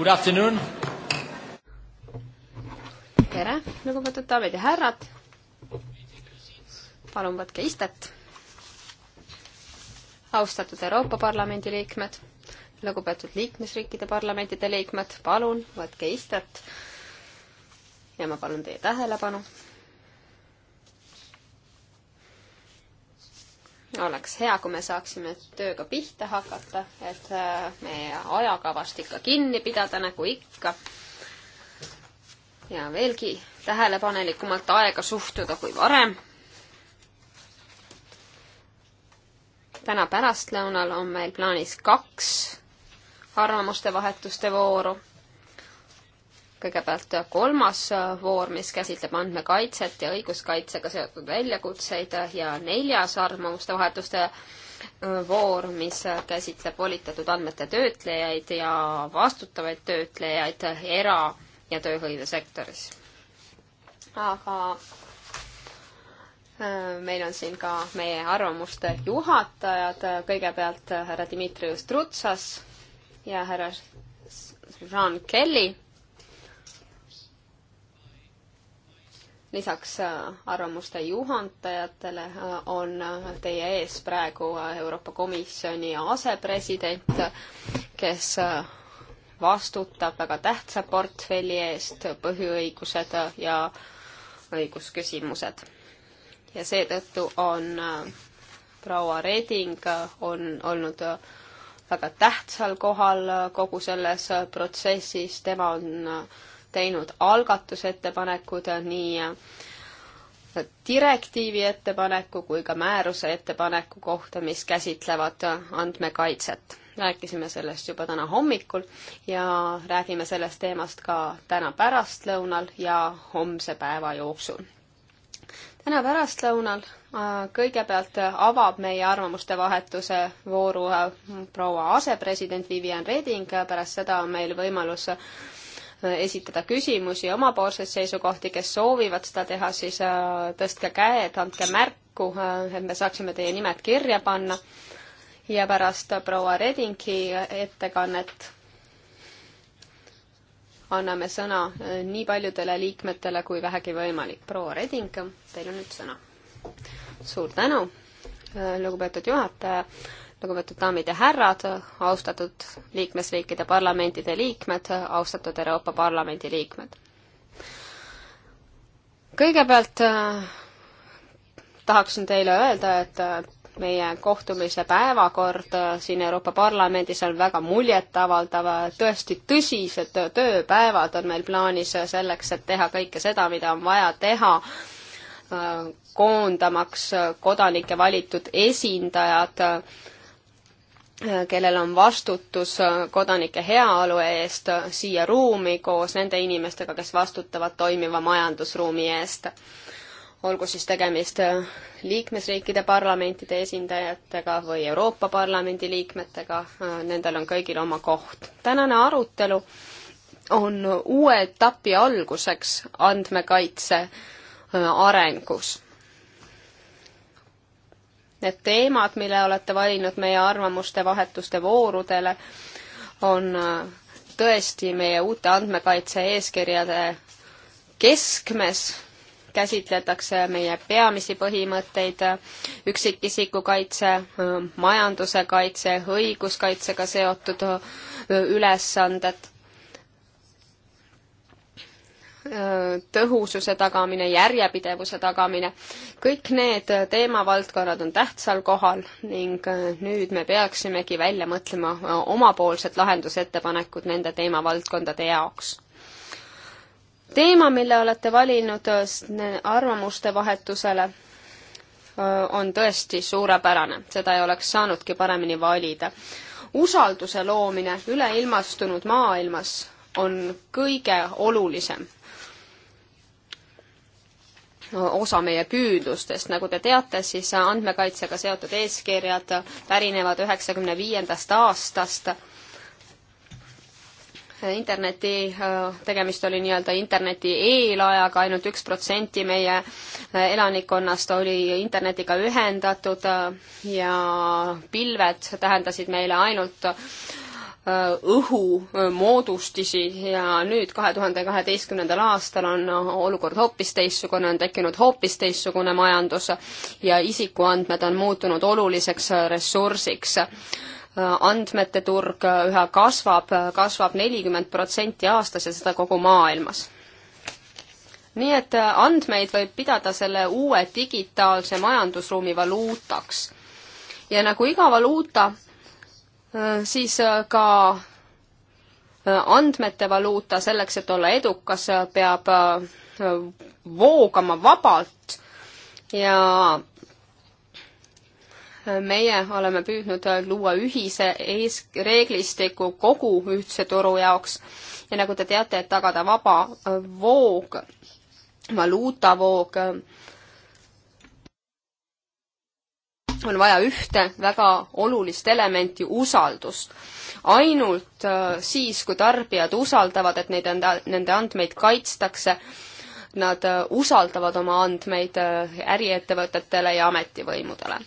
Good afternoon. tere, lugupeetud daamid ja härrad. palun võtke istet. austatud Euroopa Parlamendi liikmed, lugupeetud liikmesriikide parlamentide liikmed, palun võtke istet. ja ma palun teie tähelepanu oleks hea, kui me saaksime tööga pihta hakata, et äh, meie ajakavast ikka kinni pidada, nagu ikka. ja veelgi tähelepanelikumalt aega suhtuda kui varem. täna pärastlõunal on meil plaanis kaks arvamuste vahetuste vooru kõigepealt kolmas voor, mis käsitleb andmekaitset ja õiguskaitsega seotud väljakutseid ja neljas arvamuste vahetuste äh, voor, mis käsitleb volitatud andmete töötlejaid ja vastutavaid töötlejaid era- ja tööhõivesektoris. aga äh, meil on siin ka meie arvamuste juhatajad, kõigepealt härra Dmitrius Trutsas ja härra Jean Kelly lisaks äh, arvamuste juhatajatele äh, on äh, teie ees praegu Euroopa Komisjoni asepresident, kes vastutab väga tähtsa portfelli eest, põhiõigused ja õigusküsimused. ja seetõttu on proua Reding on olnud väga tähtsal kohal kogu selles protsessis, tema on teinud algatusettepanekud nii direktiivi ettepaneku kui ka määruse ettepaneku kohta, mis käsitlevad andmekaitset. rääkisime sellest juba täna hommikul ja räägime sellest teemast ka täna pärastlõunal ja homse päeva jooksul. täna pärastlõunal äh, kõigepealt avab meie arvamuste vahetuse vooru äh, proua asepresident Vivian Reding, pärast seda on meil võimalus esitada küsimusi, omapoolseid seisukohti, kes soovivad seda teha, siis äh, tõstke käed, andke märku, äh, et me saaksime teie nimed kirja panna. ja pärast proua Redingi ettekannet anname sõna äh, nii paljudele liikmetele kui vähegi võimalik. proua Reding, teil on nüüd sõna. suur tänu, lugupeetud juhataja lugupeetud daamid ja härrad, austatud liikmesriikide parlamentide liikmed, austatud Euroopa Parlamendi liikmed. kõigepealt äh, tahaksin teile öelda, et äh, meie kohtumise päevakord äh, siin Euroopa Parlamendis on väga muljetavaldav, tõesti tõsised tööpäevad on meil plaanis selleks, et teha kõike seda, mida on vaja teha koondamaks kodanike valitud esindajad kellel on vastutus äh, kodanike heaolu eest äh, siia ruumi koos nende inimestega, kes vastutavad toimiva majandusruumi eest. olgu siis tegemist äh, liikmesriikide parlamentide esindajatega või Euroopa Parlamendi liikmetega, nendel on kõigil oma koht. tänane arutelu on uue etapi alguseks andmekaitse arengus Need teemad, mille olete valinud meie arvamuste vahetuste voorudele, on äh, tõesti meie uute andmekaitse eeskirjade keskmes, käsitletakse meie peamisi põhimõtteid, äh, üksikisiku kaitse, äh, majanduse kaitse, õiguskaitsega seotud ülesanded tõhususe tagamine, järjepidevuse tagamine, kõik need teemavaldkonnad on tähtsal kohal ning äh, nüüd me peaksimegi välja mõtlema äh, omapoolsed lahendusettepanekud nende teemavaldkondade jaoks. teema, mille olete valinud äh, arvamuste vahetusele, on tõesti suurepärane, seda ei oleks saanudki paremini valida. usalduse loomine üleilmastunud maailmas on kõige olulisem osa meie püüdlustest. nagu te teate, siis andmekaitsega seotud eeskirjad pärinevad üheksakümne viiendast aastast. interneti, tegemist oli nii-öelda interneti eelajaga ainult, ainult üks protsenti meie elanikkonnast oli internetiga ühendatud ja pilved tähendasid meile ainult Äh, õhumoodustisi ja nüüd, kahe tuhande kaheteistkümnendal aastal on olukord hoopis teistsugune, on tekkinud hoopis teistsugune majandus ja isikuandmed on muutunud oluliseks ressursiks. Äh, andmete turg üha kasvab, kasvab nelikümmend protsenti aastas ja seda kogu maailmas nii et äh, andmeid võib pidada selle uue digitaalse majandusruumi valuutaks. ja nagu iga valuuta, Äh, siis äh, ka äh, andmete valuuta selleks, et olla edukas, peab voogama vabalt ja meie oleme püüdnud luua ühise ees-, reeglistiku kogu ühtse turu jaoks ja nagu te teate, et tagada vaba voog, valuutavoog, on vaja ühte väga olulist elementi, usaldust. ainult äh, siis, kui tarbijad usaldavad, et neid enda, nende andmeid kaitstakse, nad äh, usaldavad oma andmeid äh, äriettevõtetele ja ametivõimudele.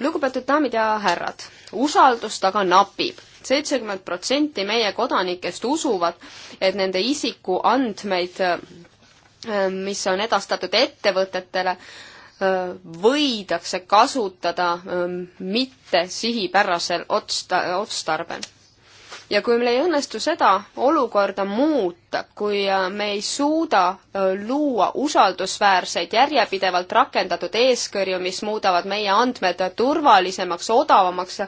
lugupeetud daamid ja härrad, usaldust aga napib seitsekümmend protsenti meie kodanikest usuvad, et nende isikuandmeid, mis on edastatud ettevõtetele, võidakse kasutada mitte sihipärasel otsta-, otstarbel. ja kui meil ei õnnestu seda olukorda muuta, kui me ei suuda luua usaldusväärseid, järjepidevalt rakendatud eeskõrju, mis muudavad meie andmed turvalisemaks, odavamaks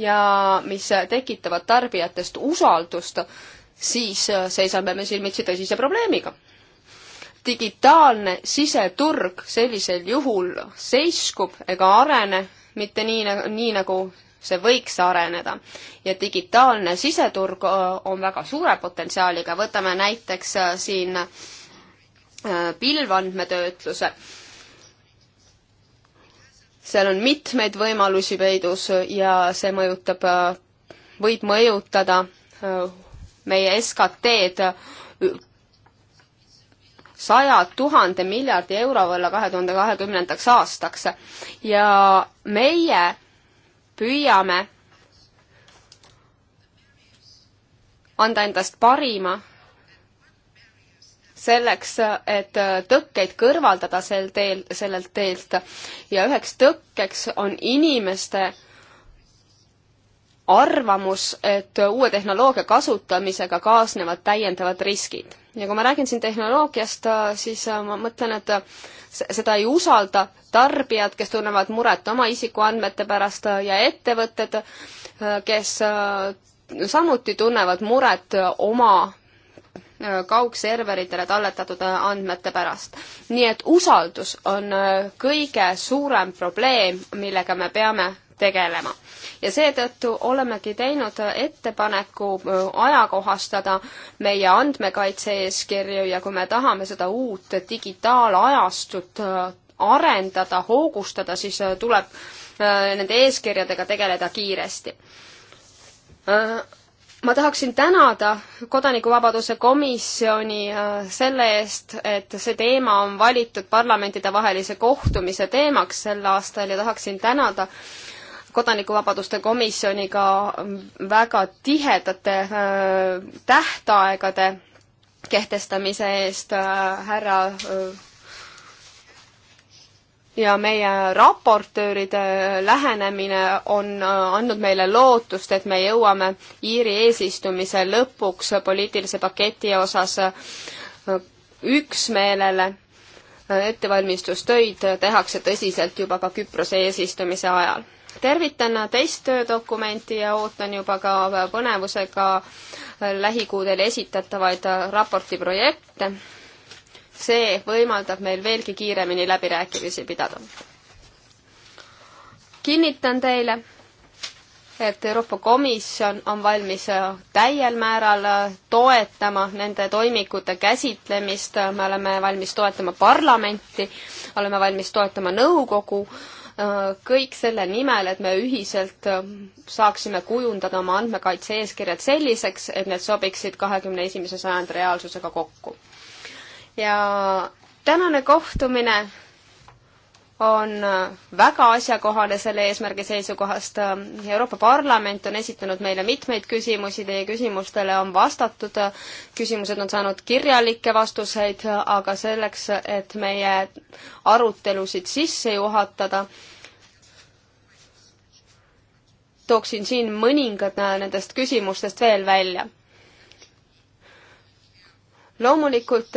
ja mis tekitavad tarbijatest usaldust, siis seisame me silmitsi tõsise probleemiga digitaalne siseturg sellisel juhul seiskub ega arene mitte nii, nii nagu see võiks areneda. ja digitaalne siseturg äh, on väga suure potentsiaaliga, võtame näiteks äh, siin äh, pilvandmetöötluse. seal on mitmeid võimalusi peidus ja see mõjutab, võib mõjutada meie SKT-d saja tuhande miljardi euro võrra kahe tuhande kahekümnendaks aastaks. ja meie püüame anda endast parima selleks, et tõkkeid kõrvaldada sel teel, sellelt teelt ja üheks tõkkeks on inimeste arvamus, et uue tehnoloogia kasutamisega kaasnevad täiendavad riskid. ja kui ma räägin siin tehnoloogiast, siis ma mõtlen, et seda ei usalda tarbijad, kes tunnevad muret oma isikuandmete pärast ja ettevõtted, kes äh, samuti tunnevad muret oma äh, kaugserveritele talletatud äh, andmete pärast. nii et usaldus on kõige suurem probleem, millega me peame tegelema. ja seetõttu olemegi teinud ettepaneku äh, ajakohastada meie andmekaitse-eeskirju ja kui me tahame seda uut digitaalajastut äh, arendada, hoogustada, siis äh, tuleb nende eeskirjadega tegeleda kiiresti ma tahaksin tänada Kodanikuvabaduse komisjoni selle eest, et see teema on valitud parlamentidevahelise kohtumise teemaks sel aastal ja tahaksin tänada äh, kodanikuvabaduste komisjoniga väga tihedate äh, tähtaegade kehtestamise eest äh, härra äh, ja meie raportööride lähenemine on andnud meile lootust, et me jõuame Iiri eesistumise lõpuks poliitilise paketi osas üksmeelele. ettevalmistustöid tehakse tõsiselt juba ka Küprose eesistumise ajal tervitan teist töödokumenti ja ootan juba ka põnevusega lähikuudel esitatavaid raporti projekte. see võimaldab meil veelgi kiiremini läbirääkimisi pidada. kinnitan teile, et Euroopa Komisjon on valmis täiel määral toetama nende toimikute käsitlemist, me oleme valmis toetama parlamenti, oleme valmis toetama nõukogu äh, Äh, kõik selle nimel, et me ühiselt äh, saaksime kujundada oma andmekaitse eeskirjad selliseks, et need sobiksid kahekümne esimese sajandi reaalsusega kokku. ja tänane kohtumine on väga asjakohane selle eesmärgi seisukohast. Euroopa Parlament on esitanud meile mitmeid küsimusi, teie küsimustele on vastatud, küsimused on saanud kirjalikke vastuseid, aga selleks, et meie arutelusid sisse juhatada, tooksin siin mõningad nendest küsimustest veel välja. loomulikult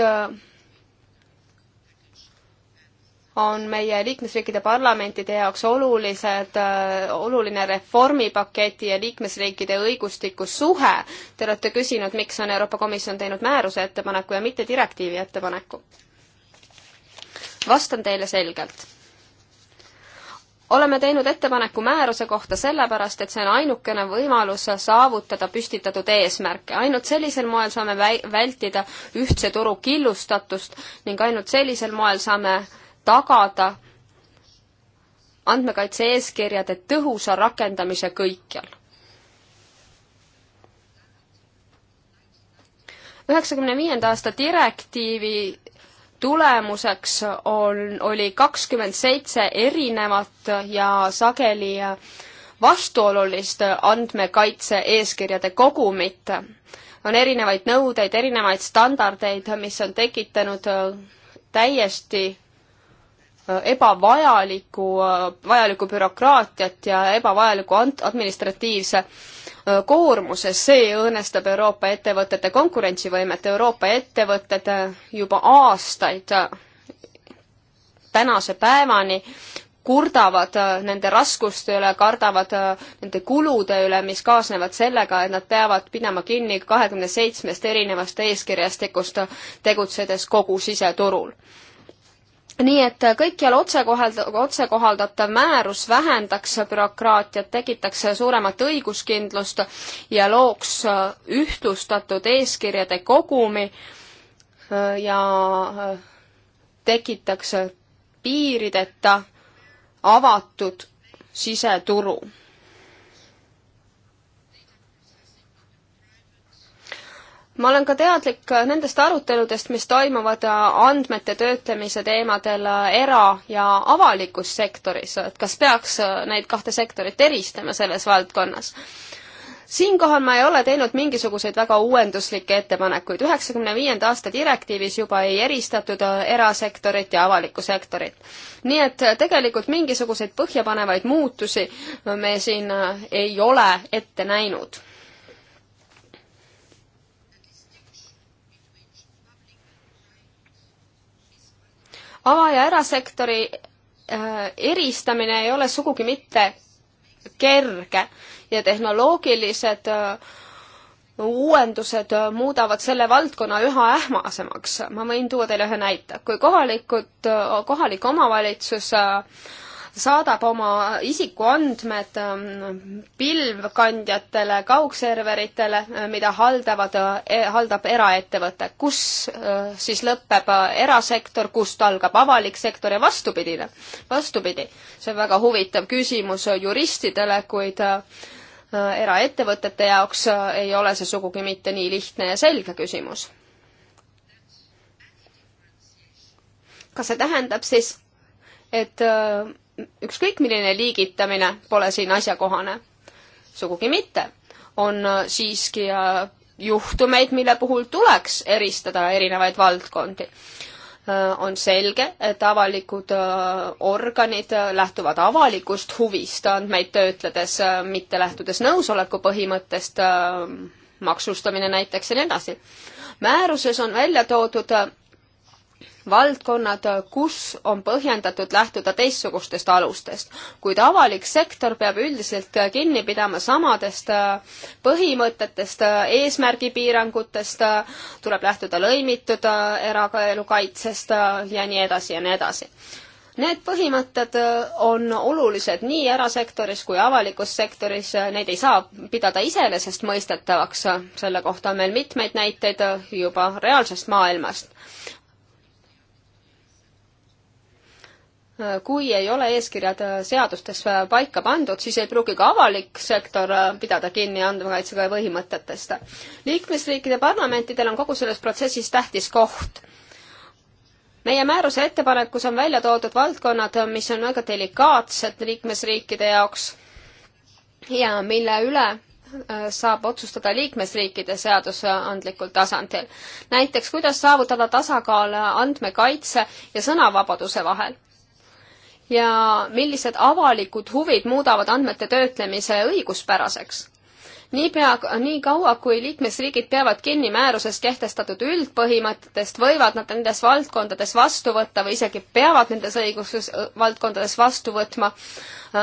on meie liikmesriikide parlamentide jaoks olulised, äh, oluline reformipaketi ja liikmesriikide õigustiku suhe. Te olete küsinud, miks on Euroopa Komisjon teinud määruse ettepaneku ja mitte direktiivi ettepaneku. vastan teile selgelt. oleme teinud ettepaneku määruse kohta sellepärast, et see on ainukene võimalus saavutada püstitatud eesmärke. ainult sellisel moel saame vältida ühtse turu killustatust ning ainult sellisel moel saame tagada andmekaitse eeskirjade tõhusa rakendamise kõikjal. üheksakümne viienda aasta direktiivi tulemuseks on, oli kakskümmend seitse erinevat ja sageli vastuolulist andmekaitse eeskirjade kogumit. on erinevaid nõudeid, erinevaid standardeid, mis on tekitanud täiesti ebavajalikku, vajalikku bürokraatiat ja ebavajaliku administratiivse koormuse, see õõnestab Euroopa ettevõtete konkurentsivõimet, Euroopa ettevõtted juba aastaid tänase päevani kurdavad nende raskuste üle, kardavad nende kulude üle, mis kaasnevad sellega, et nad peavad pidama kinni kahekümne seitsmest erinevast eeskirjastikust, tegutsedes kogu siseturul nii et kõikjal otsekohald-, otsekohaldatav määrus vähendaks bürokraatiat, tekitaks suuremat õiguskindlust ja looks ühtlustatud eeskirjade kogumi ja tekitaks piirideta avatud siseturu ma olen ka teadlik nendest aruteludest, mis toimuvad äh, andmete töötlemise teemadel äh, era- ja avalikus sektoris, et kas peaks äh, neid kahte sektorit eristama selles valdkonnas siinkohal ma ei ole teinud mingisuguseid väga uuenduslikke ettepanekuid. üheksakümne viienda aasta direktiivis juba ei eristatud erasektorit ja avalikku sektorit. nii et tegelikult mingisuguseid põhjapanevaid muutusi me siin ei ole ette näinud ava- ja erasektori äh, eristamine ei ole sugugi mitte kerge ja tehnoloogilised äh, uuendused äh, muudavad selle valdkonna üha ähmasemaks. ma võin tuua teile ühe näite. kui kohalikud, kohalik omavalitsus saadab oma isikuandmed ähm, pilvkandjatele, kaugserveritele, äh, mida haldavad, äh, e-, haldab eraettevõte, kus äh, siis lõpeb erasektor, kust algab avalik sektor ja vastupidine, vastupidi. see on väga huvitav küsimus juristidele, kuid eraettevõtete jaoks ei ole see sugugi mitte nii lihtne ja selge küsimus. kas see tähendab siis, et ükskõik milline liigitamine pole siin asjakohane. sugugi mitte. on siiski äh, juhtumeid, mille puhul tuleks eristada erinevaid valdkondi. Äh, on selge, et avalikud äh, organid lähtuvad avalikust huvist andmeid töötledes, mitte lähtudes nõusoleku põhimõttest, maksustamine näiteks ja nii edasi määruses on välja toodud valdkonnad, kus on põhjendatud lähtuda teistsugustest alustest. kuid avalik sektor peab üldiselt kinni pidama samadest äh, põhimõtetest, äh, eesmärgipiirangutest, äh, tuleb lähtuda lõimitud eraelu kaitsest ja nii edasi ja nii edasi Need põhimõtted on olulised nii erasektoris kui avalikus sektoris, neid ei saa pidada iseenesestmõistetavaks, selle kohta on meil mitmeid näiteid juba reaalsest maailmast. kui ei ole eeskirjad äh, seadustes äh, paika pandud, siis ei pruugi ka avalik sektor äh, pidada kinni andmekaitsega põhimõtetest. liikmesriikide parlamentidel on kogu selles protsessis tähtis koht. meie määruse ettepanekus on välja toodud valdkonnad, mis on väga delikaatsed liikmesriikide jaoks ja mille üle saab otsustada liikmesriikide seadusandlikul tasandil. näiteks, kuidas saavutada tasakaal andmekaitse ja sõnavabaduse vahel ja millised avalikud huvid muudavad andmete töötlemise õiguspäraseks. niipea, niikaua kui liikmesriigid peavad kinni määruses kehtestatud üldpõhimõtetest, võivad nad nendes valdkondades vastu võtta või isegi peavad nendes õiguses, valdkondades vastu võtma öö,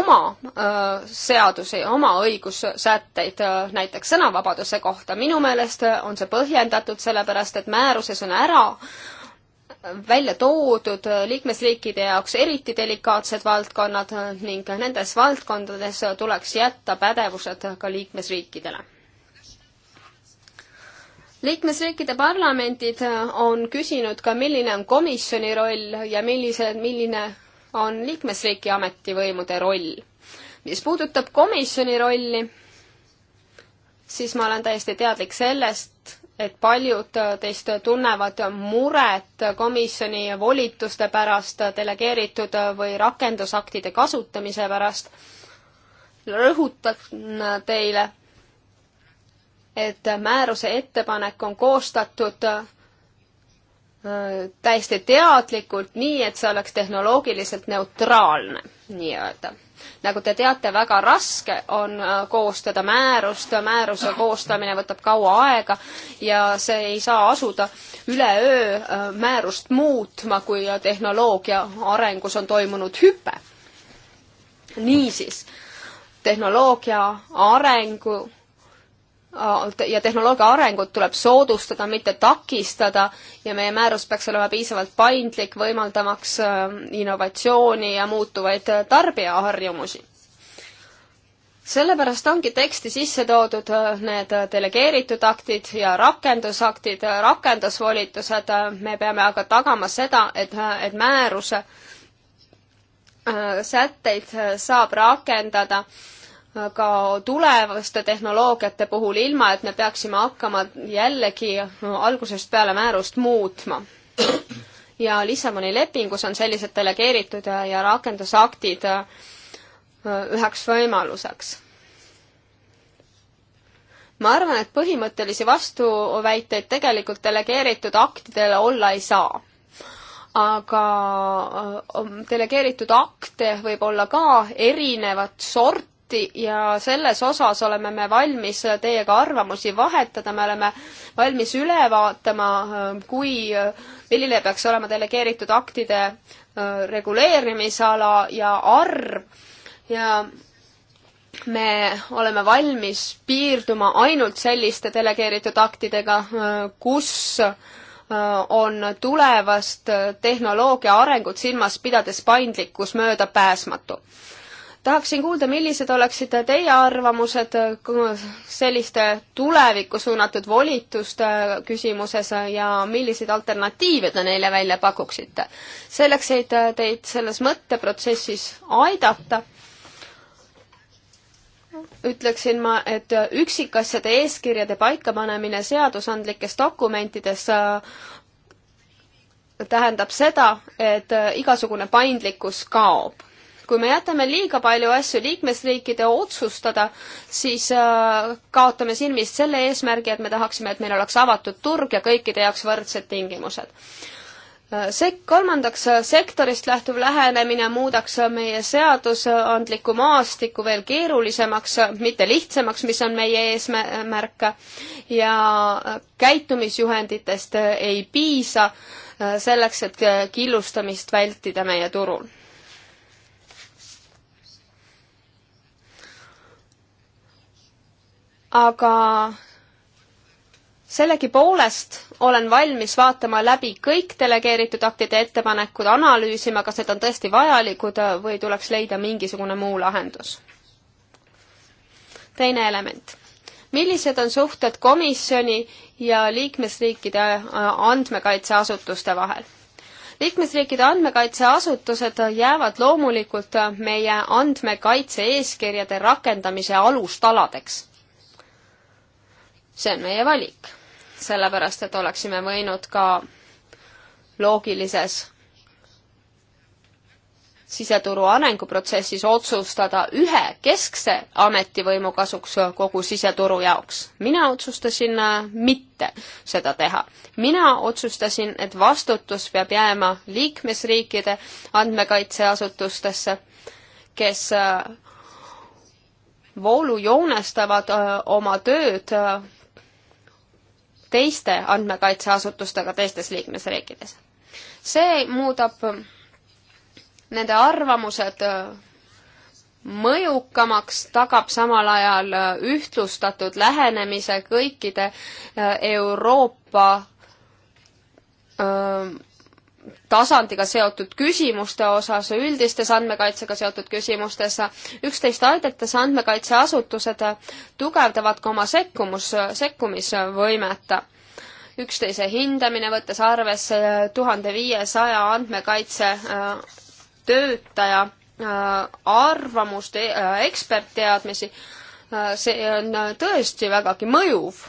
oma öö, seadusi, oma õigussätteid, näiteks sõnavabaduse kohta. minu meelest on see põhjendatud, sellepärast et määruses on ära välja toodud liikmesriikide jaoks eriti delikaatsed valdkonnad ning nendes valdkondades tuleks jätta pädevused ka liikmesriikidele. liikmesriikide parlamendid on küsinud ka, milline on komisjoni roll ja millise, milline on liikmesriigi ametivõimude roll. mis puudutab komisjoni rolli, siis ma olen täiesti teadlik sellest, et paljud teist tunnevad muret komisjoni volituste pärast, delegeeritud või rakendusaktide kasutamise pärast. rõhutan teile, et määruse ettepanek on koostatud äh, täiesti teadlikult, nii et see oleks tehnoloogiliselt neutraalne nii-öelda. nagu te teate, väga raske on äh, koostada määrust, määruse koostamine võtab kaua aega ja see ei saa asuda üleöö äh, määrust muutma, kui äh, tehnoloogia arengus on toimunud hüpe. niisiis, tehnoloogia arengu ja tehnoloogia arengut tuleb soodustada, mitte takistada ja meie määrus peaks olema piisavalt paindlik, võimaldamaks ähm, innovatsiooni ja muutuvaid äh, tarbijaharjumusi. sellepärast ongi teksti sisse toodud äh, need äh, delegeeritud aktid ja rakendusaktid, rakendusvolitused, me peame aga tagama seda, et, et määruse sätteid saab rakendada äh, ka tulevaste tehnoloogiate puhul, ilma et me peaksime hakkama jällegi algusest peale määrust muutma. ja Lissaboni lepingus on sellised delegeeritud ja, ja rakendusaktid äh, üheks võimaluseks. ma arvan, et põhimõttelisi vastuväiteid tegelikult delegeeritud aktidele olla ei saa aga äh, delegeeritud akte võib olla ka erinevat sorti, debatti ja selles osas oleme me valmis teiega arvamusi vahetada, me oleme valmis üle vaatama, kui, milline peaks olema delegeeritud aktide äh, reguleerimisala ja arv ja me oleme valmis piirduma ainult selliste delegeeritud aktidega, äh, kus äh, on tulevast tehnoloogia arengut silmas pidades paindlikkus möödapääsmatu tahaksin kuulda, millised oleksid teie arvamused äh, selliste tulevikku suunatud volituste äh, küsimuses äh, ja milliseid alternatiive te neile välja pakuksite? selleks, et teid selles mõtteprotsessis aidata, ütleksin ma, et üksikasjade eeskirjade paikapanemine seadusandlikes dokumentides tähendab seda, et igasugune paindlikkus kaob kui me jätame liiga palju asju liikmesriikide otsustada, siis äh, kaotame silmist selle eesmärgi, et me tahaksime, et meil oleks avatud turg ja kõikide jaoks võrdsed tingimused äh, sek-, kolmandaks, äh, sektorist lähtuv lähenemine muudaks meie seadusandliku maastiku veel keerulisemaks, mitte lihtsamaks, mis on meie eesmärk, ja käitumisjuhenditest ei piisa selleks, et killustamist vältida meie turul aga sellegipoolest olen valmis vaatama läbi kõik delegeeritud aktide ettepanekud, analüüsima, kas need on tõesti vajalikud või tuleks leida mingisugune muu lahendus. teine element. millised on suhted komisjoni ja liikmesriikide andmekaitseasutuste vahel? liikmesriikide andmekaitseasutused jäävad loomulikult meie andmekaitse eeskirjade rakendamise alustaladeks see on meie valik. sellepärast, et oleksime võinud ka loogilises siseturu arenguprotsessis otsustada ühe keskse ametivõimu kasuks kogu siseturu jaoks. mina otsustasin äh, mitte seda teha. mina otsustasin, et vastutus peab jääma liikmesriikide andmekaitseasutustesse, kes äh, voolujoonestavad äh, oma tööd teiste andmekaitseasutustega teistes liikmesriikides. see muudab nende arvamused äh, mõjukamaks, tagab samal ajal äh, ühtlustatud lähenemise kõikide äh, Euroopa öö, tasandiga seotud küsimuste osas, üldistes andmekaitsega seotud küsimustes. üksteist aidates andmekaitseasutused tugevdavad ka oma sekkumus, sekkumisvõimet. üksteise hindamine, võttes arvesse tuhande viiesaja andmekaitse äh, töötaja äh, arvamust, e-, äh, ekspertteadmisi, see on tõesti vägagi mõjuv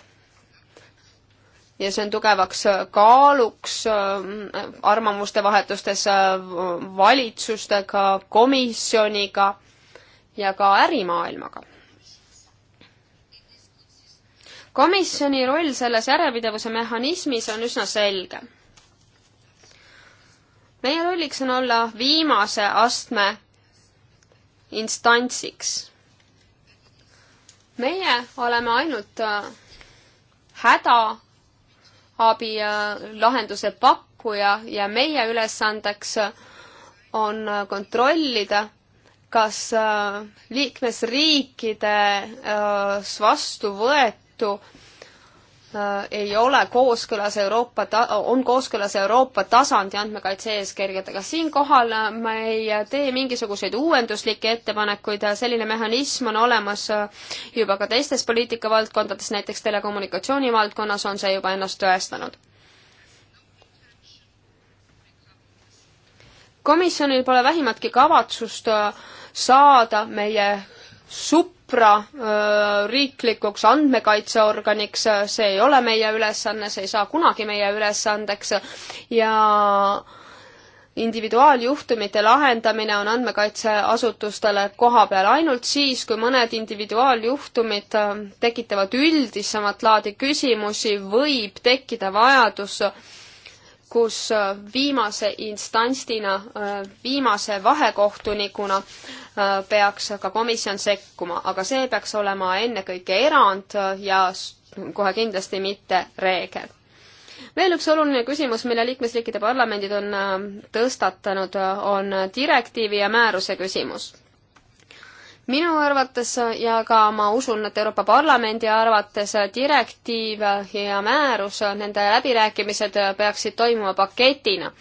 ja see on tugevaks kaaluks ähm, arvamuste vahetustes äh, valitsustega, komisjoniga ja ka ärimaailmaga. komisjoni roll selles järjepidevuse mehhanismis on üsna selge. meie rolliks on olla viimase astme instantsiks. meie oleme ainult äh, häda abi ja lahenduse pakkuja ja meie ülesandeks on kontrollida, kas äh, liikmesriikides äh, vastu võetu Äh, ei ole kooskõlas Euroopa, on kooskõlas Euroopa tasandi andmekaitse eeskirjadega. siinkohal äh, me ei äh, tee mingisuguseid uuenduslikke ettepanekuid, selline mehhanism on olemas juba ka teistes poliitikavaldkondades, näiteks telekommunikatsiooni valdkonnas on see juba ennast tõestanud. komisjonil pole vähimatki kavatsust saada meie supp IPRA riiklikuks andmekaitseorganiks, see ei ole meie ülesanne, see ei saa kunagi meie ülesandeks ja individuaaljuhtumite lahendamine on andmekaitseasutustele koha peal ainult siis, kui mõned individuaaljuhtumid tekitavad üldisemat laadi küsimusi, võib tekkida vajadus kus äh, viimase instantsina, äh, viimase vahekohtunikuna äh, peaks ka komisjon sekkuma, aga see peaks olema ennekõike erand ja kohe kindlasti mitte reegel. veel üks oluline küsimus, mille liikmesriikide parlamendid on tõstatanud, on direktiivi ja määruse küsimus minu arvates ja ka ma usun, et Euroopa Parlamendi arvates direktiiv ja määrus, nende läbirääkimised peaksid toimuma paketina.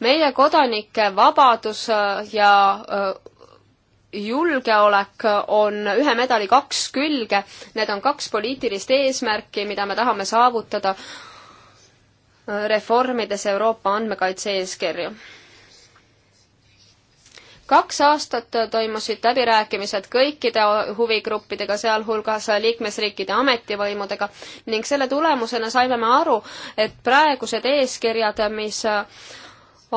meie kodanike vabadus ja äh, julgeolek on ühe medali kaks külge, need on kaks poliitilist eesmärki, mida me tahame saavutada äh, reformides Euroopa andmekaitse eeskirju kaks aastat toimusid läbirääkimised kõikide huvigruppidega, sealhulgas liikmesriikide ametivõimudega ning selle tulemusena saime me aru, et praegused eeskirjad, mis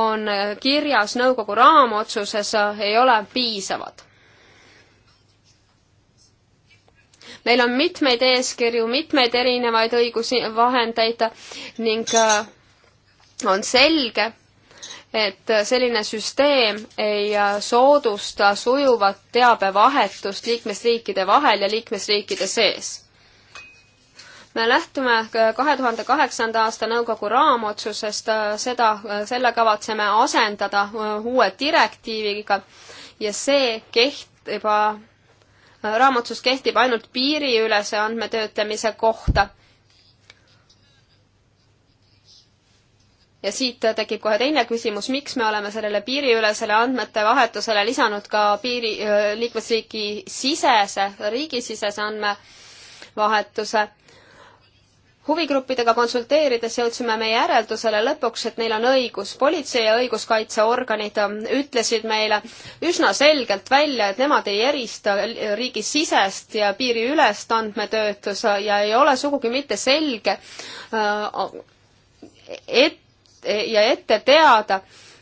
on kirjas nõukogu raamotsuses, ei ole piisavad. meil on mitmeid eeskirju, mitmeid erinevaid õigusi, vahendeid ning äh, on selge, et selline süsteem ei soodusta sujuvat teabevahetust liikmesriikide vahel ja liikmesriikide sees. me lähtume kahe tuhande kaheksanda aasta nõukogu raamotsusest, seda, selle kavatseme asendada uue direktiiviga ja see kehtib, raamotsus kehtib ainult piiriülese andmetöötlemise kohta ja siit tekib kohe teine küsimus, miks me oleme sellele piiriülesele andmete vahetusele lisanud ka piiri, liikmesriigi sisese, riigisisese andmevahetuse huvigruppidega konsulteerides jõudsime me järeldusele lõpuks, et neil on õigus. politsei ja õiguskaitseorganid ütlesid meile üsna selgelt välja, et nemad ei erista riigisisest ja piiriülest andmetöötluse ja ei ole sugugi mitte selge, et ja ette teada,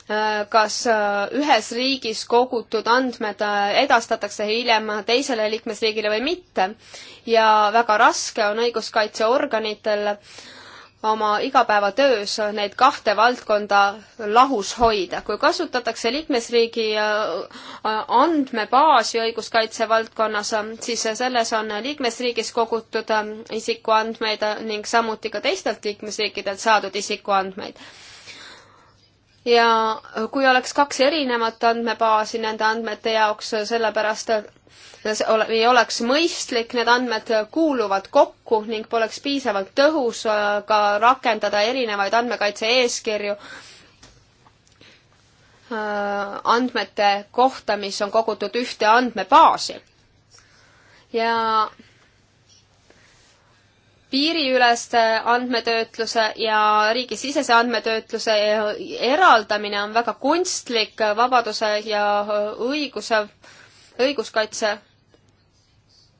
äh, kas äh, ühes riigis kogutud andmed äh, edastatakse hiljem teisele liikmesriigile või mitte. ja väga raske on õiguskaitseorganitel oma igapäevatöös neid kahte valdkonda lahus hoida. kui kasutatakse liikmesriigi andmebaasi õiguskaitse valdkonnas, siis selles on liikmesriigis kogutud isikuandmeid ning samuti ka teistelt liikmesriikidelt saadud isikuandmeid ja kui oleks kaks erinevat andmebaasi nende andmete jaoks, sellepärast ei oleks mõistlik, need andmed kuuluvad kokku ning poleks piisavalt tõhus äh, ka rakendada erinevaid andmekaitse eeskirju äh, andmete kohta, mis on kogutud ühte andmebaasi. ja piiriüleste andmetöötluse ja riigisisese andmetöötluse eraldamine on väga kunstlik vabaduse ja õiguse, õiguskaitse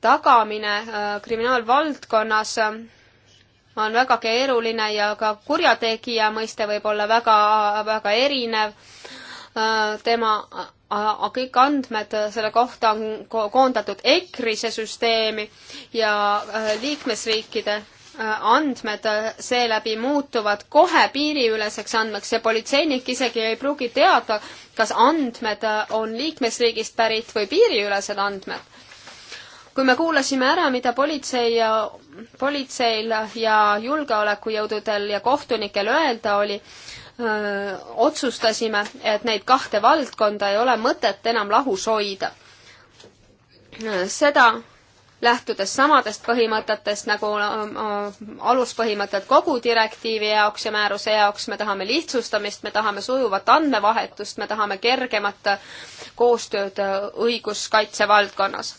tagamine äh, kriminaalvaldkonnas äh, on väga keeruline ja ka kurjategija mõiste võib olla väga, väga erinev. Äh, tema kõik andmed selle kohta on koondatud EKRISE süsteemi ja äh, liikmesriikide äh, andmed äh, seeläbi muutuvad kohe piiriüleseks andmeks ja politseinik isegi ei pruugi teada, kas andmed on liikmesriigist pärit või piiriülesed andmed. kui me kuulasime ära, mida politsei ja, politseil ja julgeolekujõududel ja kohtunikel öelda oli, otsustasime, et neid kahte valdkonda ei ole mõtet enam lahus hoida. seda lähtudes samadest põhimõtetest nagu aluspõhimõtted kogu direktiivi jaoks ja määruse jaoks, me tahame lihtsustamist, me tahame sujuvat andmevahetust, me tahame kergemat koostööd õiguskaitse valdkonnas.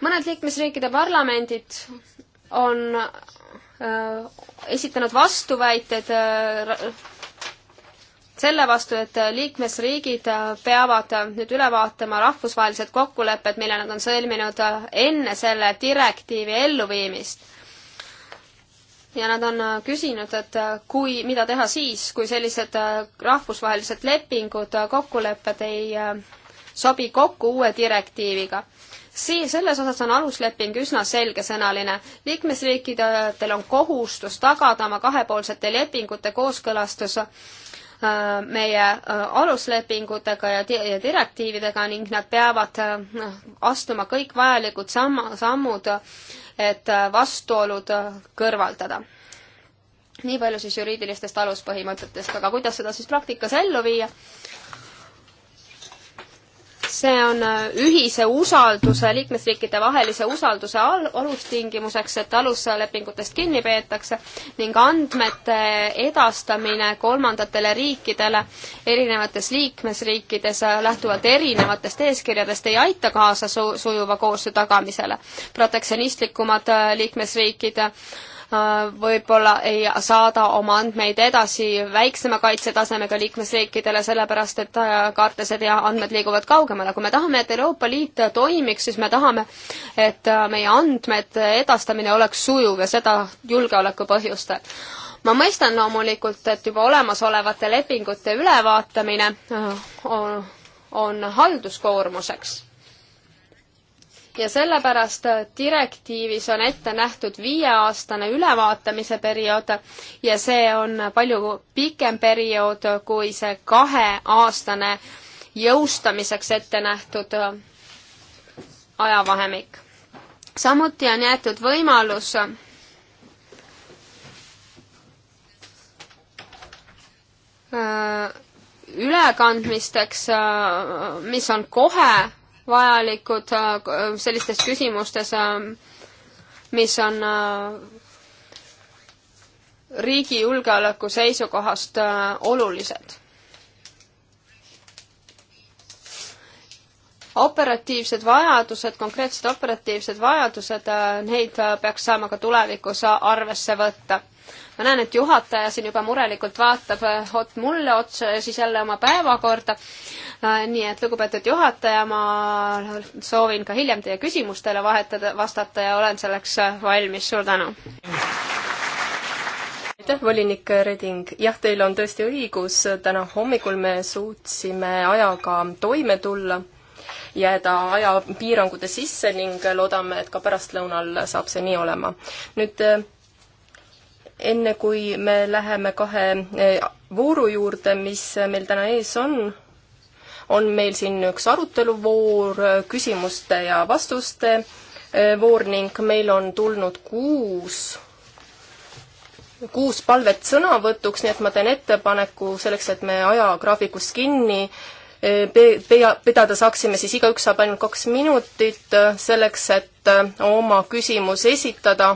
mõned liikmesriikide parlamendid on Äh, esitanud vastuväited äh, selle vastu, et liikmesriigid peavad nüüd üle vaatama rahvusvahelised kokkulepped, mille nad on sõlminud enne selle direktiivi elluviimist. ja nad on küsinud, et kui, mida teha siis, kui sellised rahvusvahelised lepingud, kokkulepped ei äh, sobi kokku uue direktiiviga siin selles osas on alusleping üsna selgesõnaline. liikmesriikidel on kohustus tagada oma kahepoolsete lepingute kooskõlastus äh, meie äh, aluslepingutega ja direktiividega ning nad peavad äh, astuma kõik vajalikud samm, sammud, et vastuolud kõrvaldada. nii palju siis juriidilistest aluspõhimõtetest, aga kuidas seda siis praktikas ellu viia? see on äh, ühise usalduse, liikmesriikide vahelise usalduse al-, alustingimuseks, et aluslepingutest kinni peetakse ning andmete edastamine kolmandatele riikidele erinevates liikmesriikides äh, lähtuvalt erinevatest eeskirjadest ei aita kaasa su-, sujuva koostöö tagamisele. protektsionistlikumad äh, liikmesriigid Äh, võib-olla ei saada oma andmeid edasi väiksema kaitsetasemega liikmesriikidele, sellepärast et äh, kaartlased ja andmed liiguvad kaugemale. kui me tahame, et Euroopa Liit toimiks, siis me tahame, et äh, meie andmete edastamine oleks sujuv ja seda julgeoleku põhjustel ma mõistan loomulikult, et juba olemasolevate lepingute ülevaatamine on, on halduskoormuseks ja sellepärast äh, direktiivis on ette nähtud viieaastane ülevaatamise periood ja see on palju pikem periood kui see kaheaastane jõustamiseks ette nähtud äh, ajavahemik. samuti on jäetud võimalus äh, ülekandmisteks, mis on kohe vajalikud äh, äh, sellistes küsimustes, ähm, mis on äh, riigi julgeoleku seisukohast olulised. operatiivsed vajadused, konkreetsed operatiivsed vajadused, neid peaks saama ka tulevikus arvesse võtta ma näen, et juhataja siin juba murelikult vaatab eh, ot-, mulle otsa ja siis jälle oma päevakorda. Eh, nii et lugupeetud juhataja, ma soovin ka hiljem teie küsimustele vahetada, vastata ja olen selleks eh, valmis, suur tänu! aitäh, volinik Reding. jah, teil on tõesti õigus, täna hommikul me suutsime ajaga toime tulla jääda ajapiirangute sisse ning loodame, et ka pärastlõunal saab see nii olema. nüüd enne kui me läheme kahe eh, vooru juurde, mis meil täna ees on, on meil siin üks aruteluvoor, küsimuste ja vastuste eh, voor ning meil on tulnud kuus, kuus palvet sõnavõtuks, nii et ma teen ettepaneku selleks, et me ajagraafikust kinni eh, pea, pidada saaksime, siis igaüks saab ainult kaks minutit selleks, et oma küsimus esitada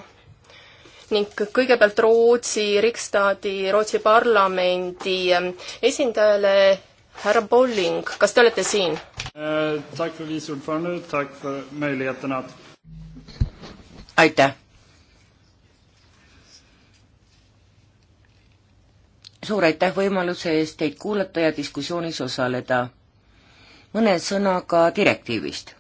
ning kõigepealt Rootsi Riksdagi, Rootsi parlamendi ähm, esindajale härra Bolling, kas te olete siin? Eh, aitäh. suur aitäh võimaluse eest teid kuulata ja diskussioonis osaleda. mõne sõnaga direktiivist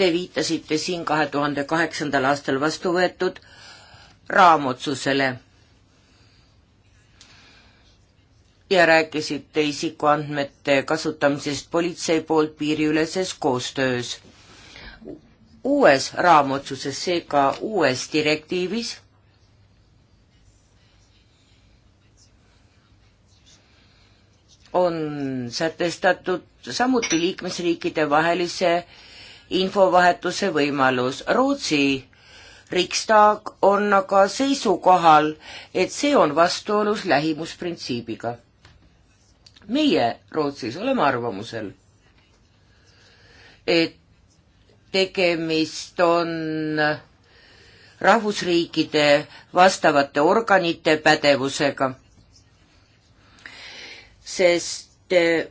Te viitasite siin kahe tuhande kaheksandal aastal vastu võetud raamotsusele ja rääkisite isikuandmete kasutamisest politsei poolt piiriüleses koostöös. uues raamotsuses, seega uues direktiivis on sätestatud samuti liikmesriikide vahelise infovahetuse võimalus. Rootsi Riksdag on aga seisukohal, et see on vastuolus lähimusprintsiibiga. meie Rootsis oleme arvamusel, et tegemist on rahvusriikide vastavate organite pädevusega, sest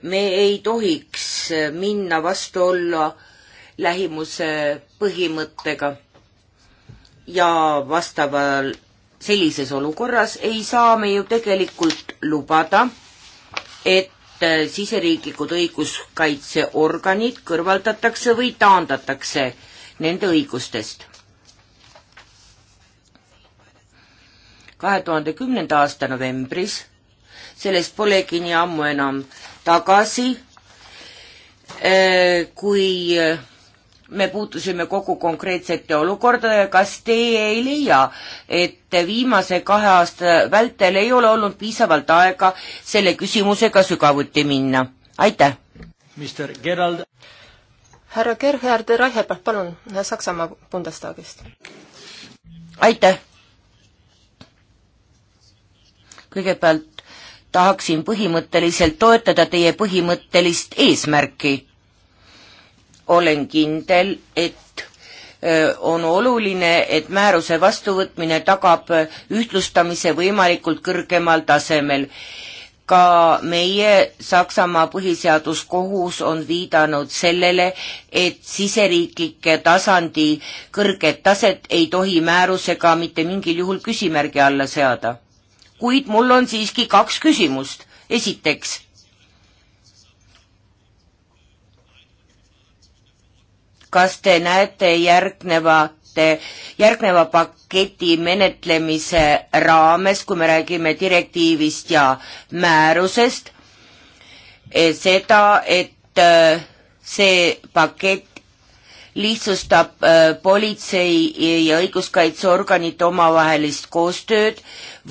me ei tohiks minna vastu olla lähimuse põhimõttega ja vastaval sellises olukorras ei saa me ju tegelikult lubada, et siseriiklikud õiguskaitseorganid kõrvaldatakse või taandatakse nende õigustest. kahe tuhande kümnenda aasta novembris, sellest polegi nii ammu enam tagasi, kui me puutusime kogu konkreetsete olukordadega, kas teie ei leia, et viimase kahe aasta vältel ei ole olnud piisavalt aega selle küsimusega sügavuti minna? aitäh! härra Gerhard Reichenbach, palun, Saksamaa Bundestagist. aitäh! kõigepealt tahaksin põhimõtteliselt toetada teie põhimõttelist eesmärki olen kindel, et on oluline, et määruse vastuvõtmine tagab ühtlustamise võimalikult kõrgemal tasemel. ka meie Saksamaa põhiseaduskohus on viidanud sellele, et siseriiklike tasandi kõrget taset ei tohi määrusega mitte mingil juhul küsimärgi alla seada. kuid mul on siiski kaks küsimust. esiteks kas te näete järgnevate, järgneva paketi menetlemise raames, kui me räägime direktiivist ja määrusest, e, seda, et e, see pakett lihtsustab e, politsei ja õiguskaitseorganite omavahelist koostööd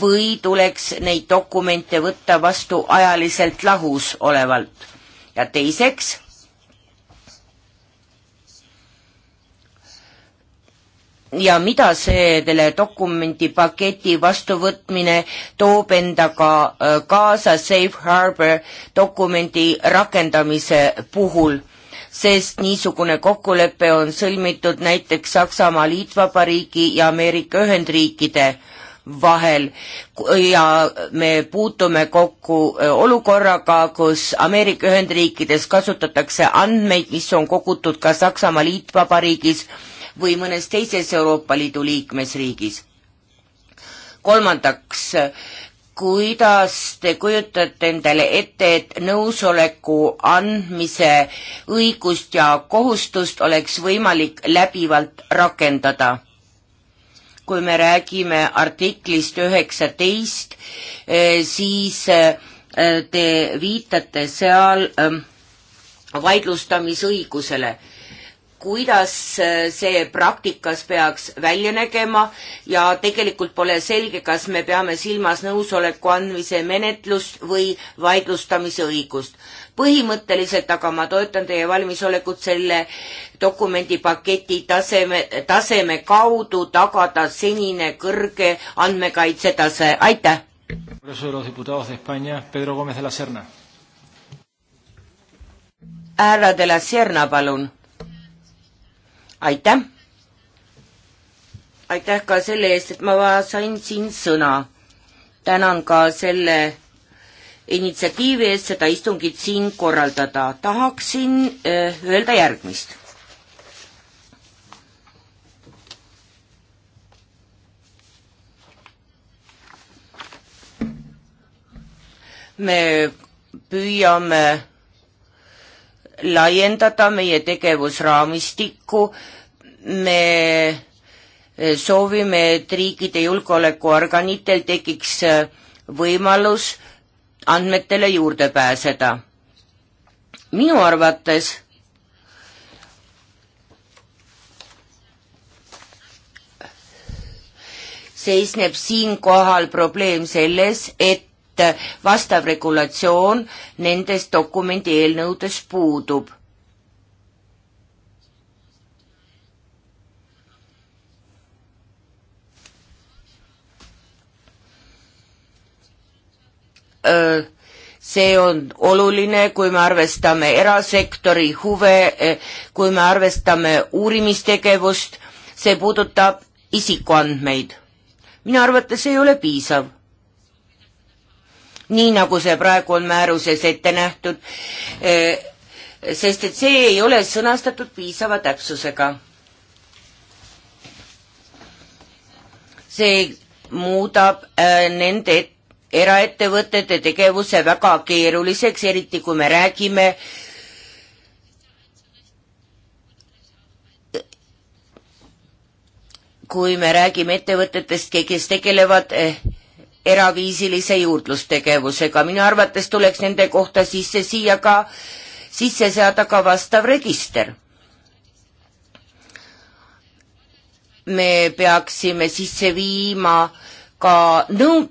või tuleks neid dokumente võtta vastu ajaliselt lahus olevalt. ja teiseks ja mida see dokumentipaketi vastuvõtmine toob endaga äh, kaasa Safe Harbor dokumenti rakendamise puhul, sest niisugune kokkulepe on sõlmitud näiteks Saksamaa Liitvabariigi ja Ameerika Ühendriikide vahel ja me puutume kokku äh, olukorraga, kus Ameerika Ühendriikides kasutatakse andmeid, mis on kogutud ka Saksamaa Liitvabariigis või mõnes teises Euroopa Liidu liikmesriigis. kolmandaks, kuidas te kujutate endale ette, et nõusoleku andmise õigust ja kohustust oleks võimalik läbivalt rakendada? kui me räägime artiklist üheksateist, eh, siis eh, te viitate seal eh, vaidlustamisõigusele kuidas äh, see praktikas peaks välja nägema ja tegelikult pole selge, kas me peame silmas nõusoleku andmise menetlust või vaidlustamise õigust. põhimõtteliselt aga ma toetan teie valmisolekut selle dokumendipaketi taseme, taseme kaudu tagada senine kõrge andmekaitse tase, aitäh! härra de la Serna, palun aitäh! aitäh ka selle eest, et ma sain siin sõna. tänan ka selle initsiatiivi eest seda istungit siin korraldada. tahaksin öö, äh, öelda järgmist. me püüame laiendada meie tegevusraamistikku, me eh, soovime, et riikide julgeolekuorganitel tekiks eh, võimalus andmetele juurde pääseda. minu arvates seisneb siinkohal probleem selles, et et vastav regulatsioon nendes dokumendi eelnõudes puudub. see on oluline, kui me arvestame erasektori huve, kui me arvestame uurimistegevust, see puudutab isikuandmeid. minu arvates ei ole piisav nii nagu see praegu on määruses ette nähtud, eh, sest et see ei ole sõnastatud piisava täpsusega. see muudab eh, nende eraettevõtete tegevuse väga keeruliseks, eriti kui me räägime kui me räägime ettevõtetest, kes tegelevad eh, eraviisilise juurdlustegevusega. minu arvates tuleks nende kohta sisse siia ka, sisse seada ka vastav register. me peaksime sisse viima ka nõu-,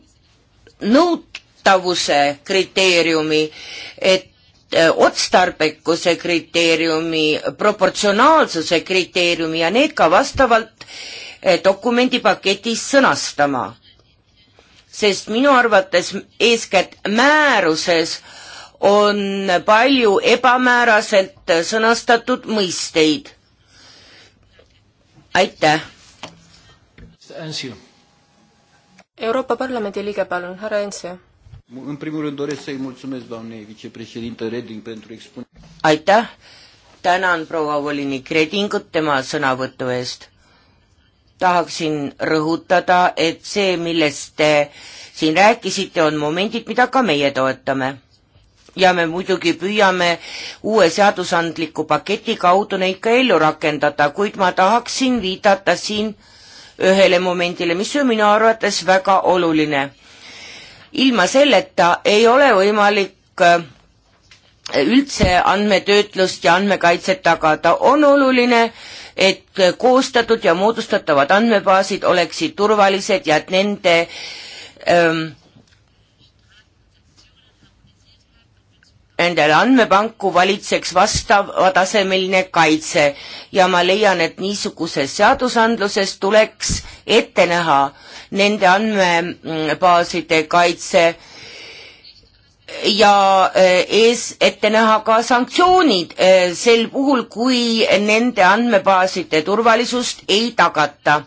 nõutavuse kriteeriumi, et e, otstarbekuse kriteeriumi, proportsionaalsuse kriteeriumi ja need ka vastavalt e, dokumendipaketis sõnastama sest minu arvates eeskätt määruses on palju ebamääraselt sõnastatud mõisteid. aitäh. Euroopa Parlamendi liige, palun, härra Ensio. În primul rând doresc să-i mulțumesc doamnei vicepreședintă Reding pentru expunere. Aitäh, tänan proua volinik Redingut tema sõnavõtu eest tahaksin rõhutada, et see, millest te siin rääkisite, on momendid, mida ka meie toetame. ja me muidugi püüame uue seadusandliku paketi kaudu neid ka ellu rakendada, kuid ma tahaksin viidata siin ühele momendile, mis on minu arvates väga oluline. ilma selleta ei ole võimalik äh, üldse andmetöötlust ja andmekaitset tagada, on oluline äh, et koostatud ja moodustatavad andmebaasid oleksid turvalised ja et nende ähm, Nendele andmepanku valitseks vastavatasemeline kaitse ja ma leian, et niisuguses seadusandluses tuleks ette näha nende andmebaaside mm, kaitse äh, ja eh, ees ette näha ka sanktsioonid eh, sel puhul, kui nende andmebaaside turvalisust ei tagata.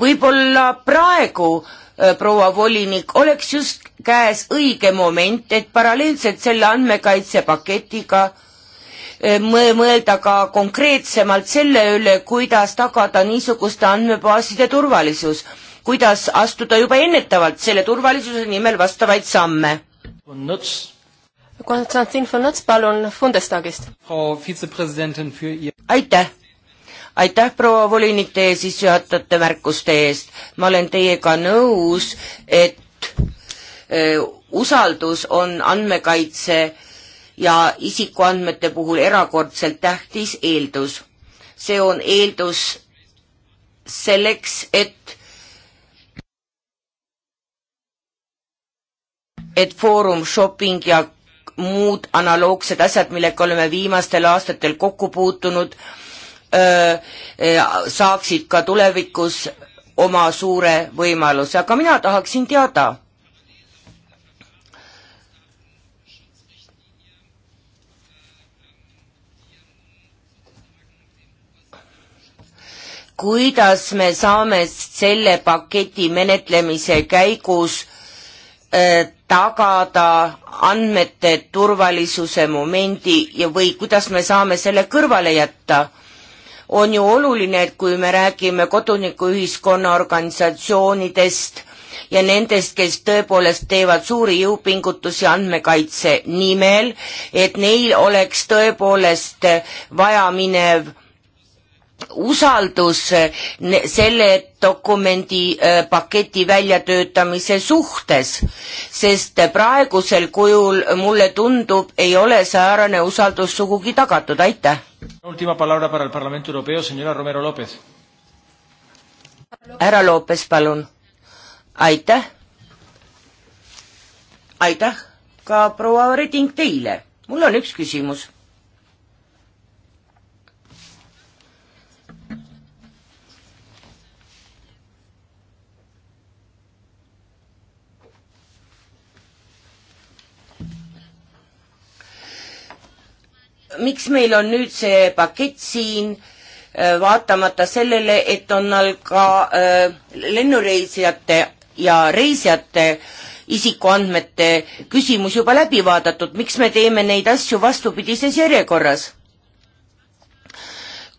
võib-olla praegu eh, proua volinik, oleks just käes õige moment, et paralleelselt selle andmekaitsepaketiga mõelda ka konkreetsemalt selle üle, kuidas tagada niisuguste andmebaaside turvalisus, kuidas astuda juba ennetavalt selle turvalisuse nimel vastavaid samme Konstantin von Nuts, palun Fundestagist. aitäh aitäh, proua volinik, teie sissejuhatajate märkuste eest. ma olen teiega nõus, et eh, usaldus on andmekaitse ja isikuandmete puhul erakordselt tähtis eeldus. see on eeldus selleks, et et Foorum Shopping ja muud analoogsed asjad, millega oleme viimastel aastatel kokku puutunud, saaksid ka tulevikus oma suure võimaluse, aga mina tahaksin teada. kuidas me saame selle paketi menetlemise käigus tagada andmete turvalisuse momendi ja, või kuidas me saame selle kõrvale jätta. on ju oluline, et kui me räägime kodanikuühiskonna organisatsioonidest ja nendest, kes tõepoolest teevad suuri jõupingutusi andmekaitse nimel, et neil oleks tõepoolest vajaminev usaldus eh, selle dokumendi eh, paketi väljatöötamise suhtes, sest eh, praegusel kujul mulle tundub, ei ole säärane usaldus sugugi tagatud, aitäh. härra Lopes, palun. aitäh. aitäh ka proua Reding teile, mul on üks küsimus miks meil on nüüd see pakett siin, äh, vaatamata sellele, et on all ka äh, lennureisijate ja reisijate isikuandmete küsimus juba läbi vaadatud, miks me teeme neid asju vastupidises järjekorras?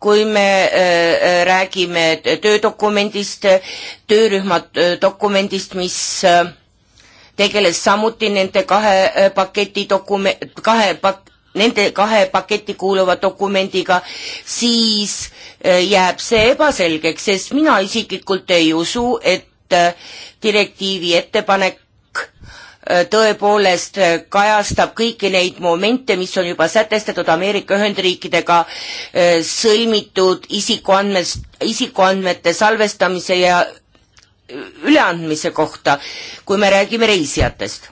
kui me äh, räägime töödokumendist, töörühma dokumendist, mis tegeles samuti nende kahe paketi dokument, kahe pak-, nende kahe paketti kuuluva dokumendiga, siis äh, jääb see ebaselgeks, sest mina isiklikult ei usu, et äh, direktiivi ettepanek äh, tõepoolest kajastab kõiki neid momente, mis on juba sätestatud Ameerika Ühendriikidega sõlmitud isikuandmes, isikuandmete salvestamise ja üleandmise kohta, kui me räägime reisijatest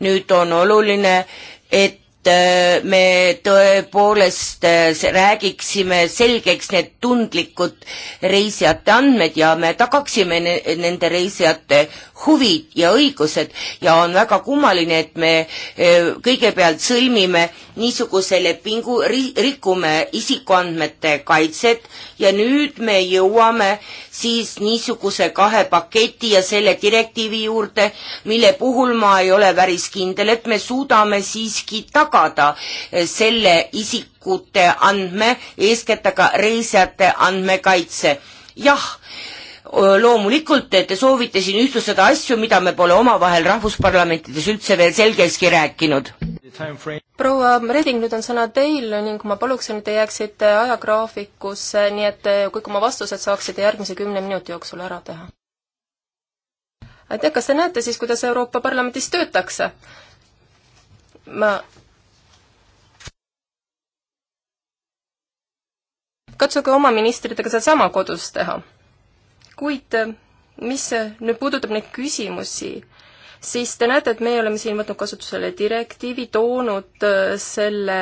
nüüd on oluline, et Äh, me tõepoolest äh, räägiksime selgeks need tundlikud reisijate andmed ja me tagaksime ne nende reisijate huvid ja õigused ja on väga kummaline, et me äh, kõigepealt sõlmime niisuguse lepingu, rikume isikuandmete kaitset ja nüüd me jõuame siis niisuguse kahe paketi ja selle direktiivi juurde, mille puhul ma ei ole päris kindel, et me suudame siiski tagada tagada selle isikute andme, eeskätt aga reisijate andmekaitse. jah, loomulikult te soovite siin ühtlustada asju, mida me pole omavahel rahvusparlamentides üldse veel selgekski rääkinud. proua Reding, nüüd on sõna teil ning ma paluksin, et te jääksite ajagraafikusse, nii et kõik oma vastused saaksite järgmise kümne minuti jooksul ära teha aitäh, kas te näete siis, kuidas Euroopa Parlamendis töötakse? ma katsuge oma ministritega sedasama kodus teha. kuid äh, mis äh, nüüd puudutab neid küsimusi, siis te näete, et meie oleme siin võtnud kasutusele direktiivi, toonud äh, selle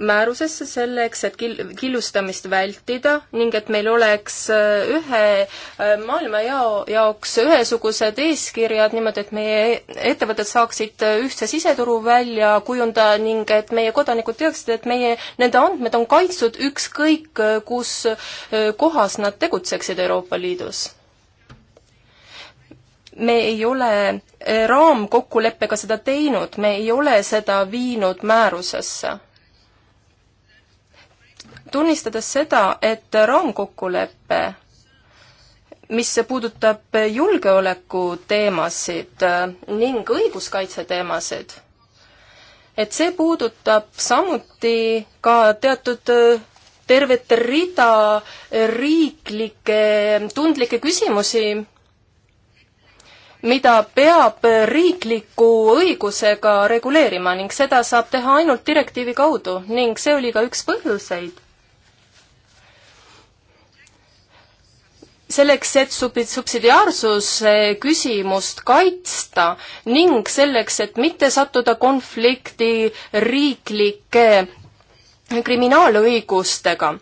määrusesse selleks, et kil-, killustamist vältida ning et meil oleks äh, ühe äh, maailmajao jaoks ühesugused eeskirjad, niimoodi et meie ettevõtted saaksid äh, ühtse siseturu välja kujundada ning et meie kodanikud teaksid, et meie, nende andmed on kaitstud ükskõik, kus kohas nad tegutseksid Euroopa Liidus me ei ole raamkokkuleppega seda teinud, me ei ole seda viinud määrusesse tunnistades seda, et raamkokkulepe, mis puudutab julgeolekuteemasid äh, ning õiguskaitseteemasid, et see puudutab samuti ka teatud äh, tervet rida äh, riiklikke tundlikke küsimusi, mida peab riikliku õigusega reguleerima ning seda saab teha ainult direktiivi kaudu ning see oli ka üks põhjuseid, selleks, et subsidiaarsuse küsimust kaitsta ning selleks, et mitte sattuda konflikti riiklike kriminaalõigustega.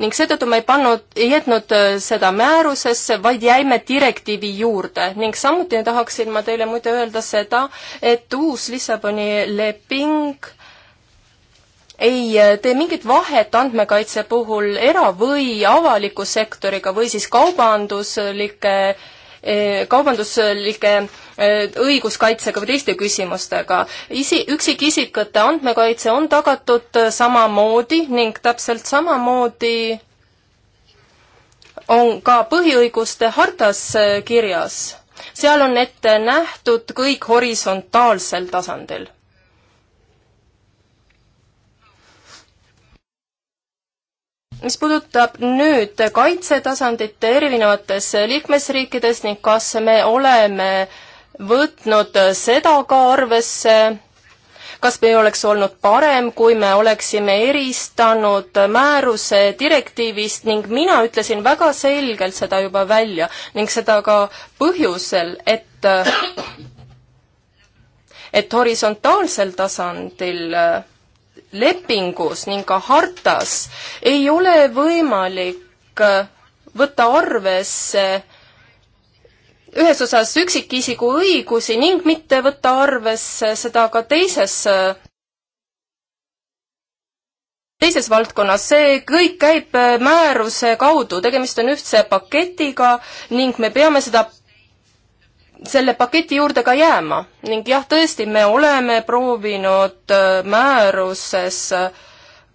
ning seetõttu me ei pannud, ei jätnud seda määrusesse, vaid jäime direktiivi juurde ning samuti tahaksin ma teile muide öelda seda, et uus Lissaboni leping ei äh, tee mingit vahet andmekaitse puhul era- või avaliku sektoriga või siis kaubanduslike äh, kaubanduslike äh, õiguskaitsega või teiste küsimustega. isi, üksikisikute andmekaitse on tagatud samamoodi ning täpselt samamoodi on ka põhiõiguste hartas kirjas. seal on ette nähtud kõik horisontaalsel tasandil mis puudutab nüüd kaitsetasandit erinevates liikmesriikides ning kas me oleme võtnud seda ka arvesse, kas meil oleks olnud parem, kui me oleksime eristanud määruse direktiivist ning mina ütlesin väga selgelt seda juba välja ning seda ka põhjusel, et et horisontaalsel tasandil lepingus ning ka hartas ei ole võimalik äh, võtta arvesse ühes osas üksikisiku õigusi ning mitte võtta arvesse seda ka teises teises valdkonnas, see kõik käib äh, määruse kaudu, tegemist on ühtse paketiga ning me peame seda selle paketi juurde ka jääma ning jah, tõesti, me oleme proovinud äh, määruses, äh,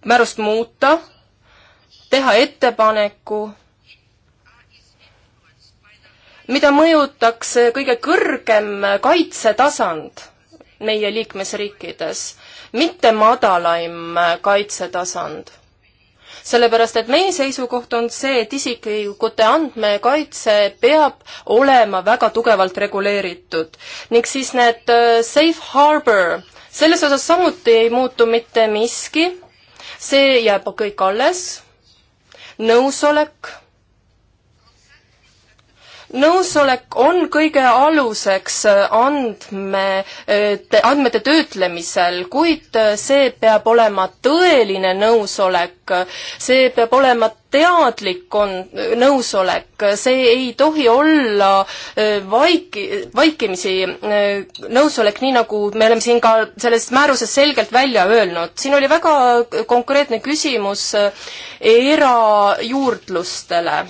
määrust muuta, teha ettepaneku, mida mõjutaks äh, kõige kõrgem kaitsetasand meie liikmesriikides, mitte madalaim kaitsetasand sellepärast et meie seisukoht on see, et isiklikute andmekaitse peab olema väga tugevalt reguleeritud ning siis need äh, safe harbor, selles osas samuti ei muutu mitte miski, see jääb kõik alles, nõusolek nõusolek on kõige aluseks äh, andmete, äh, andmete töötlemisel, kuid äh, see peab olema tõeline nõusolek, see peab olema teadlik on nõusolek, see ei tohi olla vaiki, vaikimisi nõusolek, nii nagu me oleme siin ka selles määruses selgelt välja öelnud. siin oli väga konkreetne küsimus erajuurdlustele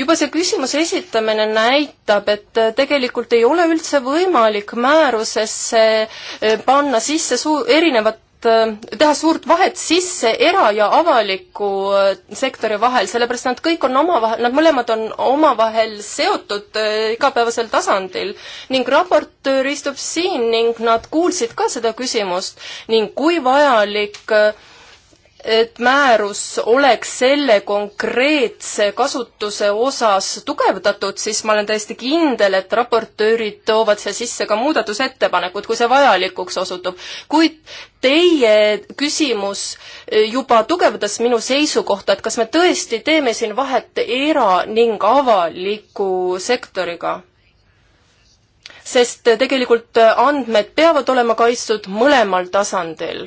juba see küsimuse esitamine näitab, et äh, tegelikult ei ole üldse võimalik määrusesse äh, panna sisse suu-, erinevat äh, teha suurt vahet sisse era- ja avaliku sektori vahel, sellepärast nad kõik on omavahel, nad mõlemad on omavahel seotud igapäevasel tasandil. ning raportöör istub siin ning nad kuulsid ka seda küsimust ning kui vajalik äh, et määrus oleks selle konkreetse kasutuse osas tugevdatud, siis ma olen täiesti kindel, et raportöörid toovad siia sisse ka muudatusettepanekud, kui see vajalikuks osutub. kuid teie küsimus eh, juba tugevdas minu seisukohta, et kas me tõesti teeme siin vahet era- ning avaliku sektoriga sest eh, tegelikult andmed peavad olema kaitstud mõlemal tasandil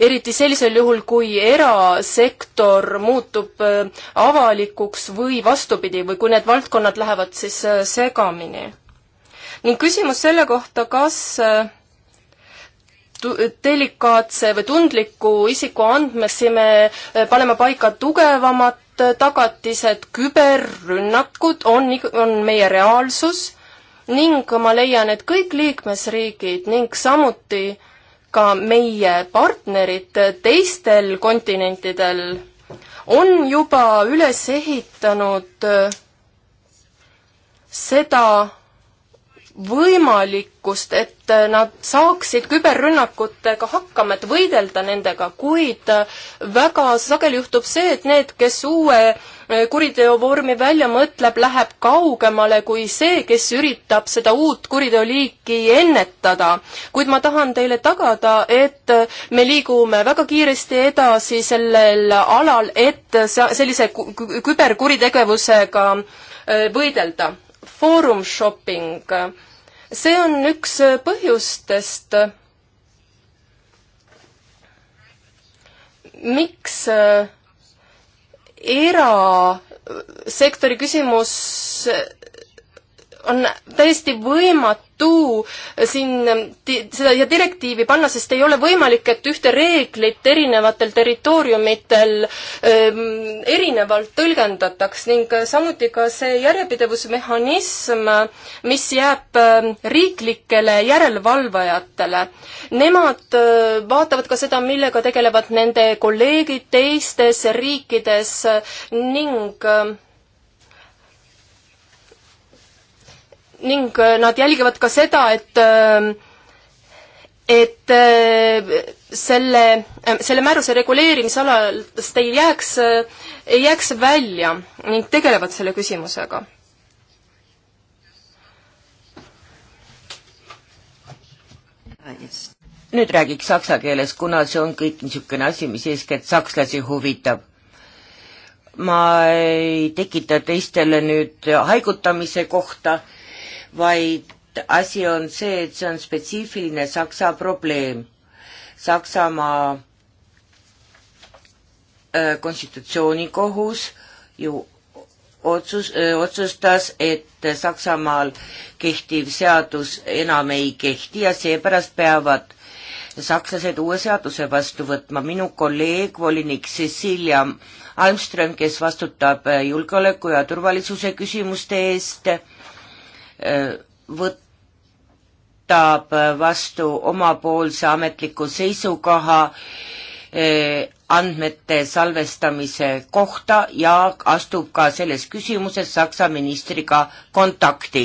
eriti sellisel juhul, kui erasektor muutub äh, avalikuks või vastupidi, või kui need valdkonnad lähevad siis äh, segamini. ning küsimus selle kohta, kas äh, delikaatse või tundliku isiku andmesse me paneme paika tugevamat tagatised, küberrünnakud on, on meie reaalsus ning ma leian, et kõik liikmesriigid ning samuti äh, ka meie partnerid teistel kontinentidel on juba üles ehitanud äh, seda võimalikkust, et äh, nad saaksid küberrünnakutega hakkama, et võidelda nendega, kuid äh, väga sageli juhtub see, et need, kes uue Äh, kuriteo vormi välja mõtleb, läheb kaugemale kui see, kes üritab seda uut kuriteoliiki ennetada. kuid ma tahan teile tagada, et me liigume väga kiiresti edasi sellel alal, et sellise küberkuritegevusega äh, võidelda. Foorum shopping, see on üks põhjustest, miks äh, erasektori küsimus on täiesti võimatu siin seda ja direktiivi panna, sest ei ole võimalik, et ühte reeglit erinevatel territooriumitel ähm, erinevalt tõlgendataks ning samuti ka see järjepidevusmehhanism, mis jääb ehm, riiklikele järelevalvajatele. Nemad äh, vaatavad ka seda, millega tegelevad nende kolleegid teistes riikides ning äh, ning äh, nad jälgivad ka seda, et äh, et äh, selle, selle määruse reguleerimisalast ei jääks, ei jääks välja ning tegelevad selle küsimusega nüüd räägiks saksa keeles, kuna see on kõik niisugune asi, mis eeskätt sakslasi huvitab. ma ei tekita teistele nüüd haigutamise kohta, vaid asi on see, et see on spetsiifiline Saksa probleem. Saksamaa äh, konstitutsioonikohus ju otsus, äh, otsustas, et Saksamaal kehtiv seadus enam ei kehti ja seepärast peavad sakslased uue seaduse vastu võtma. minu kolleeg, volinik Cecilia Almström, kes vastutab äh, julgeoleku ja turvalisuse küsimuste eest, võtab vastu omapoolse ametliku seisukoha eh, andmete salvestamise kohta ja astub ka selles küsimuses Saksa ministriga kontakti.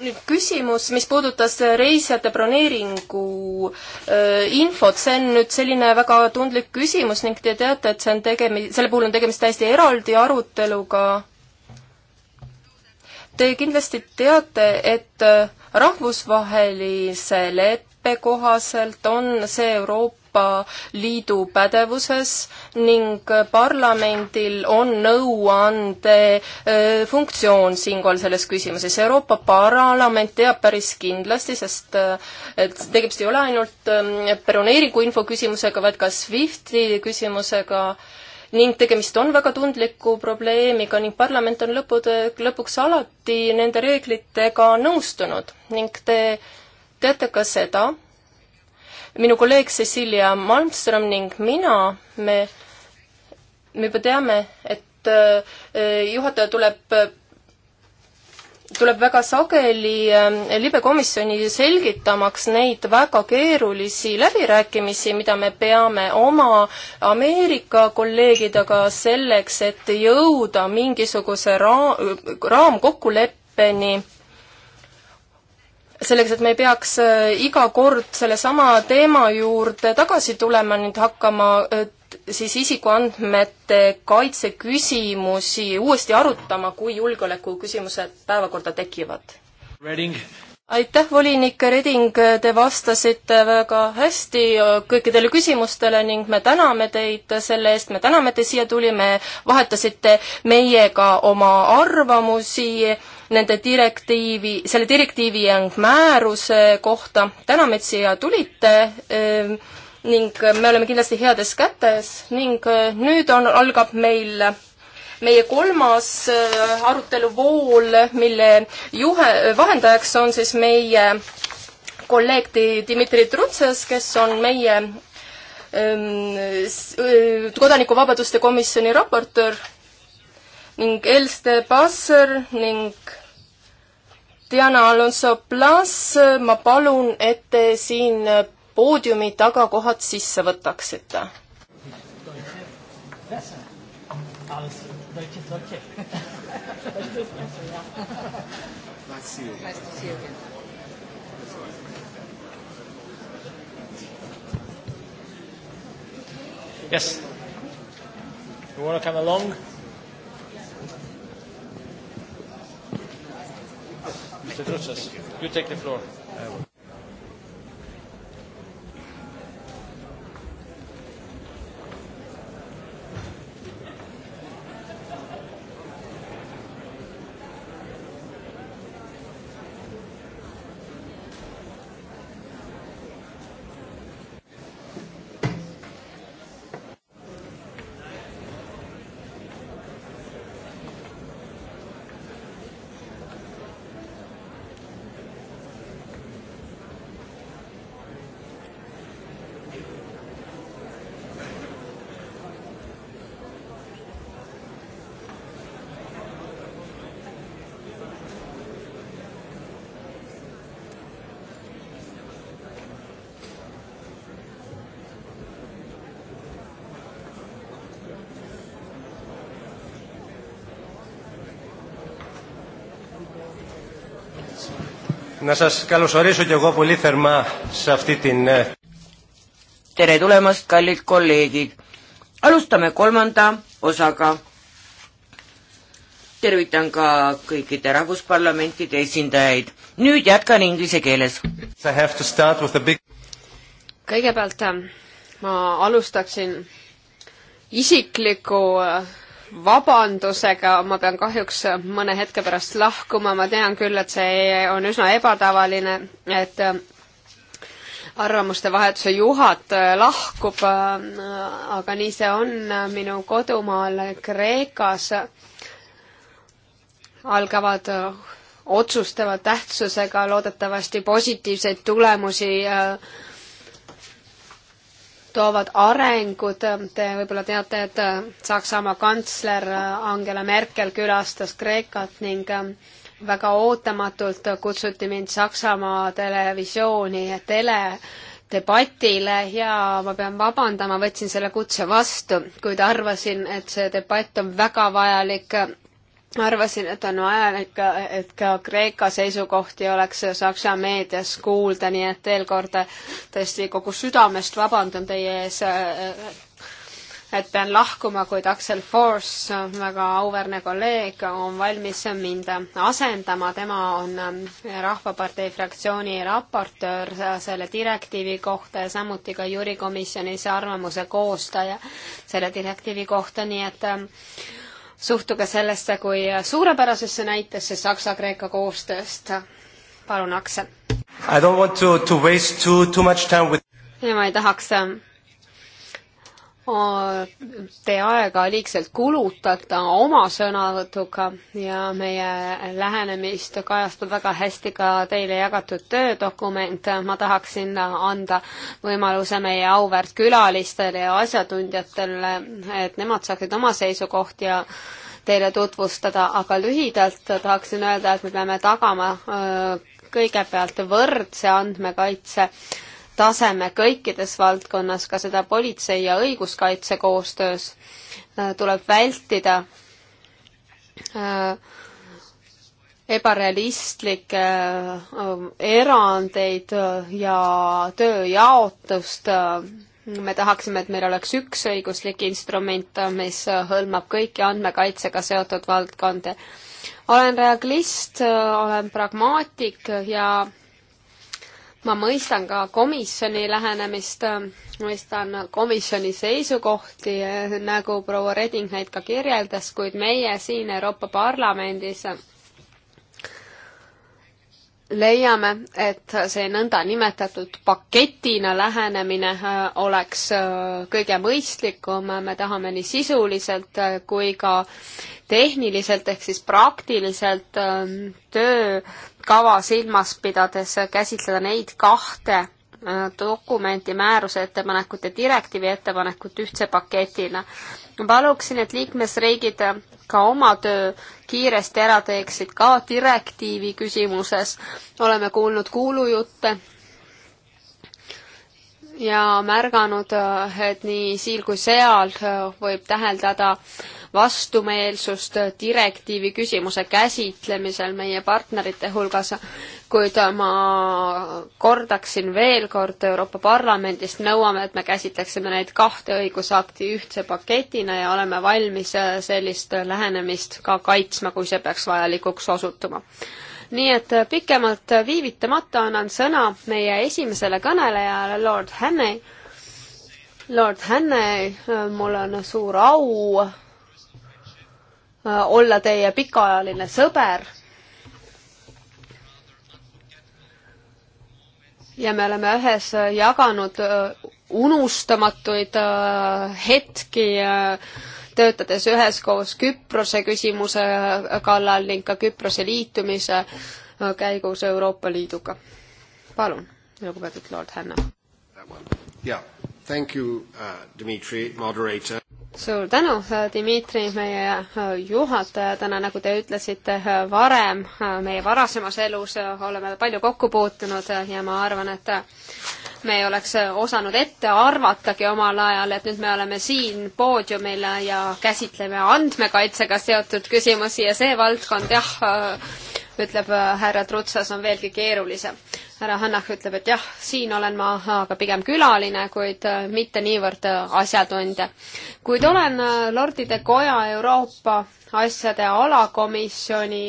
nüüd küsimus, mis puudutas reisijate broneeringu öö, eh, infot, see on nüüd selline väga tundlik küsimus ning te teate, et see on tegemi-, selle puhul on tegemist täiesti eraldi aruteluga Te kindlasti teate, et äh, rahvusvahelise leppe kohaselt on see Euroopa Liidu pädevuses ning parlamendil on nõuande äh, funktsioon siinkohal selles küsimuses. Euroopa Parlament teab päris kindlasti, sest äh, et tegemist ei ole ainult broneeringu ähm, info küsimusega, vaid ka SWIFTi küsimusega äh, ning tegemist on väga tundliku probleemiga ning parlament on lõppude, lõpuks alati nende reeglitega nõustunud ning te teate ka seda, minu kolleeg Cecilia Malmström ning mina, me, me juba teame, et äh, juhataja tuleb tuleb väga sageli ähm, libekomisjoni selgitamaks neid väga keerulisi läbirääkimisi, mida me peame oma Ameerika kolleegidega selleks, et jõuda mingisuguse raam, raamkokkuleppeni selleks, et me ei peaks äh, iga kord sellesama teema juurde tagasi tulema, nüüd hakkama äh, siis isikuandmete kaitse küsimusi uuesti arutama, kui julgeolekuküsimused päevakorda tekivad. aitäh, volinik Reding, te vastasite väga hästi kõikidele küsimustele ning me täname teid selle eest, me täname, et te siia tulime, vahetasite meiega oma arvamusi nende direktiivi, selle direktiivi ja määruse kohta. tänan, et siia tulite ehm, ning äh, me oleme kindlasti heades kätes ning äh, nüüd on, algab meil meie kolmas äh, aruteluvool, mille juhe, vahendajaks on siis meie kolleeg Dmitri Trutsas, kes on meie ähm, kodanikuvabaduste komisjoni raportöör ning Elste Passer ning Diana Alonso Plas, ma palun, et te siin poodiumi tagakohad sisse võtaksite. Yes. You want to come along? Mr. Drutzes, you take the floor. I will. Να σας καλωσορίσω και εγώ πολύ θερμά σε αυτή την... tere tulemast, kallid kolleegid. alustame kolmanda osaga. tervitan ka kõikide rahvusparlamentide esindajaid. nüüd jätkan inglise keeles. Big... kõigepealt äh, ma alustaksin isikliku äh, vabandusega, ma pean kahjuks mõne hetke pärast lahkuma, ma tean küll, et see on üsna ebatavaline, et äh, arvamuste vahetuse juhataja äh, lahkub, äh, aga nii see on minu kodumaal Kreekas. algavad otsustava tähtsusega loodetavasti positiivseid tulemusi äh, toovad arengud. Te võib-olla teate, et Saksamaa kantsler Angela Merkel külastas Kreekat ning väga ootamatult kutsuti mind Saksamaa televisiooni tele debatile ja ma pean vabandama, võtsin selle kutse vastu, kuid arvasin, et see debatt on väga vajalik arvasin, et on vajalik, et ka Kreeka seisukohti oleks Saksa meedias kuulda, nii et veel kord tõesti kogu südamest vabandan teie ees, et pean lahkuma, kuid Axel Force, väga auväärne kolleeg, on valmis mind asendama, tema on Rahvapartei fraktsiooni raportöör selle direktiivi kohta ja samuti ka juurikomisjonis arvamuse koostaja selle direktiivi kohta, nii et suhtuge sellesse kui suurepärasesse näitesse Saksa-Kreeka koostööst. palun, Aksel. I don't want to, to waste too, too much time with ja ma ei tahaks ähm, teie aega liigselt kulutada oma sõnavõtuga ja meie lähenemist kajastab väga hästi ka teile jagatud töödokument. ma tahaksin anda võimaluse meie auväärt külalistele ja asjatundjatele, et nemad saaksid oma seisukohti ja teile tutvustada, aga lühidalt tahaksin öelda, et me peame tagama äh, kõigepealt võrdse andmekaitse äh, taseme kõikides valdkonnas, ka seda politsei ja õiguskaitse koostöös äh, tuleb vältida äh, ebarealistlikke äh, erandeid ja tööjaotust. me tahaksime, et meil oleks üks õiguslik instrument, mis hõlmab kõiki andmekaitsega seotud valdkondi. olen realist, olen pragmaatik ja ma mõistan ka komisjoni lähenemist, mõistan komisjoni seisukohti, nagu proua Reding neid ka kirjeldas, kuid meie siin Euroopa Parlamendis leiame, et see nõndanimetatud paketina lähenemine äh, oleks äh, kõige mõistlikum, me tahame nii sisuliselt äh, kui ka tehniliselt ehk siis praktiliselt töö kava silmas pidades käsitleda neid kahte äh, dokumenti, määruse ettepanekut ja direktiivi ettepanekut ühtse paketina. ma paluksin, et liikmesriigid ka oma töö kiiresti ära teeksid, ka direktiivi küsimuses oleme kuulnud kuulujutte ja märganud, äh, et nii siil kui seal äh, võib täheldada äh, vastumeelsust direktiivi küsimuse käsitlemisel meie partnerite hulgas, kuid ma kordaksin veel kord Euroopa Parlamendist nõuame, et me käsitleksime neid kahte õigusakti ühtse paketina ja oleme valmis sellist lähenemist ka kaitsma, kui see peaks vajalikuks osutuma nii et pikemalt viivitamata annan sõna meie esimesele kõnelejale, Lord Hannay. Lord Hannay, mul on suur au Äh, olla teie pikaajaline sõber. ja me oleme ühes äh, jaganud äh, unustamatuid hetki, töötades üheskoos Küprose küsimuse kallal ning ka Küprose liitumise käigus Euroopa Liiduga. palun, lugupeetud Lord Hanna. jaa Thank you, uh, Dmitri, moderator. suur tänu, uh, Dmitri, meie uh, juhataja täna, nagu te ütlesite varem, meie varasemas elus oleme palju kokku puutunud ja ma arvan, et me ei oleks osanud ette arvatagi omal ajal, et nüüd me oleme siin poodiumil ja käsitleme andmekaitsega seotud küsimusi ja see valdkond jah, ütleb äh, härra Trutsas, on veelgi keerulisem. härra Hannah ütleb, et jah, siin olen ma aga pigem külaline, kuid äh, mitte niivõrd äh, asjatundja. kuid olen Lordide Koja Euroopa asjade alakomisjoni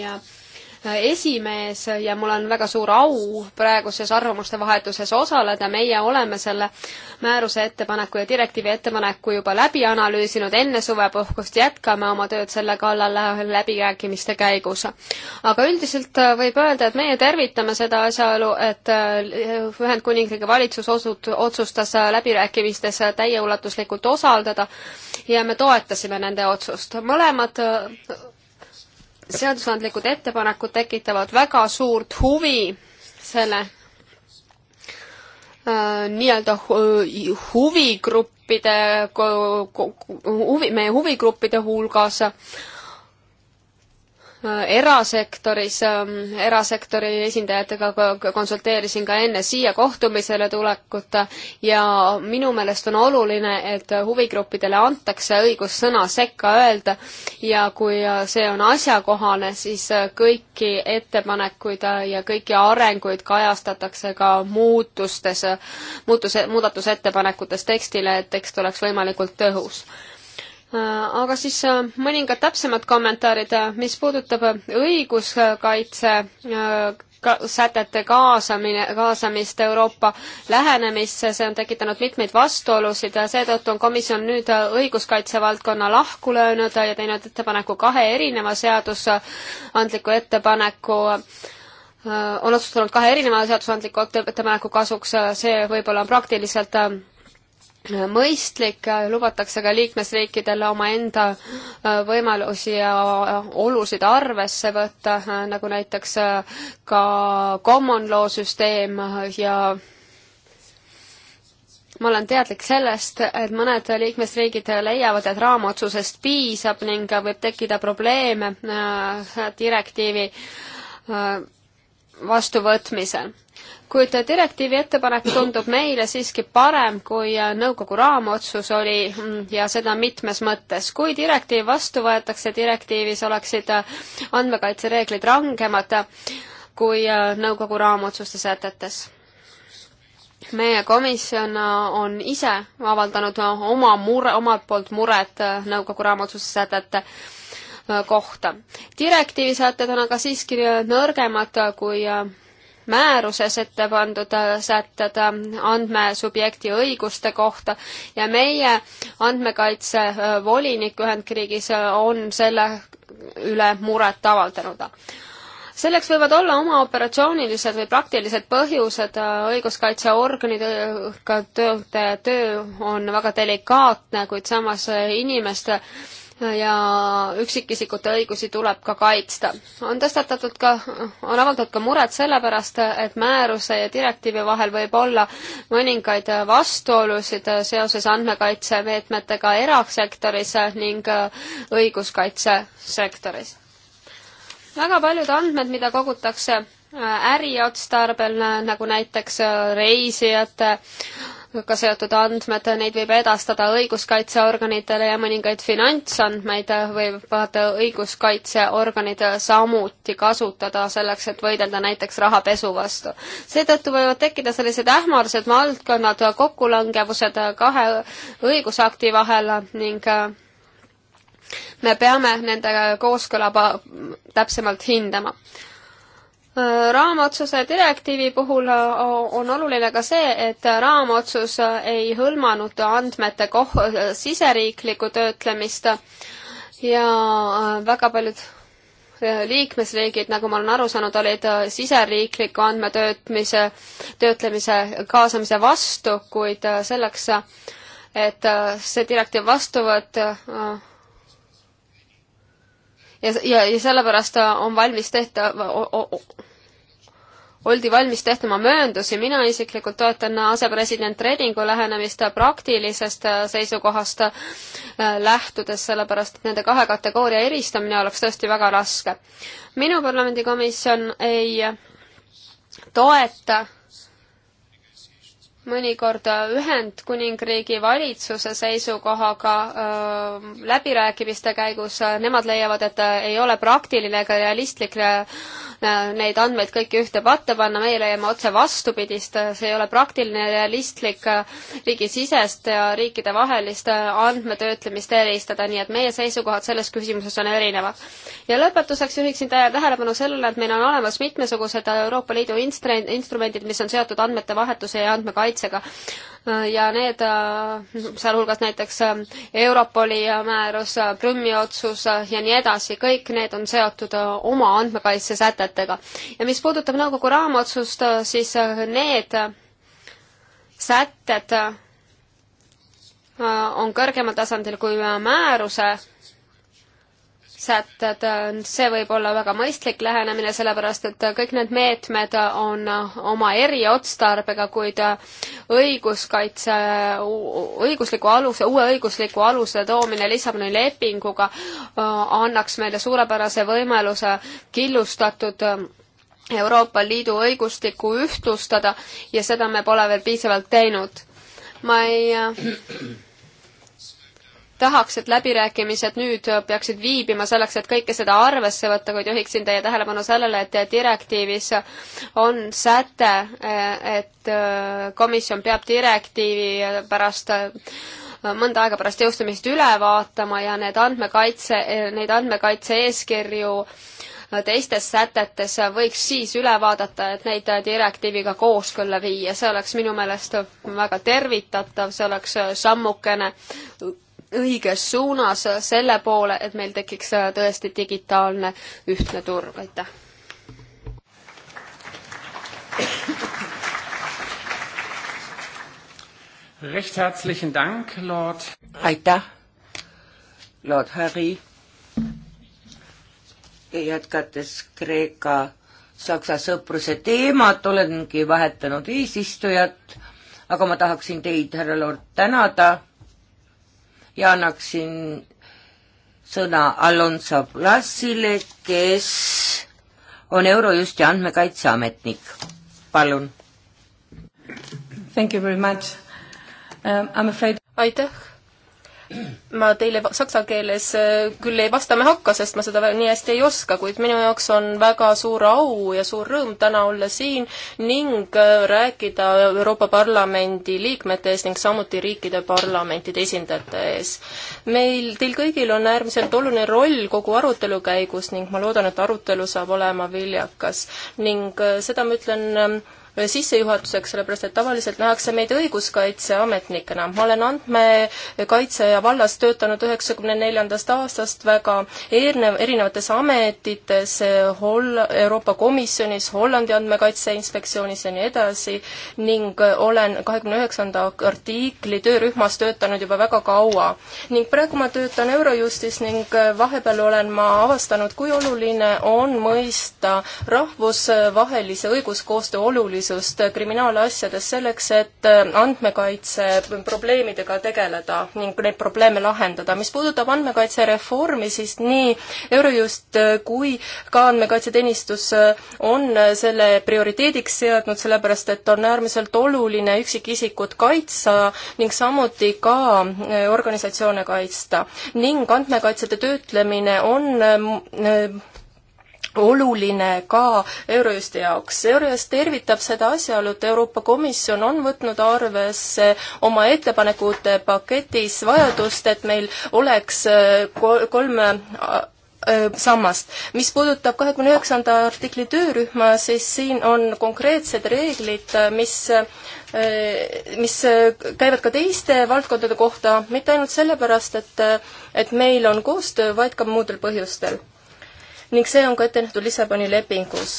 esimees ja mul on väga suur au praeguses arvamuste vahetuses osaleda. meie oleme selle määruse ettepaneku ja direktiivi ettepaneku juba läbi analüüsinud enne suvepuhkust, jätkame oma tööd selle kallal läbirääkimiste käigus. aga üldiselt äh, võib öelda, et meie tervitame seda asjaolu, et äh, Ühendkuningriigi valitsus osut-, otsustas äh, läbirääkimistes täieulatuslikult osaldada ja me toetasime nende otsust. mõlemad seadusandlikud ettepanekud tekitavad väga suurt huvi selle äh, nii-öelda huvigruppide, huvi, meie huvigruppide hulgas erasektoris, ähm, erasektori esindajatega konsulteerisin ka enne siia kohtumisele tulekut ja minu meelest on oluline, et huvigruppidele antakse õigus sõna sekka öelda ja kui see on asjakohane, siis kõiki ettepanekuid ja kõiki arenguid kajastatakse ka muutustes, muutuse, muudatusettepanekutes tekstile, et tekst oleks võimalikult tõhus Äh, aga siis äh, mõningad täpsemad kommentaarid, äh, mis puudutab õiguskaitse ka, sätete kaasamine, kaasamist Euroopa lähenemisse, see on tekitanud mitmeid vastuolusid ja seetõttu on komisjon nüüd õiguskaitse valdkonna lahku löönud ja teinud ettepaneku kahe erineva seadusandliku ettepaneku on otsustanud kahe erineva seadusandliku ettepaneku kasuks, see võib-olla on praktiliselt mõistlik, lubatakse ka liikmesriikidel omaenda äh, võimalusi ja olusid arvesse võtta, äh, nagu näiteks äh, ka common law süsteem ja ma olen teadlik sellest, et mõned liikmesriigid leiavad, et raamotsusest piisab ning võib tekkida probleeme direktiivi vastuvõtmisel kuid direktiivi ettepanek tundub meile siiski parem, kui nõukogu raamotsus oli mm, ja seda mitmes mõttes. kui direktiiv vastu võetakse, direktiivis oleksid andmekaitsereeglid rangemad kui äh, nõukogu raamotsuste sätetes meie komisjon äh, on ise avaldanud oma mure, omalt poolt muret äh, nõukogu raamotsuse sätete kohta. direktiivi sätted on aga siiski nõrgemad kui määruses ette pandud äh, sätted äh, andmesubjekti õiguste kohta ja meie andmekaitsevolinik äh, Ühendkriigis on selle üle muret avaldanud selleks võivad olla oma operatsioonilised või praktilised põhjused, õiguskaitseorganide töötajate töö on väga delikaatne, kuid samas inimeste ja üksikisikute õigusi tuleb ka kaitsta. on tõstatatud ka, on avaldatud ka muret selle pärast, et määruse ja direktiivi vahel võib olla mõningaid vastuolusid seoses andmekaitsemeetmetega erasektoris ning õiguskaitsesektoris. väga paljud andmed, mida kogutakse äriotstarbel, nagu näiteks reisijate ka seotud andmed, neid võib edastada õiguskaitseorganitele ja mõningaid finantsandmeid võivad õiguskaitseorganid samuti kasutada selleks, et võidelda näiteks rahapesu vastu. seetõttu võivad tekkida sellised ähmarsed valdkonnad, kokkulangevused kahe õigusakti vahel ning äh, me peame nende kooskõla täpsemalt hindama raamotsuse direktiivi puhul on oluline ka see, et raamotsus ei hõlmanud andmete koh-, siseriiklikku töötlemist ja äh, väga paljud äh, liikmesriigid, nagu ma olen aru saanud, olid äh, siseriikliku andmetöötmise, töötlemise kaasamise vastu, kuid selleks, et see direktiiv vastu võtta, ja, ja, ja sellepärast on valmis tehta, oldi valmis tehtama mööndusi, mina isiklikult toetan asepresident Redingu lähenemist praktilisest äh, seisukohast äh, lähtudes, sellepärast et nende kahe kategooria eristamine oleks tõesti väga raske. minu parlamendikomisjon ei toeta mõnikord Ühendkuningriigi valitsuse seisukohaga äh, läbirääkimiste käigus äh,, nemad leiavad, et äh, ei ole praktiline ega realistlik neid andmeid kõiki ühte patta panna, meie leiame otse vastupidist, see ei ole praktiline ja realistlik riigisisest ja riikidevahelist andmetöötlemist eristada, nii et meie seisukohad selles küsimuses on erinevad. ja lõpetuseks juhiksin teie tähelepanu sellele, et meil on olemas mitmesugused Euroopa Liidu instru-, instrumendid, mis on seotud andmete vahetuse ja andmekaitse kaitsega ja need, sealhulgas näiteks Europoli määrus, Prümi otsus ja nii edasi, kõik need on seotud oma andmekaitsesätetega. ja mis puudutab nõukogu raamotsust, siis need sätted on kõrgemal tasandil kui määruse sätted, see võib olla väga mõistlik lähenemine, sellepärast et kõik need meetmed on oma eriotstarbega, kuid õiguskaitse, õigusliku aluse, uue õigusliku aluse toomine Lissaboni lepinguga äh, annaks meile suurepärase võimaluse killustatud äh, Euroopa Liidu õigustikku ühtlustada ja seda me pole veel piisavalt teinud. ma ei äh, tahaks, et läbirääkimised nüüd peaksid viibima selleks, et kõike seda arvesse võtta, kuid juhiksin teie tähelepanu sellele, et direktiivis on säte, et komisjon peab direktiivi pärast mõnda aega pärast jõustumist üle vaatama ja need andmekaitse, neid andmekaitse eeskirju teistes sätetes võiks siis üle vaadata, et neid direktiiviga kooskõlla viia, see oleks minu meelest väga tervitatav, see oleks sammukene õiges suunas selle poole, et meil tekiks äh, tõesti digitaalne ühtne turg, aitäh! Recht herzlichen Dank, Lord. aitäh, Lord Harry. jätkates Kreeka-Saksa sõpruse teemat, olengi vahetanud eesistujat, aga ma tahaksin teid, härra Lord, tänada ja annaksin sõna Alonso Plassile, kes on Eurojusti andmekaitseametnik. palun. Thank you very much um,. I am afraid aitäh ma teile saksa keeles äh, küll ei vastama hakka, sest ma seda nii hästi ei oska, kuid minu jaoks on väga suur au ja suur rõõm täna olla siin ning äh, rääkida Euroopa Parlamendi liikmete ees ning samuti riikide parlamentide esindajate ees. meil, teil kõigil on äärmiselt oluline roll kogu arutelu käigus ning ma loodan, et arutelu saab olema viljakas ning äh, seda ma ütlen ähm, Äh, sissejuhatuseks, sellepärast et tavaliselt nähakse meid õiguskaitseametnikena. ma olen andmekaitse ja vallas töötanud üheksakümne neljandast aastast väga eernev, erinevates ametites, Holl-, Euroopa Komisjonis, Hollandi andmekaitse inspektsioonis ja nii edasi, ning äh, olen kahekümne üheksanda artikli töörühmas töötanud juba väga kaua. ning praegu ma töötan Eurojustis ning äh, vahepeal olen ma avastanud, kui oluline on mõista rahvusvahelise õiguskoostöö olulisust aktiivsust kriminaalasjades selleks, et andmekaitse probleemidega tegeleda ning neid probleeme lahendada. mis puudutab andmekaitsereformi, siis nii Eurojust kui ka andmekaitseteenistus on selle prioriteediks seadnud, sellepärast et on äärmiselt oluline üksikisikut kaitsta ning samuti ka organisatsioone kaitsta. ning andmekaitsjate töötlemine on oluline ka Eurojusti jaoks. Eurojust tervitab seda asjaolu, et Euroopa Komisjon on võtnud arvesse oma ettepanekute paketis vajadust, et meil oleks äh, kolm äh, sammast. mis puudutab kahekümne üheksanda artikli töörühma, siis siin on konkreetsed reeglid, mis äh, mis käivad ka teiste valdkondade kohta, mitte ainult sellepärast, et et meil on koostöö, vaid ka muudel põhjustel ning see on ka ette nähtud Lissaboni lepingus.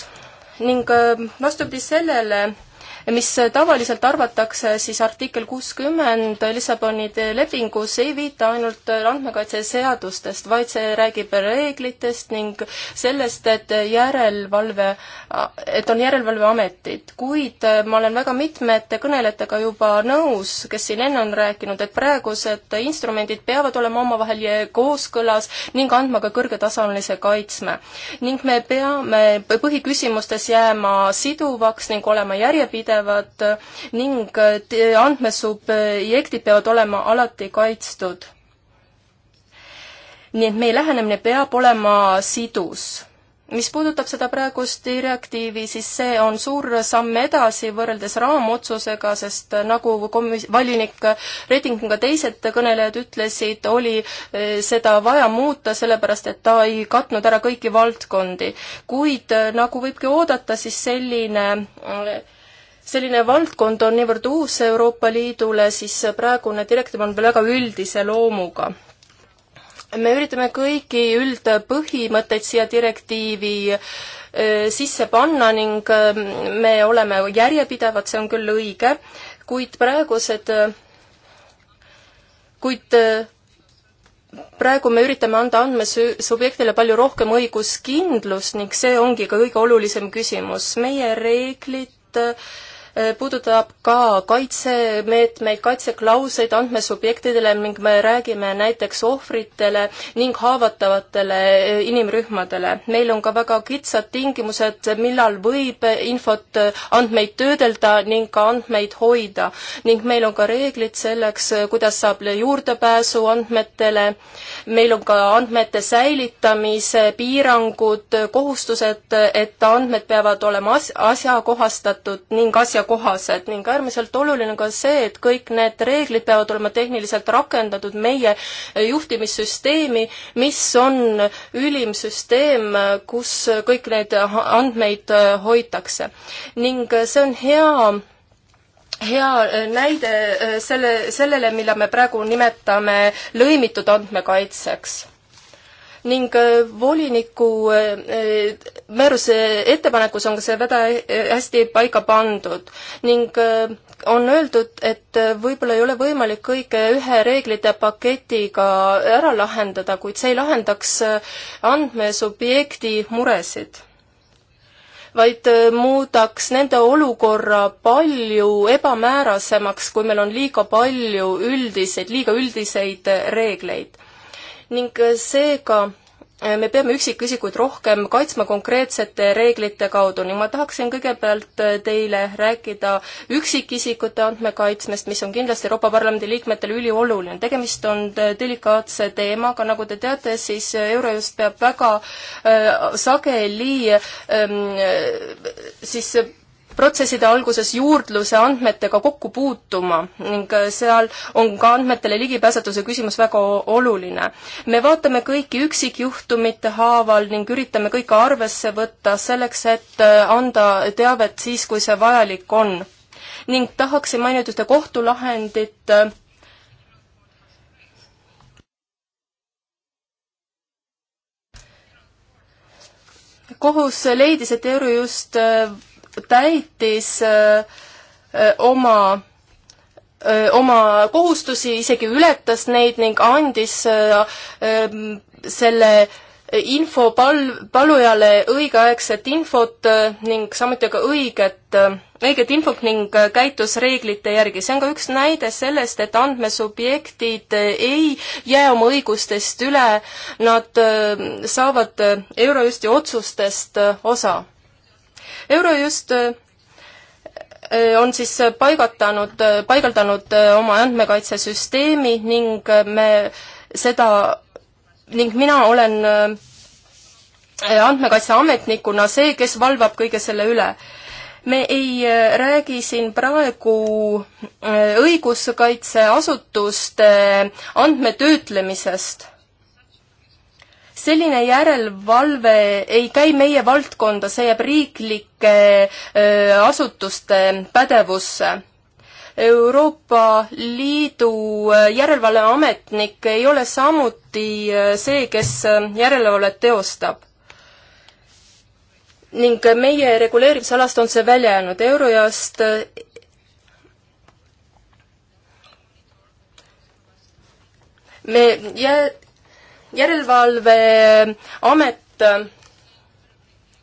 ning äh, vastupidi sellele mis tavaliselt arvatakse, siis artikkel kuuskümmend Lissaboni lepingus ei viita ainult andmekaitseseadustest, vaid see räägib reeglitest ning sellest, et järelevalve, et on järelevalveametid. kuid ma olen väga mitmete kõnelejatega juba nõus, kes siin enne on rääkinud, et praegused instrumendid peavad olema omavahel kooskõlas ning andma ka kõrgetasanilise kaitsme. ning me peame põhiküsimustes jääma siduvaks ning olema järjepidevad, pidevad ning andmesubjektid peavad olema alati kaitstud. nii et meie lähenemine peab olema sidus mis puudutab seda praegust direktiivi, siis see on suur samm edasi võrreldes raamotsusega, sest nagu komis-, volinik Reding ja teised kõnelejad ütlesid, oli eh, seda vaja muuta, sellepärast et ta ei katnud ära kõiki valdkondi. kuid eh, nagu võibki oodata, siis selline eh, selline valdkond on niivõrd uus Euroopa Liidule, siis praegune direktiiv on väga üldise loomuga. me üritame kõiki üldpõhimõtteid siia direktiivi äh, sisse panna ning äh, me oleme järjepidevad, see on küll õige, kuid praegused, äh, kuid praegu me üritame anda andmesubjektile palju rohkem õiguskindlust ning see ongi ka kõige olulisem küsimus. meie reeglid puudutab ka kaitsemeetmeid, kaitseklauseid andmesubjektidele ning me räägime näiteks ohvritele ning haavatavatele eh, inimrühmadele. meil on ka väga kitsad tingimused, millal võib infot, eh, andmeid töödelda ning ka andmeid hoida. ning meil on ka reeglid selleks, eh, kuidas saab juurdepääsu andmetele, meil on ka andmete säilitamise piirangud, kohustused, et andmed peavad olema as-, asjakohastatud ning asja kohased ning äärmiselt oluline on ka see, et kõik need reeglid peavad olema tehniliselt rakendatud meie juhtimissüsteemi, mis on ülim süsteem, kus kõik need andmeid äh, hoitakse. ning äh, see on hea hea äh, näide selle, sellele, mille me praegu nimetame lõimitud andmekaitseks ning äh, voliniku äh, äh, määruse ettepanekus on ka see väga hästi paika pandud ning on öeldud, et võib-olla ei ole võimalik kõike ühe reeglite paketiga ära lahendada, kuid see ei lahendaks andmesubjekti muresid vaid muudaks nende olukorra palju ebamäärasemaks, kui meil on liiga palju üldiseid, liiga üldiseid reegleid ning äh, seega äh, me peame üksikisikuid rohkem kaitsma konkreetsete reeglite kaudu ning ma tahaksin kõigepealt äh, teile rääkida üksikisikute andmekaitsmest, mis on kindlasti Euroopa Parlamendi liikmetele ülioluline. tegemist on delikaatse teemaga, nagu te teate, siis Eurojust peab väga äh, sageli ähm, siis protsesside alguses juurdluse andmetega kokku puutuma ning äh, seal on ka andmetele ligipääsetuse küsimus väga oluline. me vaatame kõiki üksikjuhtumite haaval ning üritame kõike arvesse võtta selleks, et äh, anda teavet siis, kui see vajalik on. ning tahaksin mainida ühte kohtulahendit, äh, kohus leidis, et Eurojust täitis äh, äh, oma äh, oma kohustusi, isegi ületas neid ning andis selle info pal-, palujale õigeaegset infot ning samuti ka õiget, õiget infot ning käitus reeglite järgi. see on ka üks näide sellest, et andmesubjektid ei jää oma õigustest üle, nad saavad Eurojusti otsustest osa Eurojust äh, äh, on siis paigatanud, äh, paigaldanud oma andmekaitsesüsteemi ning me seda, ning mina olen andmekaitseametnikuna see, kes valvab kõige selle üle me ei räägi siin praegu õiguskaitseasutuste andmetöötlemisest selline järelevalve ei käi meie valdkonda, see jääb riiklike asutuste pädevusse. Euroopa Liidu järelevalveametnik ei ole samuti see, kes järelevalvet teostab. ning meie reguleerimisalast on see välja jäänud, Eurojust me jää-, järelevalveamet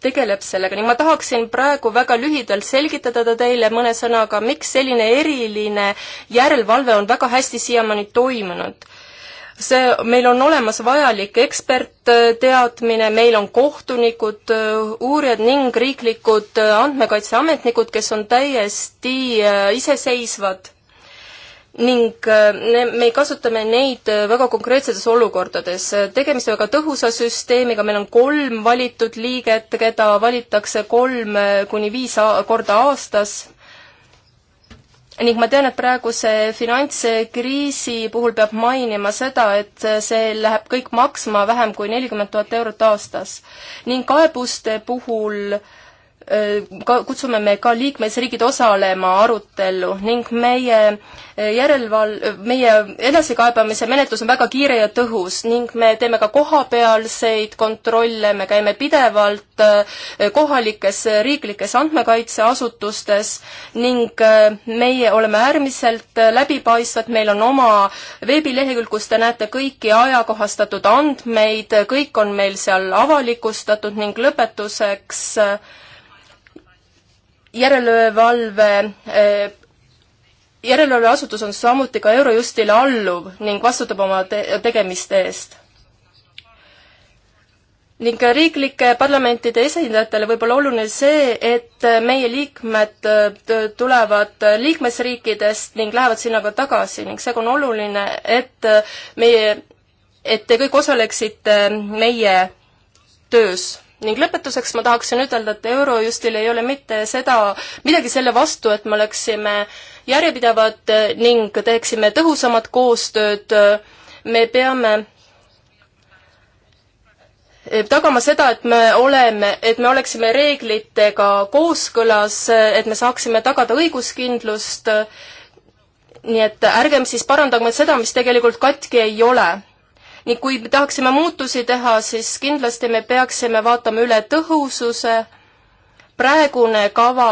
tegeleb sellega ning ma tahaksin praegu väga lühidalt selgitada teile mõne sõnaga, miks selline eriline järelevalve on väga hästi siiamaani toimunud see, meil on olemas vajalik ekspertteadmine, meil on kohtunikud, äh, uurijad ning riiklikud äh, andmekaitseametnikud, kes on täiesti äh, iseseisvad ning äh, me kasutame neid äh, väga konkreetsetes olukordades. tegemist on väga tõhusa süsteemiga, meil on kolm valitud liiget, keda valitakse kolm äh, kuni viis korda aastas ning ma tean, et praeguse finantskriisi puhul peab mainima seda, et see läheb kõik maksma vähem kui nelikümmend tuhat eurot aastas. ning kaebuste puhul äh, Äh, ka, kutsume me ka liikmesriigid osalema arutellu ning meie äh, järeleval-, meie edasikaebamise menetlus on väga kiire ja tõhus ning me teeme ka kohapealseid kontrolle, me käime pidevalt äh, kohalikes riiklikes andmekaitseasutustes ning meie oleme äärmiselt läbipaistvad, meil on oma veebilehekülg, kus te näete kõiki ajakohastatud andmeid, kõik on meil seal avalikustatud ning lõpetuseks järelevalve eh, järelevalveasutus on samuti ka Eurojustile alluv ning vastutab oma te tegemiste eest. ning riiklike parlamentide esindajatele võib olla oluline see, et meie liikmed eh, tulevad liikmesriikidest ning lähevad sinna ka tagasi ning seega on oluline, et eh, meie, et te kõik osaleksite meie töös ning lõpetuseks ma tahaksin ütelda, et Eurojustil ei ole mitte seda, midagi selle vastu, et me oleksime järjepidevad ning teeksime tõhusamat koostööd, me peame tagama seda, et me oleme, et me oleksime reeglitega kooskõlas, et me saaksime tagada õiguskindlust, nii et ärgem siis parandagem seda, mis tegelikult katki ei ole nii kui me tahaksime muutusi teha, siis kindlasti me peaksime vaatama üle tõhususe, praegune kava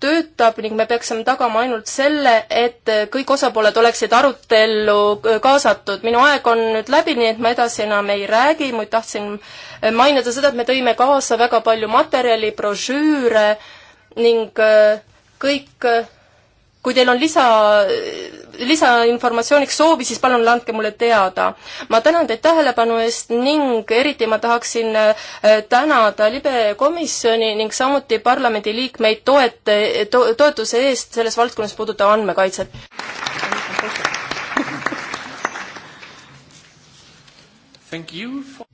töötab ning me peaksime tagama ainult selle, et kõik osapooled oleksid arutellu kaasatud. minu aeg on nüüd läbi, nii et ma edasi enam ei räägi, muid tahtsin mainida seda, et me tõime kaasa väga palju materjali, brošüüre ning kõik, kui teil on lisa lisainformatsiooniks soovi, siis palun andke mulle teada. ma tänan teid tähelepanu eest ning eriti ma tahaksin äh, tänada libe komisjoni ning samuti parlamendiliikmeid toet- to,, toetuse eest selles valdkonnas puudutav andmekaitset. For...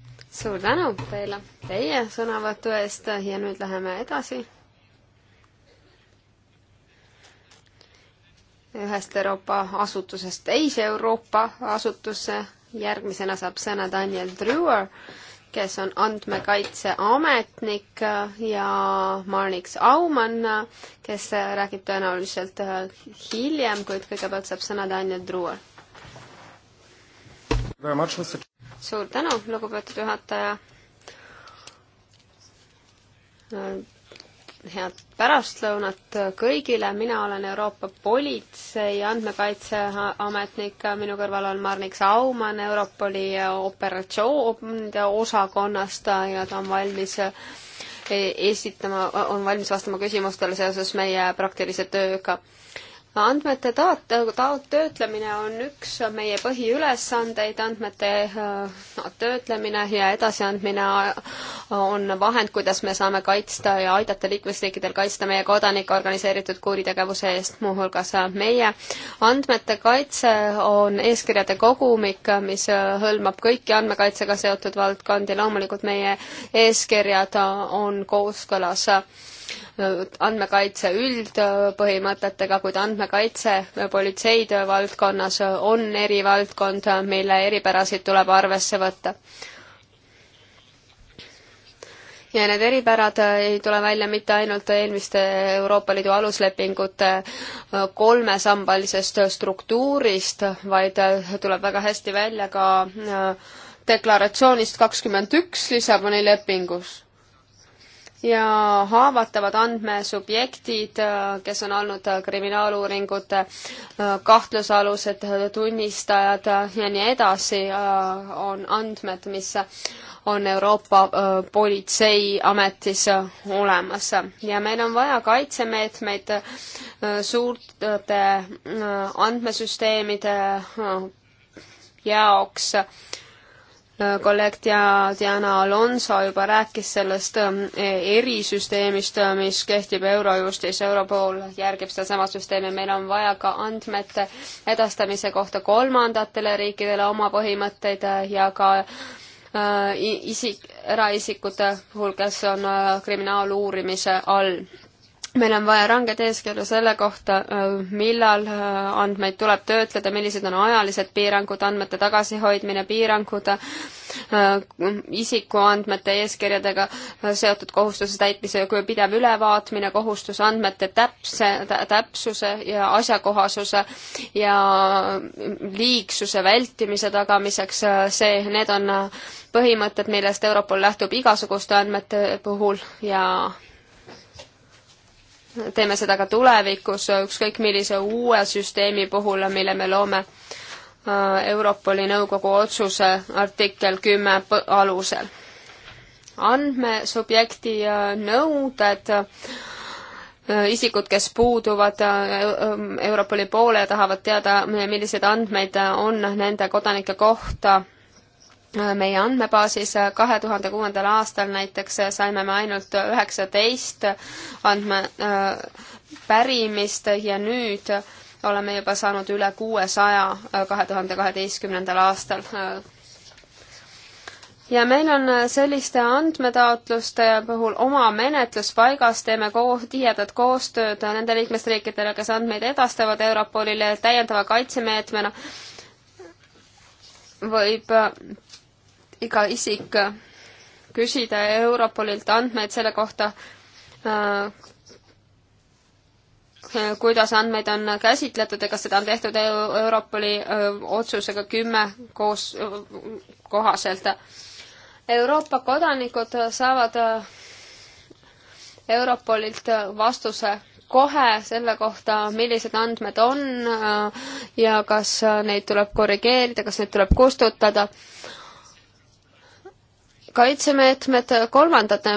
suur tänu teile teie sõnavõtu eest ja nüüd läheme edasi ühest Euroopa asutusest teise Euroopa asutusse. järgmisena saab sõna Daniel Drewer, kes on andmekaitseametnik ja Marnix Aumann, kes räägib tõenäoliselt äh, hiljem, kuid kõigepealt saab sõna Daniel Drewer. suur tänu, lugupeetud juhataja äh, head pärastlõunat kõigile, mina olen Euroopa Politsei andmekaitseametnik, minu kõrval on Marnik Saumann Europoli operatsioonide osakonnast ja ta on valmis eh, esitama, on valmis vastama küsimustele seoses meie praktilise tööga andmete taot-, taot-, töötlemine on üks meie põhiülesandeid, andmete no, äh, töötlemine ja edasiandmine on vahend, kuidas me saame kaitsta ja aidata liikmesriikidel kaitsta meie kodanikke organiseeritud kuritegevuse eest, muuhulgas äh, meie andmete kaitse on eeskirjade kogumik, mis äh, hõlmab kõiki andmekaitsega seotud valdkondi, loomulikult meie eeskirjad on kooskõlas andmekaitse üldpõhimõtetega, kuid andmekaitse politseitöö valdkonnas on erivaldkond, mille eripärasid tuleb arvesse võtta. ja need eripärad ei tule välja mitte ainult eelmiste Euroopa Liidu aluslepingute kolmesambalisest struktuurist, vaid tuleb väga hästi välja ka äh, deklaratsioonist kakskümmend üks Lissaboni lepingus ja haavatavad andmesubjektid, kes on olnud kriminaaluuringute äh, kahtlusalused tunnistajad ja nii edasi, äh, on andmed, mis on Euroopa äh, Politseiametis olemas ja meil on vaja kaitsemeetmeid suurte andmesüsteemide jaoks kolleeg Diana Alonso juba rääkis sellest ähm, erisüsteemist, äh, mis kehtib Eurojustis, Europol järgib sedasama süsteemi, meil on vaja ka andmete edastamise kohta kolmandatele riikidele oma põhimõtteid äh, ja ka äh, isik, eraisikute puhul, kes on kriminaaluurimise all meil on vaja ranged eeskirju selle kohta, äh, millal äh, andmeid tuleb töötleda, millised on ajalised piirangud, andmete tagasihoidmine, piirangud äh, isikuandmete eeskirjadega seotud kohustuse täitmise ja pidev ülevaatmine, kohustus andmete täpse, täpsuse ja asjakohasuse ja liigsuse vältimise tagamiseks, see, need on põhimõtted, millest Europol lähtub igasuguste andmete puhul ja teeme seda ka tulevikus, ükskõik millise uue süsteemi puhul, mille me loome äh, Europoli nõukogu otsuse artikkel kümme alusel. andmesubjekti äh, nõuded äh, isikud, kes puuduvad Europoli poole ja tahavad teada, milliseid andmeid on nende kodanike kohta meie andmebaasis kahe tuhande kuuendal aastal näiteks saime me ainult üheksateist andme äh, pärimist ja nüüd oleme juba saanud üle kuuesaja äh, kahe tuhande kaheteistkümnendal aastal. Äh, ja meil on selliste andmetaotluste puhul oma menetlus paigas, teeme koos, tihedat koostööd nende liikmesriikidele, kes andmeid edastavad Europolile täiendava kaitsemeetmena võib iga isik küsida Europolilt andmeid selle kohta, äh, kuidas andmeid on käsitletud ja kas seda on tehtud Europoli äh, otsusega kümme koos, äh, kohaselt. Euroopa kodanikud saavad Europolilt vastuse kohe selle kohta, millised andmed on ja kas neid tuleb korrigeerida, kas neid tuleb kustutada kaitsemeetmed kolmandate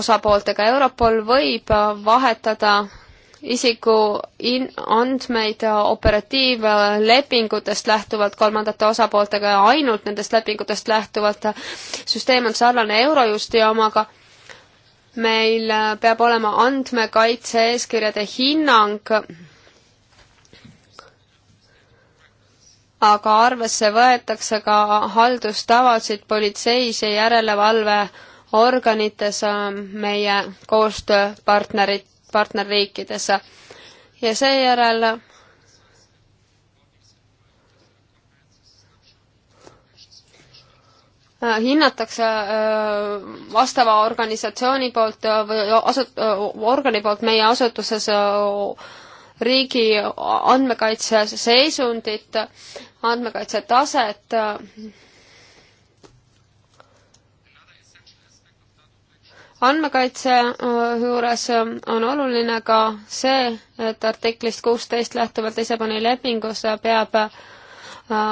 osapooltega, Europol võib vahetada isiku in-, andmeid operatiivlepingutest lähtuvalt kolmandate osapooltega ja ainult nendest lepingutest lähtuvalt. süsteem on sarnane Eurojusti omaga. meil peab olema andmekaitse eeskirjade hinnang aga arvesse võetakse ka haldustavasid politseis ja järelevalveorganites äh, meie koostööpartnerid, partnerriikides. ja seejärel äh, hinnatakse äh, vastava organisatsiooni poolt või asut-, organi poolt meie asutuses riigi andmekaitse seisundit, andmekaitse taset. andmekaitse äh, juures äh, on oluline ka see, et artiklist kuusteist lähtuvalt Lissaboni lepingus peab äh,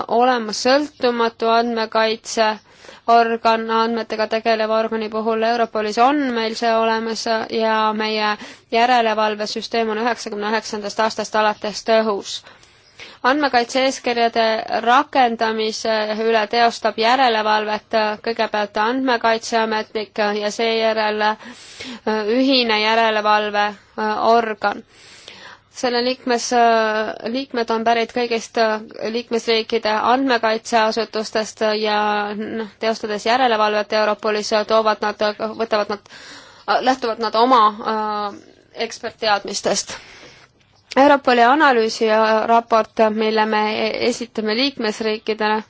olema sõltumatu andmekaitse organ, andmetega tegeleva organi puhul Europolis on meil see olemas ja meie järelevalvesüsteem on üheksakümne üheksandast aastast alates tõhus andmekaitse eeskirjade rakendamise üle teostab järelevalvet kõigepealt andmekaitseametnik ja seejärel ühine järelevalveorgan selle liikmes, äh, liikmed on pärit kõigist äh, liikmesriikide andmekaitseasutustest ja noh, teostades järelevalvet Europolis toovad nad, võtavad nad, lähtuvad nad oma äh, ekspertteadmistest. Europoli analüüsi äh, raport, mille me e, esitame liikmesriikidele,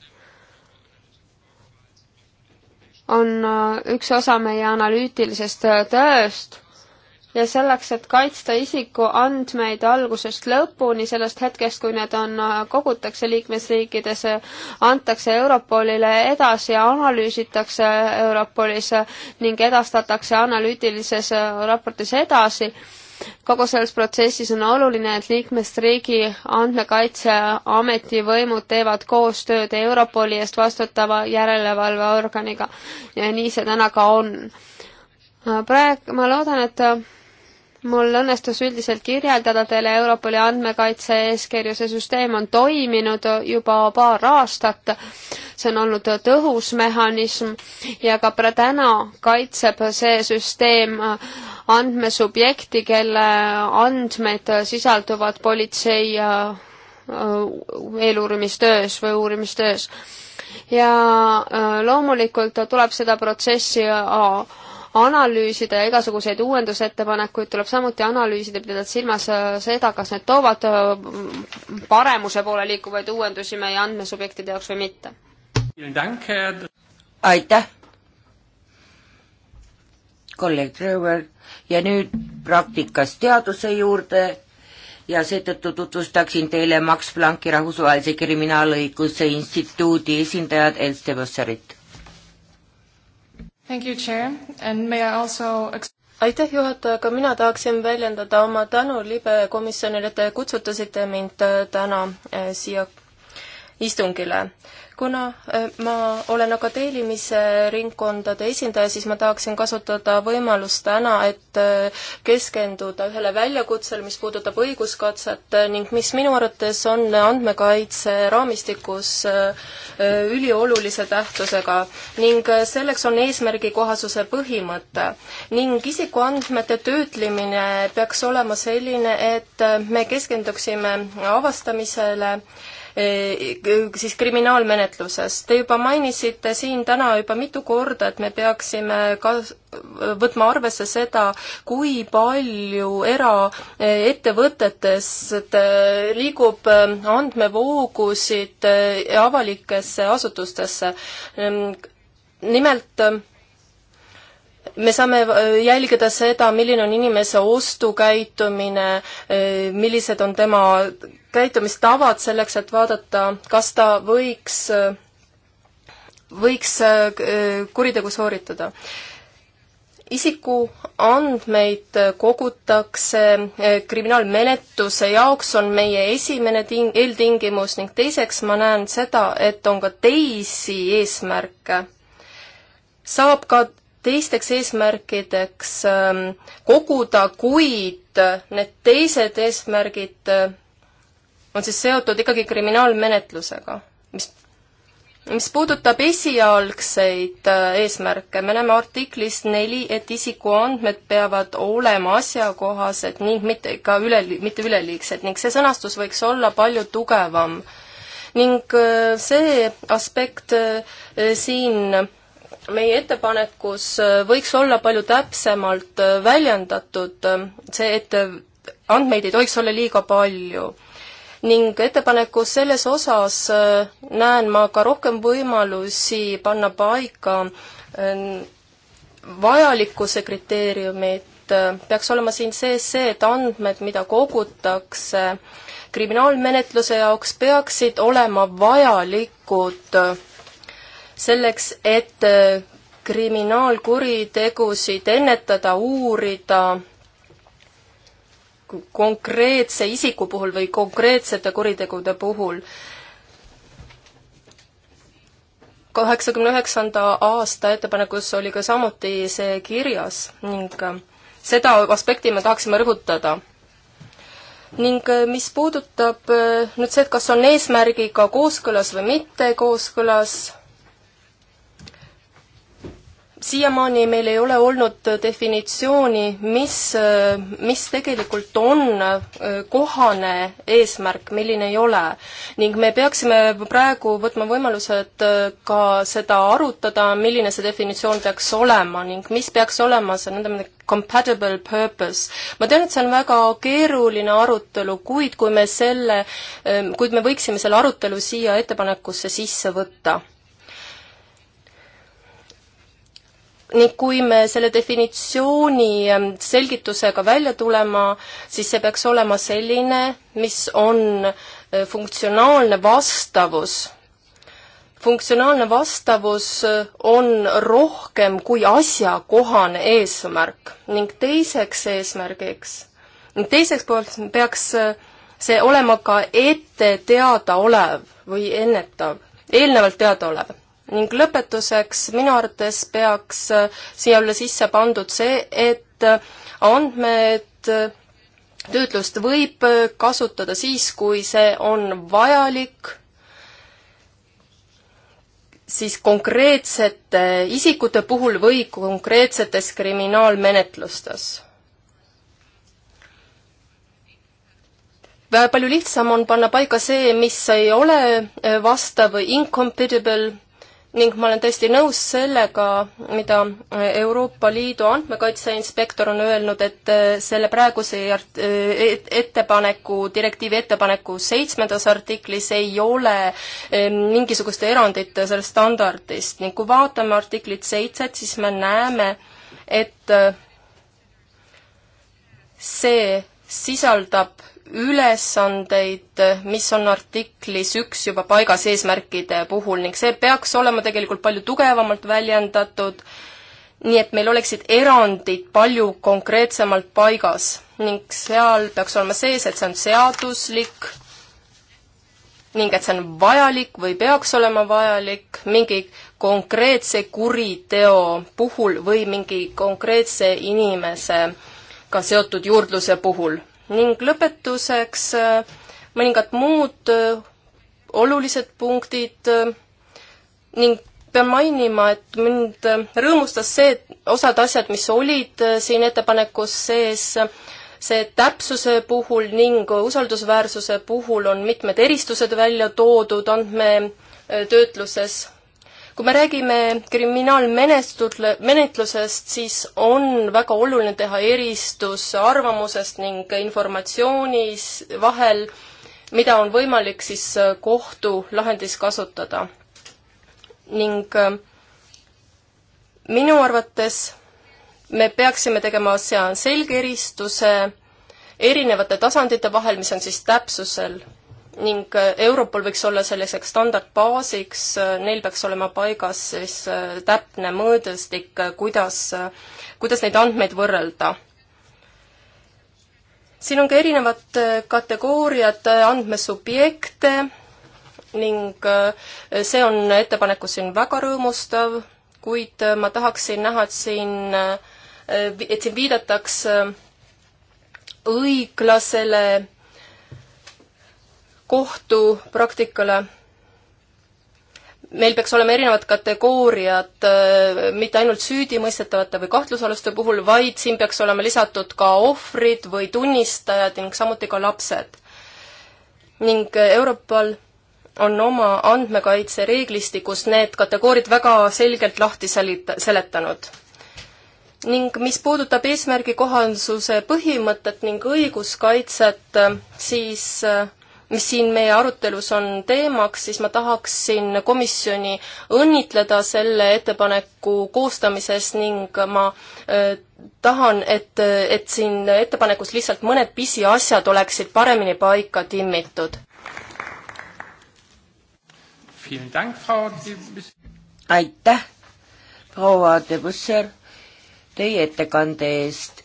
on üks osa meie analüütilisest tööst ja selleks, et kaitsta isikuandmeid algusest lõpuni, sellest hetkest, kui need on, äh, kogutakse liikmesriikides, antakse Europolile edasi ja analüüsitakse Europolis ning edastatakse analüütilises äh, raportis edasi. kogu selles protsessis on oluline, et liikmesriigi andmekaitseameti võimud teevad koostööd Europoli eest vastutava järelevalveorganiga ja nii see täna ka on äh, praegu ma loodan, et mul õnnestus üldiselt kirjeldada teile Europoli andmekaitse eeskirju, see süsteem on toiminud juba paar aastat, see on olnud tõhus mehhanism ja ka täna kaitseb see süsteem andmesubjekti, kelle andmed sisalduvad politsei äh, eeluurimistöös või uurimistöös. ja äh, loomulikult tuleb seda protsessi äh, analüüsida ja igasuguseid uuendusettepanekuid tuleb samuti analüüsida, pidades silmas äh, seda, kas need toovad äh, paremuse poole liikuvaid uuendusi meie andmesubjektide jaoks või mitte. aitäh! kolleeg Rõõver ja nüüd praktikas teaduse juurde ja seetõttu tutvustaksin teile Max Plancki rahvusvahelise kriminaalõiguse instituudi esindajat Elste Võssarit Also... aitäh, juhataja, ka mina tahaksin väljendada oma tänu libe komisjonile, et te kutsutasite mind äh, täna äh, siia istungile kuna äh, ma olen akadeemilise ringkondade esindaja, siis ma tahaksin kasutada võimalust täna, et äh, keskenduda ühele väljakutsele, mis puudutab õiguskatset äh, ning mis minu arvates on andmekaitse raamistikus üliolulise tähtsusega. ning selleks on eesmärgikohasuse põhimõte. ning isikuandmete töötlemine peaks olema selline, et me keskenduksime avastamisele, Eh, siis kriminaalmenetluses. Te juba mainisite siin täna juba mitu korda, et me peaksime kas-, võtma arvesse seda, kui palju eraettevõtetest liigub eh, andmevoogusid eh, avalikesse asutustesse. Ehm, nimelt me saame äh, jälgida seda, milline on inimese ostukäitumine, äh, millised on tema käitumistavad selleks, et vaadata, kas ta võiks, äh, võiks kuritegu sooritada isikuandmeid kogutakse kriminaalmenetluse jaoks, on meie esimene ting-, eeltingimus ning teiseks ma näen seda, et on ka teisi eesmärke. saab ka teisteks eesmärkideks ähm, koguda, kuid need teised eesmärgid äh, on siis seotud ikkagi kriminaalmenetlusega. mis, mis puudutab esialgseid äh, eesmärke, me näeme artiklis neli, et isikuandmed peavad olema asjakohased ning mitte ka üle, mitte üleliigsed ning see sõnastus võiks olla palju tugevam. ning äh, see aspekt siin meie ettepanekus äh, võiks olla palju täpsemalt äh, väljendatud äh, see, et andmeid ei tohiks olla liiga palju. ning ettepanekus selles osas näen ma ka rohkem võimalusi panna paika vajalikkuse kriteeriumid, peaks olema siin sees see, et andmed, mida kogutakse kriminaalmenetluse jaoks, peaksid olema vajalikud selleks, et äh, kriminaalkuritegusid ennetada, uurida konkreetse isiku puhul või konkreetsete kuritegude puhul. kaheksakümne üheksanda aasta ettepanekus oli ka samuti see kirjas ning äh, seda aspekti me tahaksime rõhutada ning äh, mis puudutab nüüd see, et kas on eesmärgiga kooskõlas või mitte kooskõlas, siiamaani meil ei ole olnud definitsiooni, mis, mis tegelikult on äh, kohane eesmärk, milline ei ole. ning me peaksime praegu võtma võimalused äh, ka seda arutada, milline see definitsioon peaks olema ning mis peaks olema see nõndanimetatud compatible purpose. ma tean, et see on väga keeruline arutelu, kuid kui me selle, ähm, kuid me võiksime selle arutelu siia ettepanekusse sisse võtta ning kui me selle definitsiooni ähm, selgitusega välja tulema, siis see peaks olema selline, mis on äh, funktsionaalne vastavus. funktsionaalne vastavus äh, on rohkem kui asjakohane eesmärk ning teiseks eesmärgiks, ning teiseks poolt peaks äh, see olema ka ette teadaolev või ennetav, eelnevalt teadaolev ning lõpetuseks, minu arvates peaks äh, siia alla sisse pandud see, et äh, andmed äh, töötlust võib kasutada siis, kui see on vajalik siis konkreetsete isikute puhul või konkreetsetes kriminaalmenetlustes. palju lihtsam on panna paika see, mis ei ole vastav incompatible ning ma olen tõesti nõus sellega, mida Euroopa Liidu andmekaitseinspektor on öelnud, et äh, selle praeguse äh, ettepaneku, direktiivi ettepaneku seitsmendas artiklis ei ole ähm, mingisugust erandit sellest standardist ning kui vaatame artiklit seitset, siis me näeme, et äh, see sisaldab ülesandeid, mis on artiklis üks juba paigas eesmärkide puhul ning see peaks olema tegelikult palju tugevamalt väljendatud, nii et meil oleksid erandid palju konkreetsemalt paigas ning seal peaks olema sees, et see on seaduslik ning et see on vajalik või peaks olema vajalik mingi konkreetse kuriteo puhul või mingi konkreetse inimesega seotud juurdluse puhul ning lõpetuseks äh, mõningad muud äh, olulised punktid äh, ning pean mainima, et mind rõõmustas see, et osad asjad, mis olid siin ettepanekus sees, see täpsuse puhul ning usaldusväärsuse puhul on mitmed eristused välja toodud andmetöötluses kui me räägime kriminaalmenetluse, menetlusest, siis on väga oluline teha eristus arvamusest ning informatsioonis vahel, mida on võimalik siis äh, kohtulahendis kasutada. ning äh, minu arvates me peaksime tegema seal selge eristuse erinevate tasandite vahel, mis on siis täpsusel ning äh, Europol võiks olla selliseks standardbaasiks, äh, neil peaks olema paigas siis äh, täpne mõõdestik, kuidas, kuidas neid andmeid võrrelda. siin on ka erinevad kategooriad andmesubjekte ning see on ettepanekus siin väga rõõmustav, kuid ma tahaksin näha, et siin, et siin viidatakse õiglasele kohtupraktikale. meil peaks olema erinevad kategooriad äh, mitte ainult süüdimõistetavate või kahtlusaluste puhul, vaid siin peaks olema lisatud ka ohvrid või tunnistajad ning samuti ka lapsed. ning äh, Europol on oma andmekaitsereeglistikus need kategooriad väga selgelt lahti selit-, seletanud. ning mis puudutab eesmärgikohasuse põhimõtet ning õiguskaitset, äh, siis mis siin meie arutelus on teemaks, siis ma tahaksin komisjoni õnnitleda selle ettepaneku koostamises ning ma äh, tahan, et, et siin ettepanekus lihtsalt mõned pisiasjad oleksid paremini paika timmitud. aitäh, proua de Busser, teie ettekande eest.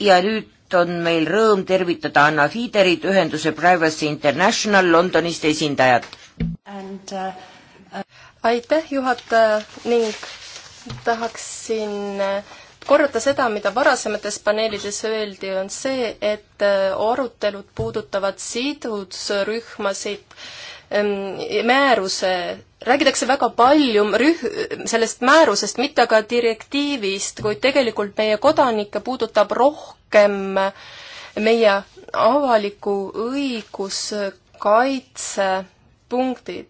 ja nüüd on meil rõõm tervitada Anna Fiiderit, ühenduse Privacy International Londonist esindajat. Uh, uh... aitäh, juhataja ning tahaksin uh, korrata seda, mida varasemates paneelides öeldi, on see, et uh, arutelud puudutavad sidusrühmasid um, määruse räägitakse väga palju rüh-, sellest määrusest, mitte aga direktiivist, kuid tegelikult meie kodanikke puudutab rohkem meie avaliku õiguskaitse punktid.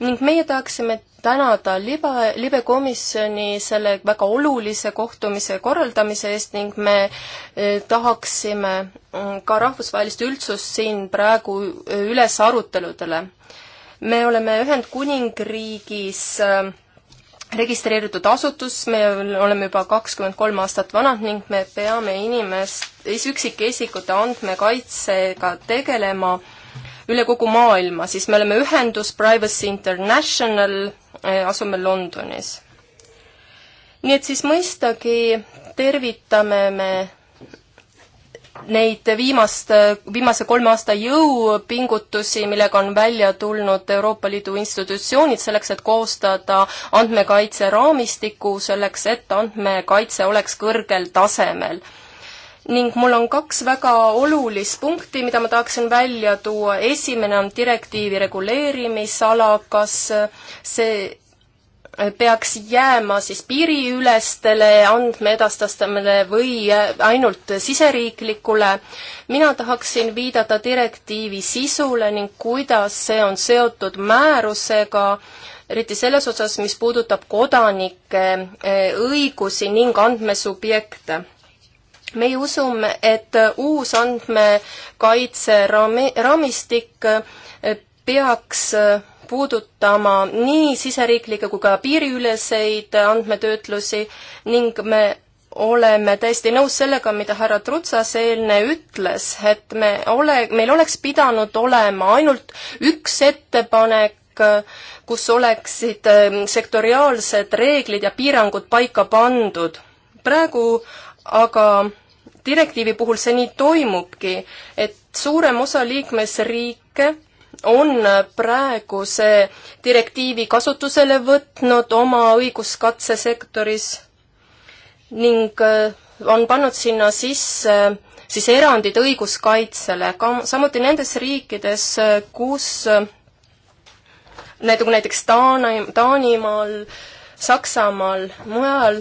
ning meie tahaksime tänada libe, libekomisjoni selle väga olulise kohtumise korraldamise eest ning me e, tahaksime ka rahvusvahelist üldsust siin praegu e, üles aruteludele me oleme Ühendkuningriigis äh, registreeritud asutus, me oleme juba kakskümmend kolm aastat vanad ning me peame inimest, üksikisikute andmekaitsega tegelema üle kogu maailma, siis me oleme ühendus Privacy International, äh, asume Londonis. nii et siis mõistagi tervitame me neid viimast, viimase kolme aasta jõupingutusi, millega on välja tulnud Euroopa Liidu institutsioonid selleks, et koostada andmekaitse raamistikku, selleks et andmekaitse oleks kõrgel tasemel ning mul on kaks väga olulist punkti, mida ma tahaksin välja tuua. esimene on direktiivi reguleerimisala, kas see peaks jääma siis piiriülestele andmeedastustamine või ainult siseriiklikule. mina tahaksin viidata direktiivi sisule ning kuidas see on seotud määrusega, eriti selles osas, mis puudutab kodanike eh, õigusi ning andmesubjekte meie usume, et uus andmekaitse raami, raamistik eh, peaks eh, puudutama nii siseriiklikke kui ka piiriüleseid andmetöötlusi ning me oleme täiesti nõus sellega, mida härra Trutsas eelne ütles, et me ole, meil oleks pidanud olema ainult üks ettepanek, kus oleksid ähm, sektoriaalsed reeglid ja piirangud paika pandud. praegu aga direktiivi puhul see nii toimubki, et suurem osa liikmesriike on praeguse direktiivi kasutusele võtnud oma õiguskatsesektoris ning äh, on pannud sinna sisse siis erandid õiguskaitsele, ka samuti nendes riikides, äh, kus nagu näiteks Taani, Taanimaal, Saksamaal, mujal,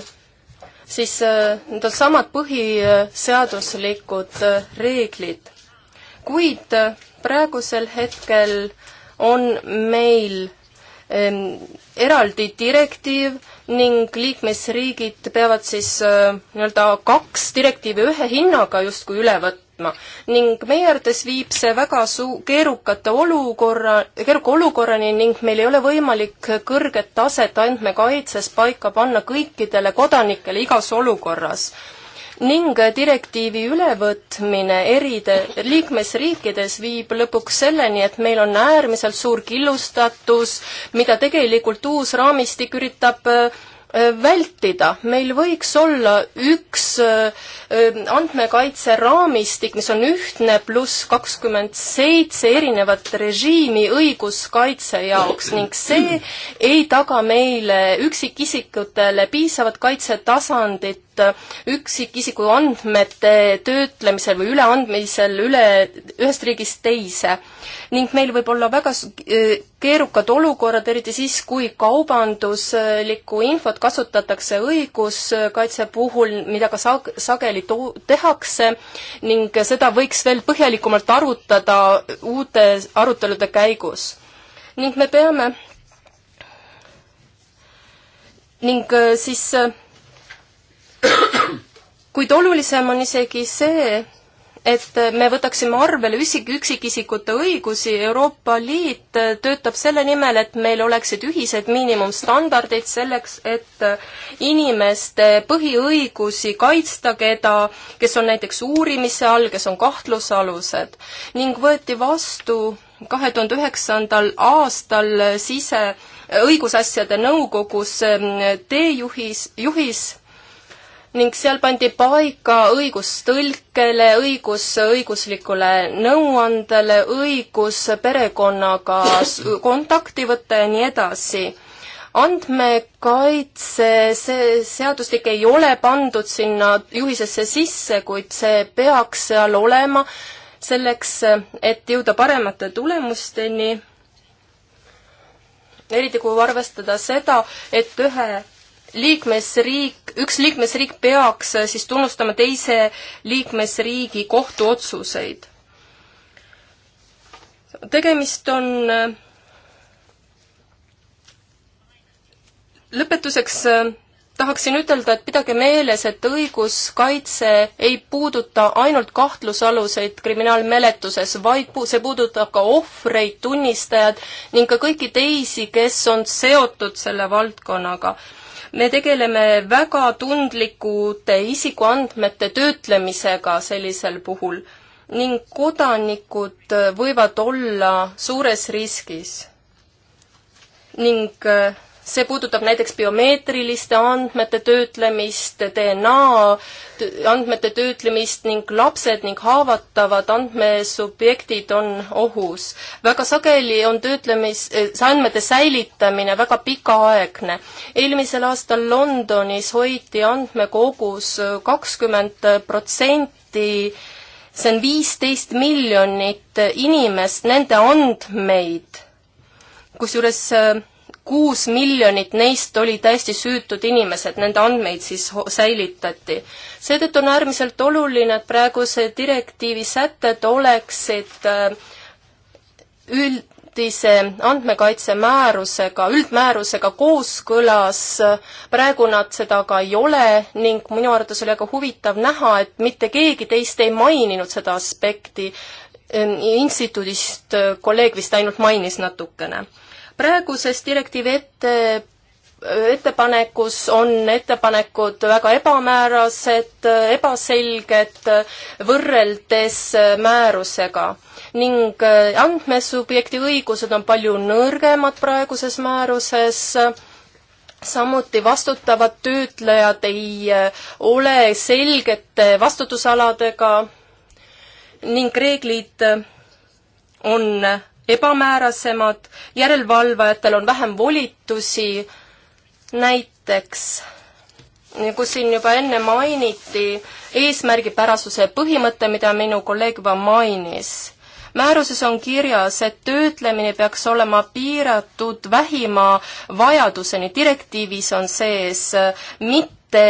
siis need on samad põhiseaduslikud reeglid. kuid praegusel hetkel on meil eraldi direktiiv ning liikmesriigid peavad siis nii-öelda kaks direktiivi ühe hinnaga justkui üle võtma. ning meie arvates viib see väga suu-, keerukate olukorra, keeruka olukorrani ning meil ei ole võimalik kõrget taset andmekaitses paika panna kõikidele kodanikele igas olukorras ning direktiivi ülevõtmine eride liikmesriikides viib lõpuks selleni, et meil on äärmiselt suur killustatus, mida tegelikult uus raamistik üritab äh, vältida, meil võiks olla üks äh, andmekaitseraamistik, mis on ühtne, pluss kakskümmend seitse erinevat režiimi õiguskaitse jaoks ning see ei taga meile üksikisikutele piisavat kaitsetasandit just äh, üksikisiku andmete töötlemisel või üleandmisel üle, ühest riigist teise. ning meil võib olla väga äh, keerukad olukorrad, eriti siis, kui kaubanduslikku infot kasutatakse õiguskaitse puhul, mida ka sag-, sageli to-, tehakse, ning seda võiks veel põhjalikumalt arutada uute arutelude käigus. ning me peame ning äh, siis kuid olulisem on isegi see, et me võtaksime arvele üksik, üksikisikute õigusi, Euroopa Liit töötab selle nimel, et meil oleksid ühised miinimumstandardid selleks, et inimeste põhiõigusi kaitsta, keda, kes on näiteks uurimise all, kes on kahtlusalused. ning võeti vastu kahe tuhande üheksandal aastal sise, õigusasjade nõukogus mm, teejuhis, juhis ning seal pandi paika õigus tõlkele, õigus õiguslikule nõuandele, õigus perekonnaga kontakti võtta ja nii edasi. andmekaitse, see seadustik ei ole pandud sinna juhisesse sisse, kuid see peaks seal olema selleks, et jõuda paremate tulemusteni, eriti kui arvestada seda, et ühe liikmesriik üks liikmesriik peaks äh, siis tunnustama teise liikmesriigi kohtuotsuseid. tegemist on äh, lõpetuseks äh, tahaksin ütelda, et pidage meeles, et õiguskaitse ei puuduta ainult kahtlusaluseid kriminaalmenetluses, vaid see puudutab ka ohvreid, tunnistajad ning ka kõiki teisi, kes on seotud selle valdkonnaga me tegeleme väga tundlikute isikuandmete töötlemisega sellisel puhul ning kodanikud võivad olla suures riskis. ning äh, see puudutab näiteks biomeetriliste andmete töötlemist, DNA andmete töötlemist ning lapsed ning haavatavad andmesubjektid on ohus. väga sageli on töötlemis, eh, see andmete säilitamine väga pikaaegne. eelmisel aastal Londonis hoiti andmekogus kakskümmend protsenti see on viisteist miljonit inimest, nende andmeid, kusjuures eh, kuus miljonit neist olid täiesti süütud inimesed, nende andmeid siis säilitati. seetõttu on äärmiselt oluline, et praeguse direktiivi sätted oleksid äh, üldise andmekaitsemäärusega, üldmäärusega kooskõlas, praegu nad seda aga ei ole ning minu arvates oli väga huvitav näha, et mitte keegi teist ei maininud seda aspekti, äh, instituudist äh, kolleeg vist ainult mainis natukene praeguses direktiivi ette, ettepanekus on ettepanekud väga ebamäärased, ebaselged, võrreldes määrusega ning äh, andmesubjekti õigused on palju nõrgemad praeguses määruses samuti vastutavad töötlejad ei äh, ole selgete vastutusaladega ning reeglid äh, on ebamäärasemad, järelevalvajatel on vähem volitusi, näiteks kus nagu siin juba enne mainiti, eesmärgipärasuse põhimõte, mida minu kolleeg juba mainis. määruses on kirjas, et töötlemine peaks olema piiratud vähima vajaduseni, direktiivis on sees mitte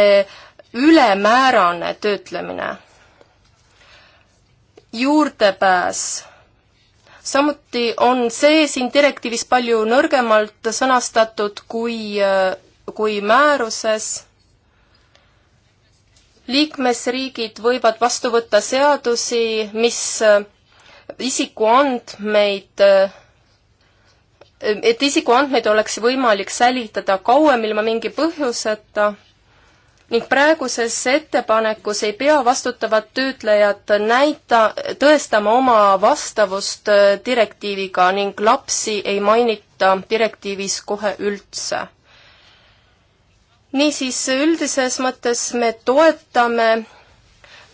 ülemäärane töötlemine. juurdepääs samuti on see siin direktiivis palju nõrgemalt sõnastatud kui, äh, kui määruses. liikmesriigid võivad vastu võtta seadusi, mis äh, isikuandmeid, äh, et isikuandmeid oleks võimalik säilitada kauem ilma mingi põhjuseta ning praeguses ettepanekus ei pea vastutavad töötlejad näita, tõestama oma vastavust äh, direktiiviga ning lapsi ei mainita direktiivis kohe üldse. niisiis, üldises mõttes me toetame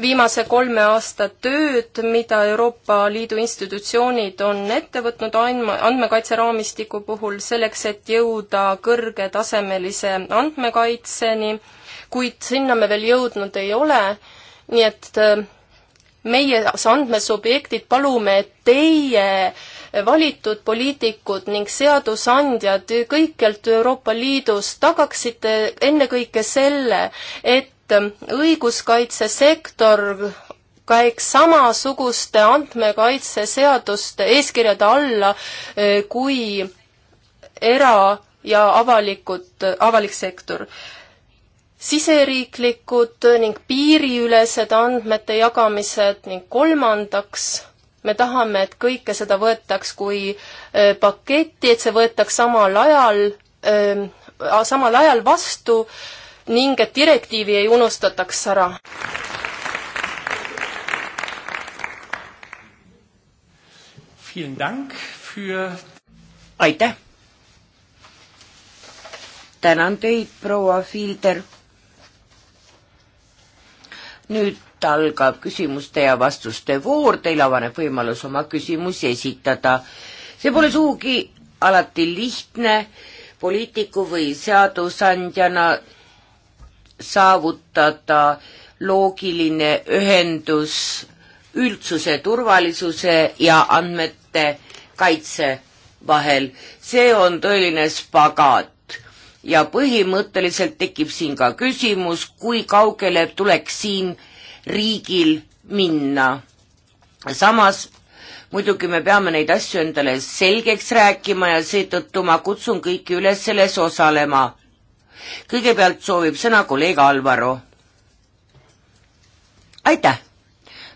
viimase kolme aasta tööd, mida Euroopa Liidu institutsioonid on ette võtnud andme, andmekaitseraamistiku puhul selleks, et jõuda kõrgetasemelise andmekaitseni kuid sinna me veel jõudnud ei ole, nii et äh, meie andmesubjektid palume, et teie valitud poliitikud ning seadusandjad kõikjalt Euroopa Liidus tagaksite ennekõike selle, et õiguskaitsesektor käiks samasuguste andmekaitseseaduste eeskirjade alla äh, kui era- ja avalikud, avalik sektor siseriiklikud ning piiriülesed andmete jagamised ning kolmandaks, me tahame, et kõike seda võetaks kui paketti, et see võetaks samal ajal, samal ajal vastu ning et direktiivi ei unustataks ära. aitäh! tänan teid, proua Filder nüüd algab küsimuste ja vastuste voor, teil avaneb võimalus oma küsimusi esitada. see pole sugugi alati lihtne poliitiku või seadusandjana saavutada loogiline ühendus üldsuse turvalisuse ja andmete kaitse vahel. see on tõeline spagaat ja põhimõtteliselt tekib siin ka küsimus, kui kaugele tuleks siin riigil minna. samas muidugi me peame neid asju endale selgeks rääkima ja seetõttu ma kutsun kõiki üles selles osalema. kõigepealt soovib sõna kolleeg Alvaro. aitäh!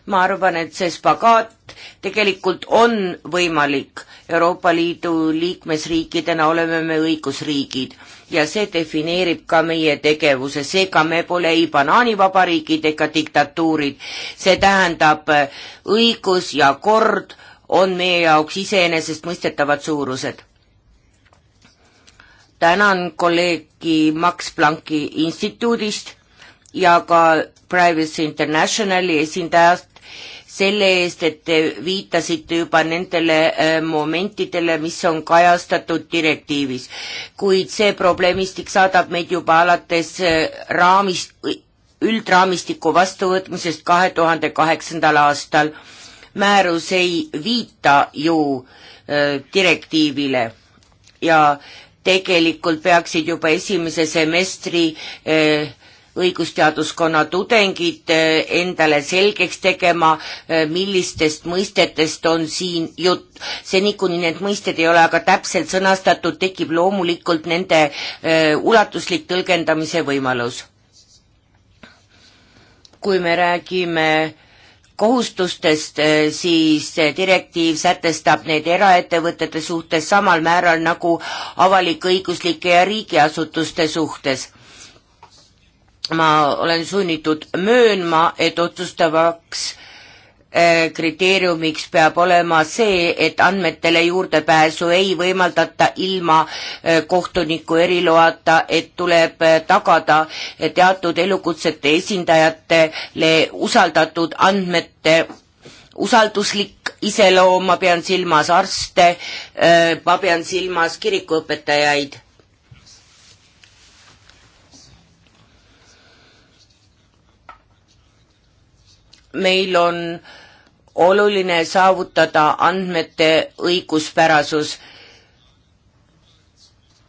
ma arvan, et see spagaat tegelikult on võimalik. Euroopa Liidu liikmesriikidena oleme me õigusriigid ja see defineerib ka meie tegevuse, seega me pole ei banaanivabariigid ega diktatuurid, see tähendab äh, õigus ja kord on meie jaoks iseenesestmõistetavad suurused. tänan kolleegi Max Plancki instituudist ja ka Privacy Internationali esindajast selle eest, et te viitasite juba nendele äh, momentidele, mis on kajastatud direktiivis. kuid see probleemistik saadab meid juba alates äh, raamist, üldraamistiku vastuvõtmisest kahe tuhande kaheksandal aastal. määrus ei viita ju äh, direktiivile ja tegelikult peaksid juba esimese semestri eh, õigusteaduskonna tudengid eh, endale selgeks tegema, eh, millistest mõistetest on siin jutt. seni, kuni need mõisted ei ole aga täpselt sõnastatud, tekib loomulikult nende eh, ulatuslik tõlgendamise võimalus. kui me räägime kohustustest, siis direktiiv sätestab need eraettevõtete suhtes samal määral nagu avalik-õiguslike ja riigiasutuste suhtes ma olen sunnitud möönma, et otsustavaks äh, kriteeriumiks peab olema see, et andmetele juurdepääsu ei võimaldata ilma äh, kohtuniku eriloata, et tuleb äh, tagada teatud elukutsete esindajatele usaldatud andmete usalduslik iseloom, ma pean silmas arste, ma pean silmas kirikuõpetajaid meil on oluline saavutada andmete õiguspärasus.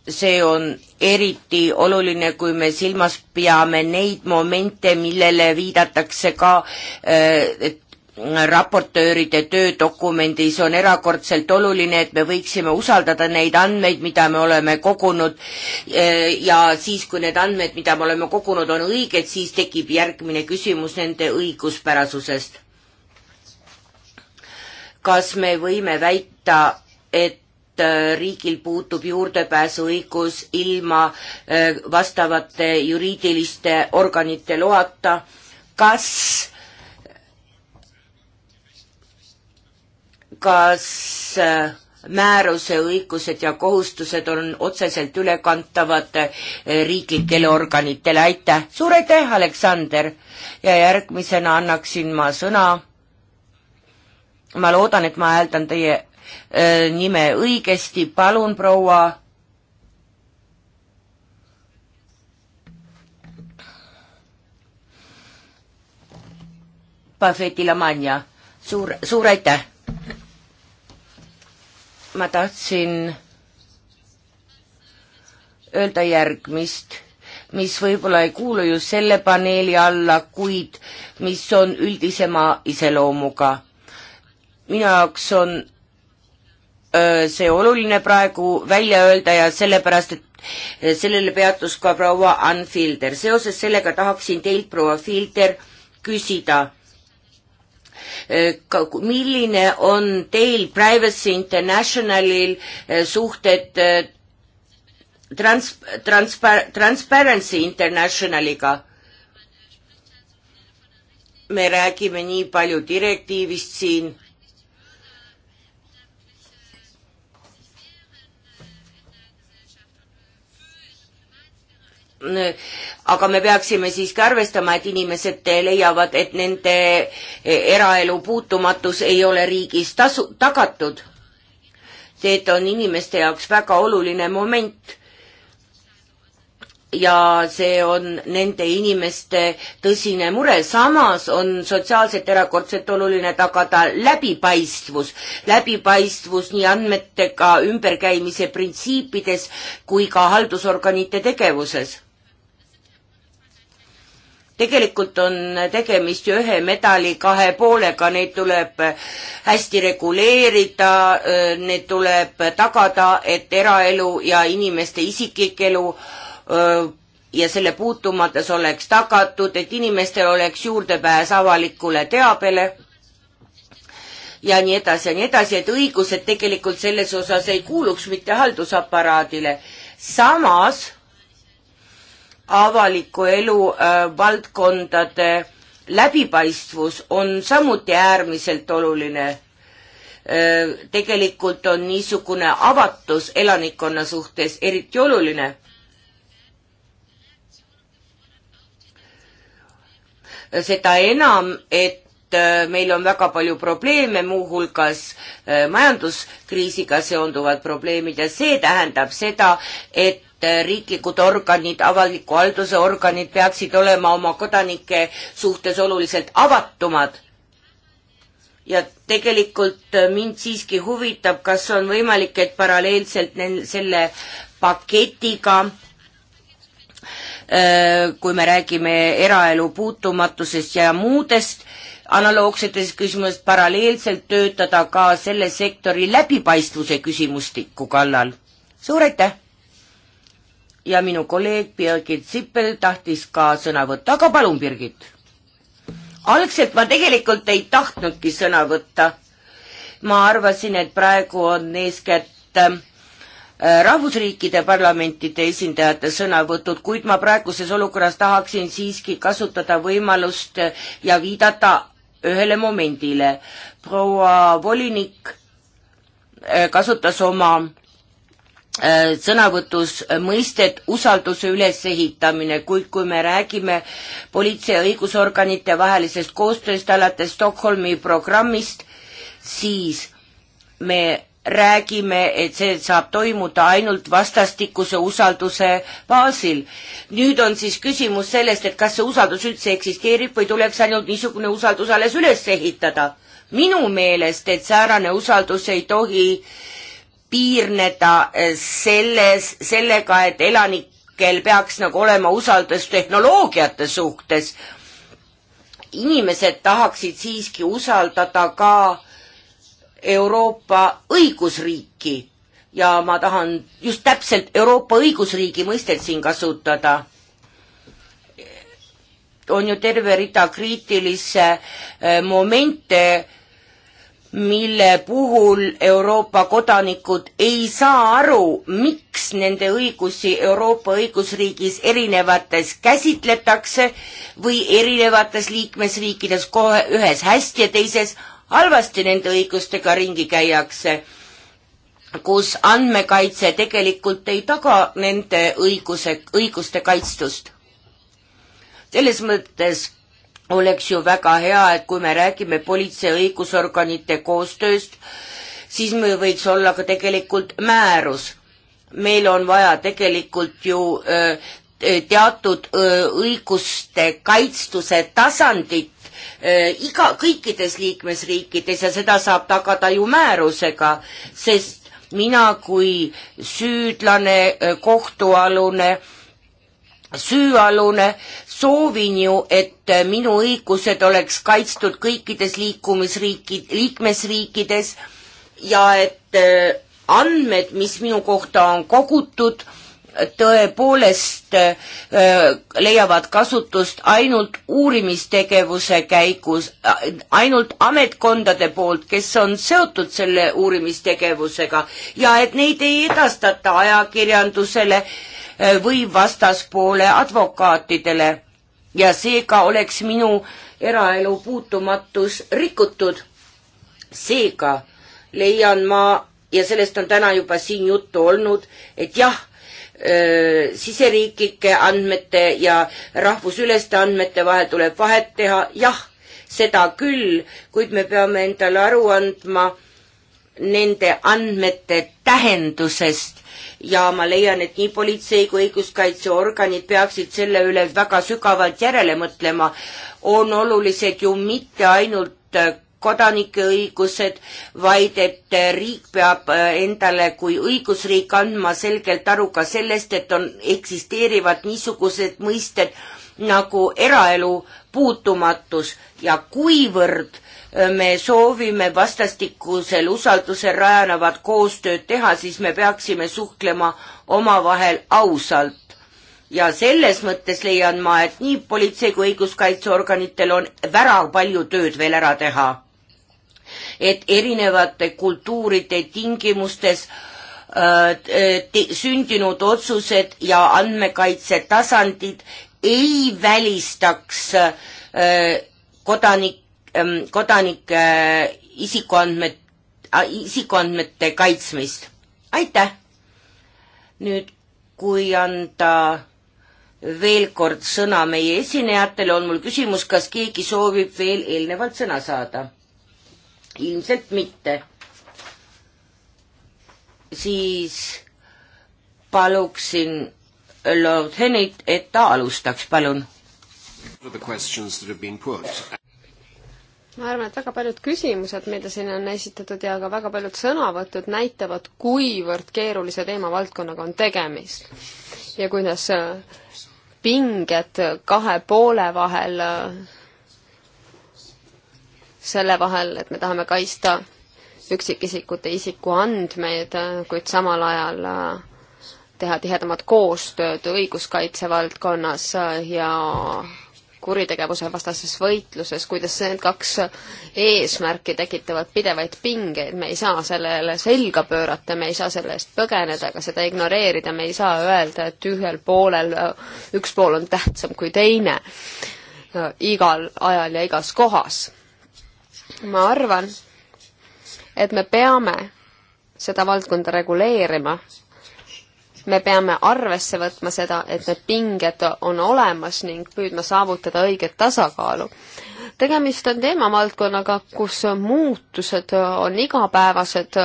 see on eriti oluline, kui me silmas peame neid momente, millele viidatakse ka äh, raportööride töödokumendis on erakordselt oluline, et me võiksime usaldada neid andmeid, mida me oleme kogunud äh, ja siis, kui need andmed, mida me oleme kogunud, on õiged, siis tekib järgmine küsimus nende õiguspärasusest. kas me võime väita, et äh, riigil puutub juurdepääsuõigus ilma äh, vastavate juriidiliste organite loata, kas kas äh, määruse õigused ja kohustused on otseselt ülekantavad äh, riiklikele organitele, aitäh! suur aitäh, Aleksander! ja järgmisena annaksin ma sõna, ma loodan, et ma hääldan teie öö, äh, nime õigesti, palun, proua Pafeti Lamagna, suur, suur aitäh! ma tahtsin öelda järgmist, mis võib-olla ei kuulu just selle paneeli alla, kuid mis on üldisema iseloomuga. minu jaoks on öö, see oluline praegu välja öelda ja sellepärast, et sellele peatus ka proua Anfilder. seoses sellega tahaksin teilt, proua Filter, küsida milline on teil Privacy Internationalil eh, suhted eh, trans-, transpar-, Transparency Internationaliga? me räägime nii palju direktiivist siin aga me peaksime siiski arvestama, et inimesed leiavad, et nende e, eraelu puutumatus ei ole riigis tasu, tagatud. see, et on inimeste jaoks väga oluline moment. ja see on nende inimeste tõsine mure, samas on sotsiaalselt erakordselt oluline tagada läbipaistvus, läbipaistvus nii andmetega ümberkäimise printsiipides kui ka haldusorganite tegevuses tegelikult on tegemist ju ühe medali kahe poolega, neid tuleb hästi reguleerida, need tuleb tagada, et eraelu ja inimeste isiklik elu ja selle puutumatus oleks tagatud, et inimestel oleks juurdepääs avalikule teabele ja nii edasi ja nii edasi, et õigused tegelikult selles osas ei kuuluks mitte haldusaparaadile. samas avaliku elu äh, valdkondade läbipaistvus on samuti äärmiselt oluline. Äh, tegelikult on niisugune avatus elanikkonna suhtes eriti oluline. seda enam, et äh, meil on väga palju probleeme, muuhulgas majanduskriisiga seonduvad probleemid ja see tähendab seda, et et äh, riiklikud organid, avaliku halduse organid peaksid olema oma kodanike suhtes oluliselt avatumad. ja tegelikult äh, mind siiski huvitab, kas on võimalik, et paralleelselt neil selle paketiga äh, kui me räägime eraelu puutumatusest ja muudest analoogsetes küsimustes paralleelselt töötada ka selle sektori läbipaistvuse küsimustiku kallal. suur aitäh! ja minu kolleeg Birgit Sippel tahtis ka sõna võtta, aga palun, Birgit. algselt ma tegelikult ei tahtnudki sõna võtta. ma arvasin, et praegu on eeskätt äh, rahvusriikide parlamentide esindajate sõnavõtud, kuid ma praeguses olukorras tahaksin siiski kasutada võimalust ja viidata ühele momendile. proua volinik äh, kasutas oma Äh, sõnavõtus äh, mõistet usalduse ülesehitamine, kuid kui me räägime politsei ja õigusorganite vahelisest koostööst alates Stockholmi programmist, siis me räägime, et see saab toimuda ainult vastastikuse usalduse baasil. nüüd on siis küsimus sellest, et kas see usaldus üldse eksisteerib või tuleks ainult niisugune usaldus alles üles ehitada. minu meelest, et säärane usaldus ei tohi äh, piirneda eh, selles, sellega, et elanikel peaks nagu olema usaldus tehnoloogiate suhtes. inimesed tahaksid siiski usaldada ka Euroopa õigusriiki ja ma tahan just täpselt Euroopa õigusriigi mõistet siin kasutada on ju terve rida kriitilisi eh, momente mille puhul Euroopa kodanikud ei saa aru, miks nende õigusi Euroopa õigusriigis erinevates käsitletakse või erinevates liikmesriikides kohe ühes hästi ja teises halvasti nende õigustega ringi käiakse, kus andmekaitse tegelikult ei taga nende õiguse, õiguste kaitstust. selles mõttes oleks ju väga hea, et kui me räägime politsei õigusorganite koostööst, siis meil võiks olla ka tegelikult määrus. meil on vaja tegelikult ju öö, äh, teatud öö, äh, õiguste kaitstuse tasandit öö, äh, iga, kõikides liikmesriikides ja seda saab tagada ju määrusega, sest mina kui süüdlane, kohtualune, süüalune soovin ju, et minu õigused oleks kaitstud kõikides liikumisriikid, liikmesriikides ja et äh, andmed, mis minu kohta on kogutud, tõepoolest äh, leiavad kasutust ainult uurimistegevuse käigus, äh, ainult ametkondade poolt, kes on seotud selle uurimistegevusega ja et neid ei edastata ajakirjandusele või vastaspoole advokaatidele ja seega oleks minu eraelu puutumatus rikutud. seega leian ma ja sellest on täna juba siin juttu olnud, et jah, siseriiklike andmete ja rahvusüleste andmete vahel tuleb vahet teha, jah, seda küll, kuid me peame endale aru andma nende andmete tähendusest ja ma leian, et nii politsei kui õiguskaitseorganid peaksid selle üle väga sügavalt järele mõtlema. on olulised ju mitte ainult äh, kodanike õigused, vaid et äh, riik peab äh, endale kui õigusriik andma selgelt aru ka sellest, et on, eksisteerivad niisugused mõisted nagu eraelu puutumatus ja kuivõrd me soovime vastastikusel usaldusel rajanevat koostööd teha, siis me peaksime suhtlema omavahel ausalt. ja selles mõttes leian ma, et nii politsei kui õiguskaitseorganitel on väga palju tööd veel ära teha. et erinevate kultuuride tingimustes äh, sündinud otsused ja andmekaitse tasandid ei välistaks äh, kodanik, Ähm, kodanike äh, isikuandmed, äh, isikuandmete kaitsmist. aitäh! nüüd, kui anda veel kord sõna meie esinejatele, on mul küsimus, kas keegi soovib veel eelnevalt sõna saada? ilmselt mitte. siis paluksin Lord Hennit, et ta alustaks, palun ma arvan, et väga paljud küsimused, mida siin on esitatud ja ka väga paljud sõnavõtud näitavad, kuivõrd keerulise teemavaldkonnaga on tegemist. ja kuidas äh, pinged kahe poole vahel, äh, selle vahel, et me tahame kaitsta üksikisikute isikuandmeid, äh, kuid samal ajal teha tihedamat koostööd õiguskaitse valdkonnas ja kuritegevuse vastases võitluses, kuidas need kaks eesmärki tekitavad pidevaid pingeid, me ei saa sellele selga pöörata, me ei saa selle eest põgeneda ega seda ignoreerida, me ei saa öelda, et ühel poolel üks pool on tähtsam kui teine äh, igal ajal ja igas kohas. ma arvan, et me peame seda valdkonda reguleerima me peame arvesse võtma seda, et need pinged on olemas ning püüdma saavutada õiget tasakaalu. tegemist on teemavaldkonnaga, kus muutused on igapäevased.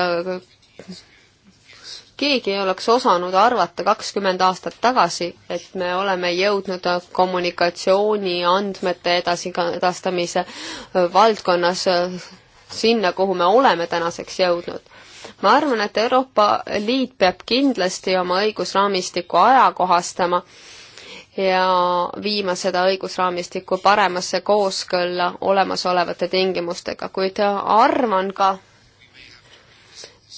keegi ei oleks osanud arvata kakskümmend aastat tagasi, et me oleme jõudnud kommunikatsiooni, andmete edasi, edastamise valdkonnas sinna, kuhu me oleme tänaseks jõudnud ma arvan, et Euroopa Liit peab kindlasti oma õigusraamistikku ajakohastama ja viima seda õigusraamistikku paremasse kooskõlla olemasolevate tingimustega, kuid arvan ka,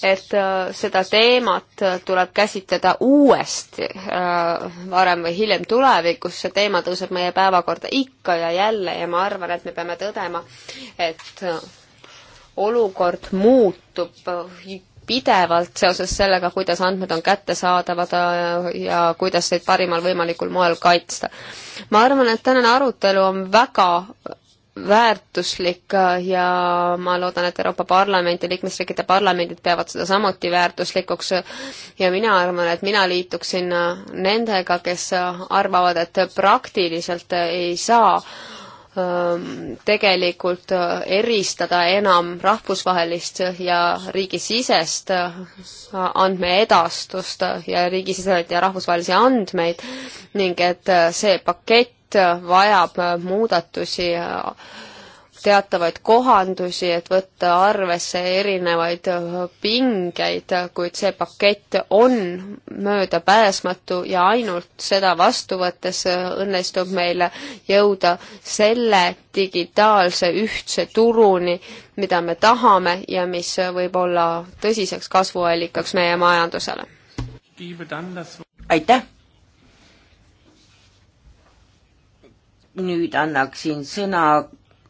et äh, seda teemat tuleb käsitleda uuesti äh, varem või hiljem tulevikus, see teema tõuseb meie päevakorda ikka ja jälle ja ma arvan, et me peame tõdema, et äh, olukord muutub pidevalt seoses sellega, kuidas andmed on kättesaadavad äh, ja kuidas neid parimal võimalikul moel kaitsta. ma arvan, et tänane arutelu on väga väärtuslik äh, ja ma loodan, et Euroopa Parlament ja liikmesriikide parlamendid peavad seda samuti väärtuslikuks ja mina arvan, et mina liituksin äh, nendega, kes arvavad, et praktiliselt ei saa Ähm, tegelikult äh, eristada enam rahvusvahelist ja riigisisest äh, andmeedastust ja riigisiseseid ja rahvusvahelisi andmeid ning et äh, see pakett vajab muudatusi teatavaid kohandusi, et võtta arvesse erinevaid pingeid, kuid see pakett on möödapääsmatu ja ainult seda vastu võttes õnnestub meil jõuda selle digitaalse ühtse turuni, mida me tahame ja mis võib olla tõsiseks kasvuallikaks meie majandusele. aitäh! nüüd annaksin sõna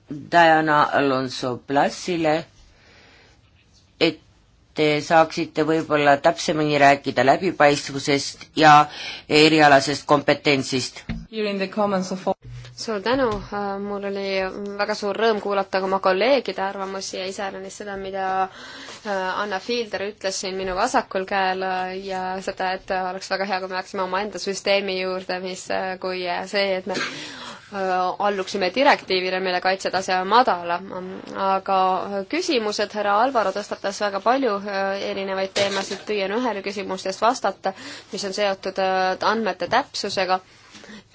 Diana Alonso Plassile, et te saaksite võib-olla täpsemini rääkida läbipaistvusest ja erialasest kompetentsist. suur tänu, äh, mul oli väga suur rõõm kuulata oma kolleegide arvamusi ja iseäranis seda, mida äh, Anna Fielder ütles siin minu vasakul käel äh, ja seda, et oleks väga hea, kui me läheksime omaenda süsteemi juurde, mis, kui see, et me Äh, alluksime direktiivile, mille kaitsetase on madalam. aga küsimused, härra Alvaro tõstatas väga palju äh, erinevaid teemasid, püüan ühele küsimustest vastata, mis on seotud äh, andmete täpsusega.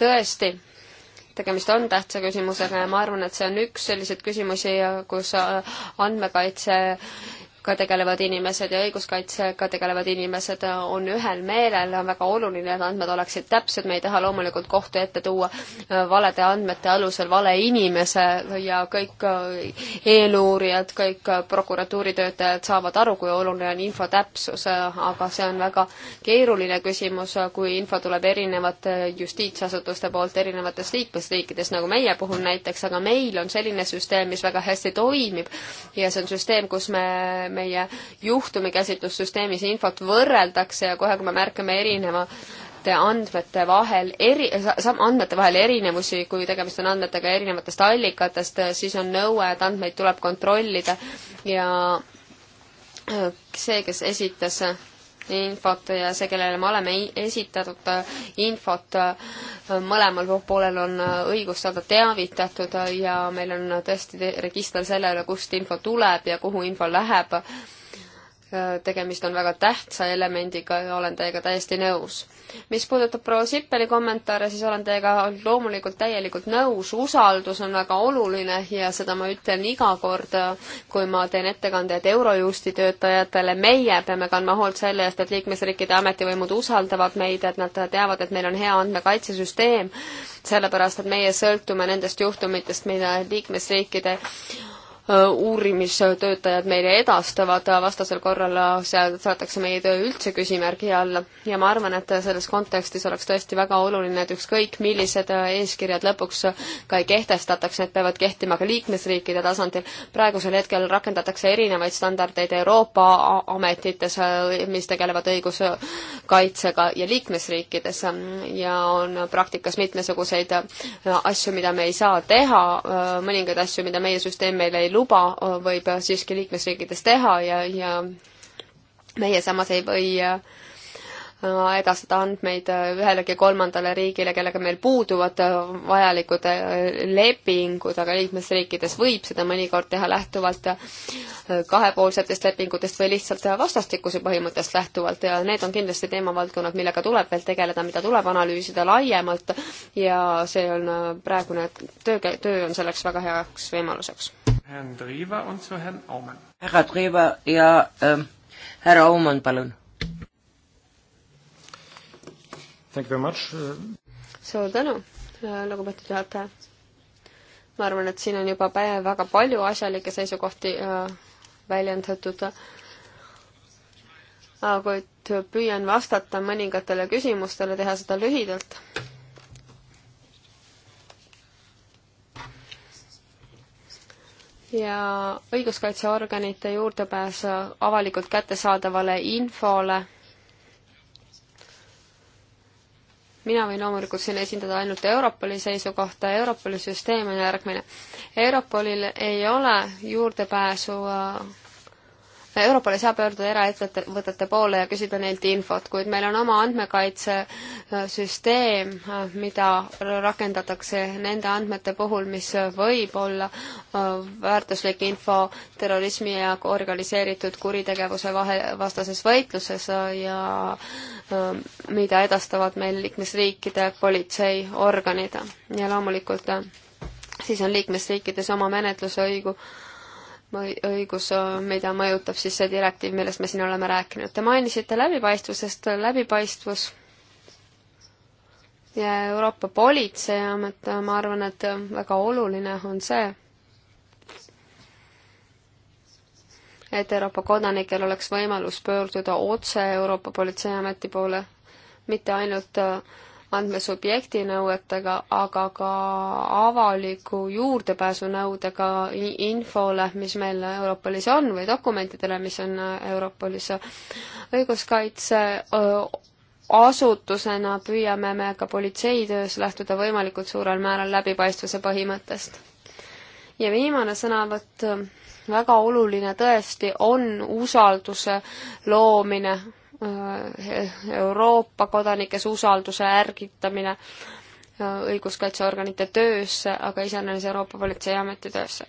tõesti, tegemist on tähtsa küsimusega ja ma arvan, et see on üks selliseid küsimusi, kus andmekaitse ka tegelevad inimesed ja õiguskaitsega tegelevad inimesed on ühel meelel, on väga oluline, et andmed oleksid täpsed, me ei taha loomulikult kohtu ette tuua äh, valede andmete alusel vale inimese ja kõik äh, eeluurijad, kõik äh, prokuratuuri töötajad saavad aru, kui oluline on info täpsus, aga see on väga keeruline küsimus, kui info tuleb erinevate justiitsasutuste poolt erinevates liikmesriikides, nagu meie puhul näiteks, aga meil on selline süsteem, mis väga hästi toimib ja see on süsteem, kus me meie juhtumikäsitlussüsteemis infot võrreldakse ja kohe, kui me märkame erineva andmete vahel eri, andmete vahel erinevusi, kui tegemist on andmetega erinevatest allikatest, siis on nõue, et andmeid tuleb kontrollida ja äh, see, kes esitas infot ja see, kellele me oleme esitatud äh, infot, äh, mõlemal poolel on äh, õigus saada teavitatud ja meil on tõesti register selle üle, kust info tuleb ja kuhu info läheb tegemist on väga tähtsa elemendiga ja olen teiega täiesti nõus. mis puudutab proua Sippeli kommentaare, siis olen teiega loomulikult täielikult nõus, usaldus on väga oluline ja seda ma ütlen iga kord, kui ma teen ettekandeid Eurojusti töötajatele, meie peame kandma hoolt selle eest, et liikmesriikide ametivõimud usaldavad meid, et nad teavad, et meil on hea andmekaitsesüsteem, sellepärast et meie sõltume nendest juhtumitest, mida liikmesriikide Äh, uurimistöötajad meile edastavad, äh, vastasel korral äh, seal saadetakse meie töö üldse küsimärgi alla. ja ma arvan, et selles kontekstis oleks tõesti väga oluline, et ükskõik, millised eeskirjad lõpuks ka ei kehtestataks, need peavad kehtima ka liikmesriikide tasandil. praegusel hetkel rakendatakse erinevaid standardeid Euroopa ametites, mis tegelevad õiguskaitsega ja liikmesriikides ja on praktikas mitmesuguseid asju, mida me ei saa teha, mõningaid asju, mida meie süsteem meile ei luba võib äh, siiski liikmesriikides teha ja, ja meie samas ei või äh, äh, edastada andmeid ühelegi kolmandale riigile, kellega meil puuduvad vajalikud lepingud, aga liikmesriikides võib seda mõnikord teha lähtuvalt kahepoolsetest lepingutest või lihtsalt vastastikuse põhimõttest lähtuvalt ja need on kindlasti teemavaldkonnad, millega tuleb veel tegeleda, mida tuleb analüüsida laiemalt ja see on praegune töö, töö on selleks väga heaks võimaluseks. Herrn Drever und zu Herrn Aumann. härra Drever ja ähm, härra Aumann, palun. Thank you very much. suur tänu, lugupeetud juhataja. ma arvan, et siin on juba päev väga palju asjalikke seisukohti äh, väljendatud äh, aga et püüan vastata mõningatele küsimustele, teha seda lühidalt. ja õiguskaitseorganite juurdepääs avalikult kättesaadavale infole. mina võin loomulikult siin esindada ainult Europoli seisukohta, Europoli süsteem on järgmine. Europolil ei ole juurdepääsu äh, Europoli saab pöörduda eraettevõtete poole ja küsida neilt infot, kuid meil on oma andmekaitsesüsteem, äh, äh, mida rakendatakse nende andmete puhul, mis võib olla äh, väärtuslik info terrorismi ja organiseeritud kuritegevuse vahe, vastases võitluses ja ähm, mida edastavad meil liikmesriikide politseiorganid ja loomulikult siis on liikmesriikides oma menetlusõigu õigus, äh, mida mõjutab siis see direktiiv, millest me siin oleme rääkinud. Te mainisite läbipaistvusest, läbipaistvus ja Euroopa Politseiamet, äh, ma arvan, et äh, väga oluline on see, et Euroopa kodanikel oleks võimalus pöörduda otse Euroopa Politseiameti poole, mitte ainult äh, andmesubjekti nõuetega, aga ka avaliku juurdepääsu nõudega infole, mis meil Europolis on, või dokumentidele, mis on Europolis. õiguskaitseasutusena püüame me ka politseitöös lähtuda võimalikult suurel määral läbipaistvuse põhimõttest. ja viimane sõnavõtt, väga oluline tõesti on usalduse loomine Äh, Euroopa kodanikes usalduse ärgitamine äh, õiguskaitseorganite töösse, aga iseenesest Euroopa Politseiameti töösse.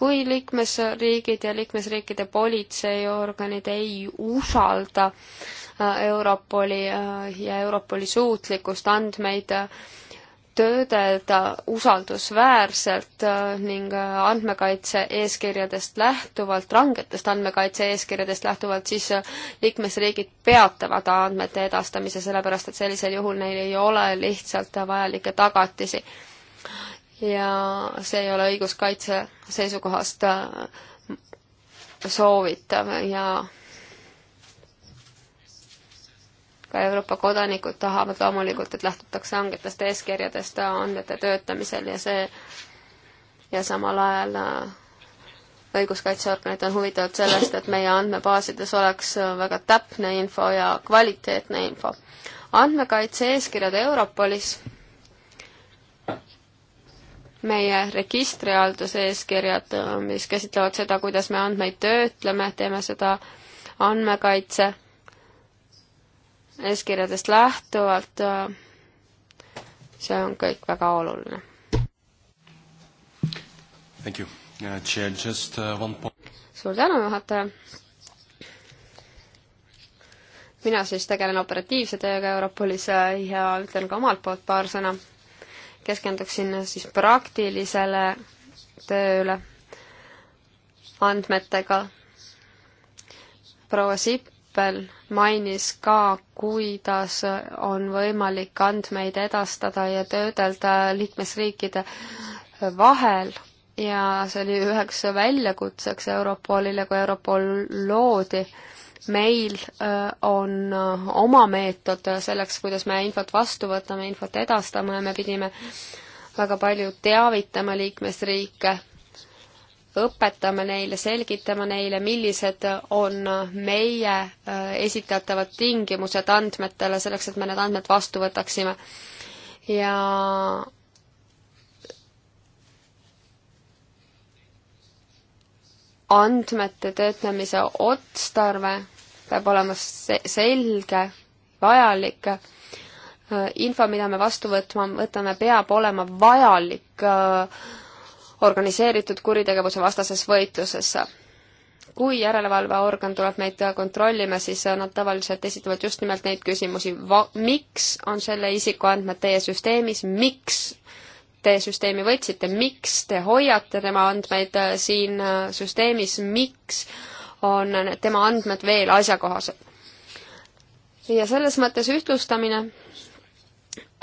kui liikmesriigid ja liikmesriikide politseiorganid ei usalda äh, Europoli ja Europoli suutlikkust andmeid töödelda usaldusväärselt äh, ning äh, andmekaitse eeskirjadest lähtuvalt, rangetest andmekaitse eeskirjadest lähtuvalt, siis äh, liikmesriigid peatavad andmete edastamise, sellepärast et sellisel juhul neil ei ole lihtsalt vajalikke tagatisi. ja see ei ole õiguskaitse seisukohast soovitav ja ka Euroopa kodanikud tahavad loomulikult, et lähtutakse hangetest eeskirjadest andmete töötamisel ja see ja samal ajal äh, õiguskaitseorganid on huvitatud sellest, et meie andmebaasides oleks äh, väga täpne info ja kvaliteetne info. andmekaitse eeskirjad Europolis, meie registrihalduse eeskirjad, äh, mis käsitlevad seda, kuidas me andmeid töötleme, teeme seda andmekaitse eeskirjadest lähtuvalt. Äh, see on kõik väga oluline. Thank you uh,. Chair, just uh, one point. suur tänu, juhataja. mina siis tegelen operatiivse tööga Europolis äh, ja ütlen ka omalt poolt paar sõna. keskenduksin siis praktilisele tööle andmetega. proua Sipp Kappel mainis ka, kuidas on võimalik andmeid edastada ja töödelda liikmesriikide vahel ja see oli üheks väljakutseks Europolile, kui Europol loodi. meil on oma meetod selleks, kuidas me infot vastu võtame, infot edastame ja me pidime väga palju teavitama liikmesriike õpetame neile, selgitame neile, millised on meie äh, esitatavad tingimused andmetele, selleks et me need andmed vastu võtaksime. ja andmete töötlemise otstarve peab olema selge, vajalik, äh, info, mida me vastu võtma, võtame, peab olema vajalik äh, organiseeritud kuritegevuse vastases võitluses. kui järelevalveorgan tuleb meid kontrollima, siis nad tavaliselt esitavad just nimelt neid küsimusi, miks on selle isiku andmed teie süsteemis, miks te süsteemi võtsite, miks te hoiate tema andmeid äh, siin äh, süsteemis, miks on tema andmed veel asjakohased. ja selles mõttes ühtlustamine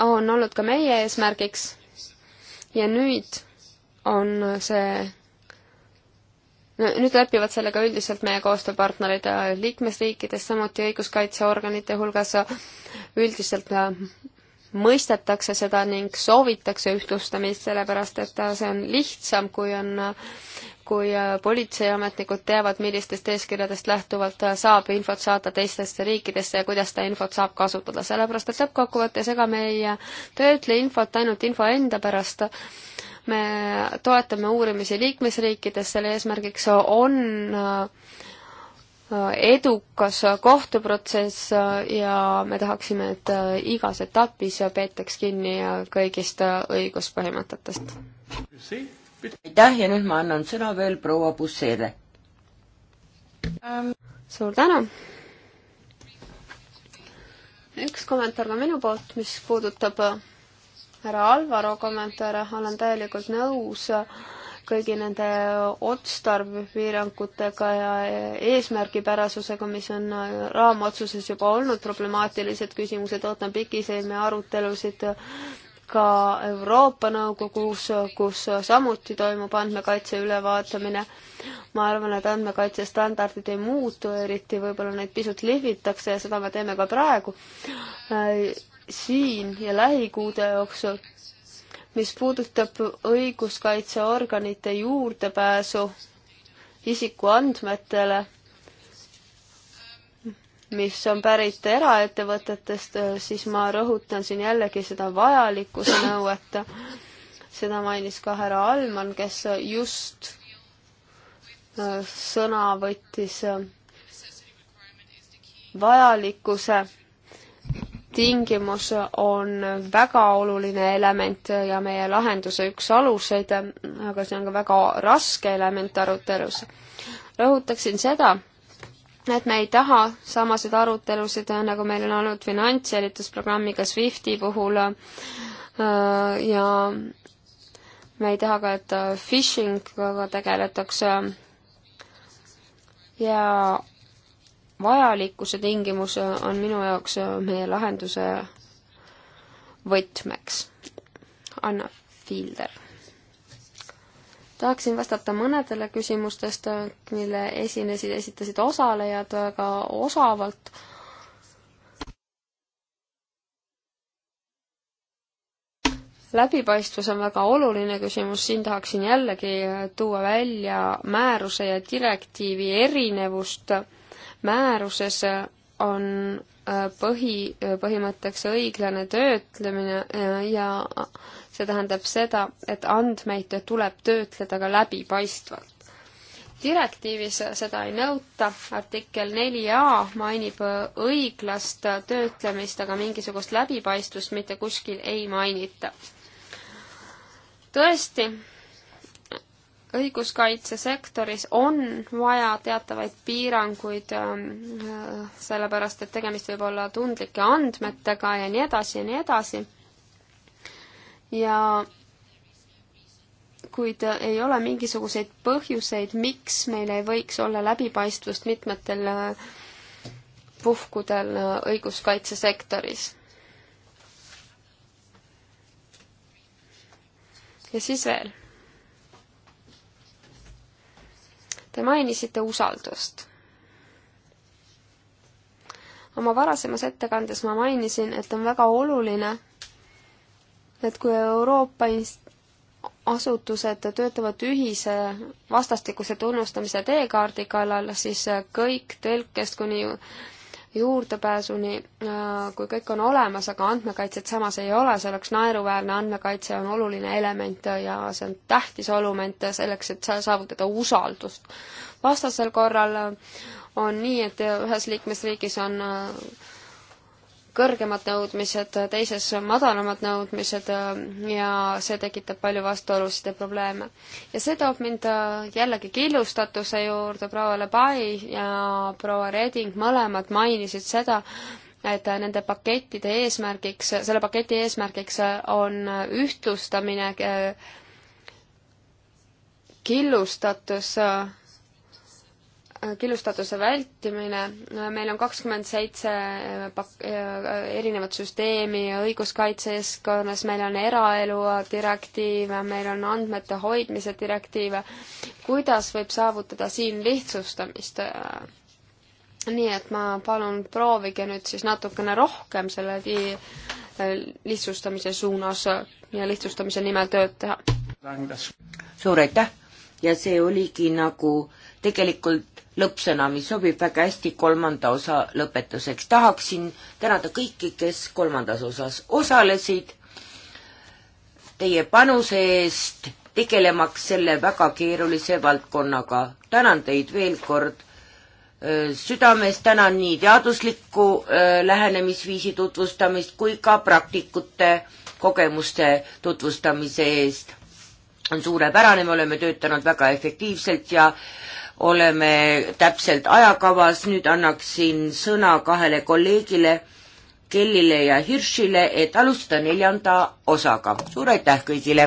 on olnud ka meie eesmärgiks ja nüüd on see nüüd lepivad sellega üldiselt meie koostööpartnerid äh, liikmesriikides, samuti õiguskaitseorganite hulgas äh, üldiselt äh, mõistetakse seda ning soovitakse ühtlustamist, sellepärast et see on lihtsam, kui on, kui politseiametnikud teavad, millistest eeskirjadest lähtuvalt saab infot saata teistesse riikidesse ja kuidas seda infot saab kasutada, sellepärast et lõppkokkuvõttes ega me ei töötle infot ainult info enda pärast, me toetame uurimisi liikmesriikides, selle eesmärgiks on äh, edukas kohtuprotsess äh, ja me tahaksime, et äh, igas etapis peetaks kinni kõigist õiguspõhimõtetest. aitäh ja nüüd ma annan sõna veel proua Busseele ähm.. suur tänu! üks kommentaar ka minu poolt, mis puudutab härra Alvaro kommentaare, olen täielikult nõus kõigi nende otstarbepiirangutega ja eesmärgipärasusega, mis on raamotsuses juba olnud problemaatilised küsimused, ootan pikisilmi arutelusid ka Euroopa Nõukogus, kus samuti toimub andmekaitse ülevaatamine. ma arvan, et andmekaitsestandardid ei muutu eriti, võib-olla neid pisut lihvitakse ja seda me teeme ka praegu siin ja lähikuude jooksul, mis puudutab õiguskaitseorganite juurdepääsu isikuandmetele, mis on pärit eraettevõtetest, siis ma rõhutan siin jällegi seda vajalikkuse nõuet. seda mainis ka härra Alman, kes just äh, sõna võttis äh, vajalikkuse tingimus on väga oluline element ja meie lahenduse üks aluseid, aga see on ka väga raske element arutelus. rõhutaksin seda, et me ei taha samasid arutelusid, nagu meil on olnud finantsjälitusprogrammiga SWIFTi puhul äh, ja me ei taha ka, et phishing tegeletakse ja vajalikkuse tingimus on minu jaoks meie lahenduse võtmeks. Anna Fielder. tahaksin vastata mõnedele küsimustest, mille esinesid, esitasid osalejad väga osavalt läbipaistvus on väga oluline küsimus, siin tahaksin jällegi tuua välja määruse ja direktiivi erinevust määruses on äh, põhi, äh, põhimõtteks õiglane töötlemine äh, ja see tähendab seda, et andmeid tuleb töötleda ka läbipaistvalt. direktiivis seda ei nõuta, artikkel neli A mainib õiglast töötlemist, aga mingisugust läbipaistvust mitte kuskil ei mainita. tõesti õiguskaitsesektoris on vaja teatavaid piiranguid, ähm, äh, sellepärast et tegemist võib olla tundlike andmetega ja nii edasi ja nii edasi. ja kuid äh, ei ole mingisuguseid põhjuseid, miks meil ei võiks olla läbipaistvust mitmetel äh, puhkudel õiguskaitsesektoris ja siis veel. Te mainisite usaldust. oma varasemas ettekandes ma mainisin, et on väga oluline, et kui Euroopa asutused töötavad ühise vastastikuse tunnustamise teekaardi kallal, siis kõik tõlkest kuni juurdepääsuni, äh, kui kõik on olemas, aga andmekaitset samas ei ole, see oleks naeruväärne, andmekaitse on oluline element ja see on tähtis element selleks, et saavutada usaldust. vastasel korral on nii, et ühes liikmesriigis on äh, kõrgemad nõudmised, teises madalamad nõudmised äh, ja see tekitab palju vastuolusid ja probleeme. ja see toob mind äh, jällegi killustatuse juurde, proua Lebai ja proua Reding mõlemad mainisid seda, et äh, nende pakettide eesmärgiks, selle paketi eesmärgiks on ühtlustamine, killustatus killustatuse vältimine, meil on kakskümmend seitse eh, eh, erinevat süsteemi õiguskaitseeskkonnas, meil on eraelu direktiive, meil on andmete hoidmise direktiive, kuidas võib saavutada siin lihtsustamist? nii et ma palun, proovige nüüd siis natukene rohkem selle eh, lihtsustamise suunas ja lihtsustamise nimel tööd teha. suur aitäh ja see oligi nagu tegelikult lõppsõna, mis sobib väga hästi kolmanda osa lõpetuseks. tahaksin tänada kõiki, kes kolmandas osas osalesid, teie panuse eest, tegelemaks selle väga keerulise valdkonnaga. tänan teid veel kord südames, tänan nii teaduslikku lähenemisviisi tutvustamist kui ka praktikute kogemuste tutvustamise eest on suurepärane, me oleme töötanud väga efektiivselt ja oleme täpselt ajakavas, nüüd annaksin sõna kahele kolleegile, Kellile ja Hirschile, et alustada neljanda osaga. suur aitäh kõigile!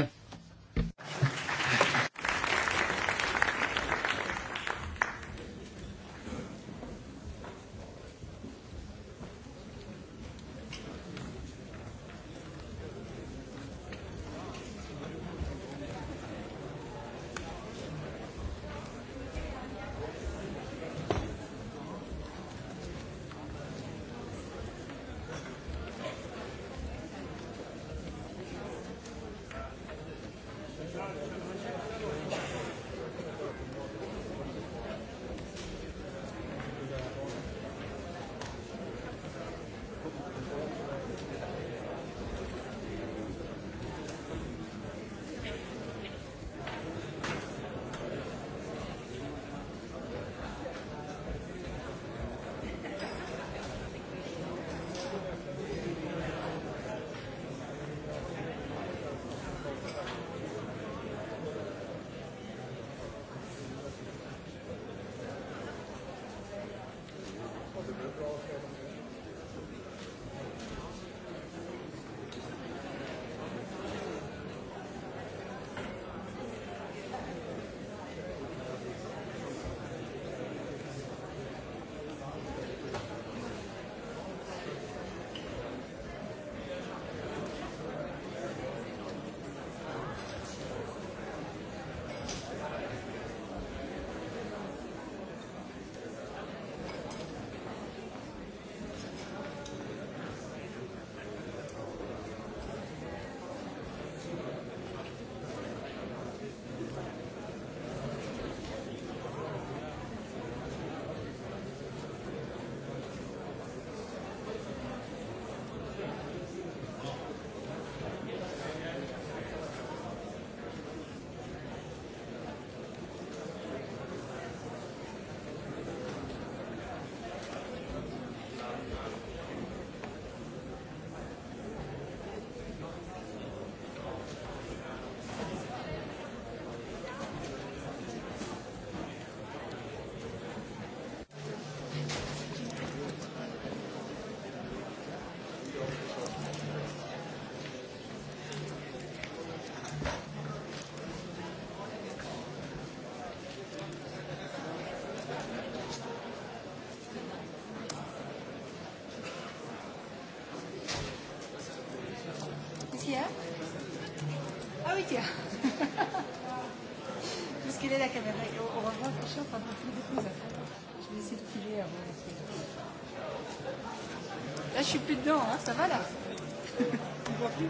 je suis plus dedans, hein, ça va là On voit plus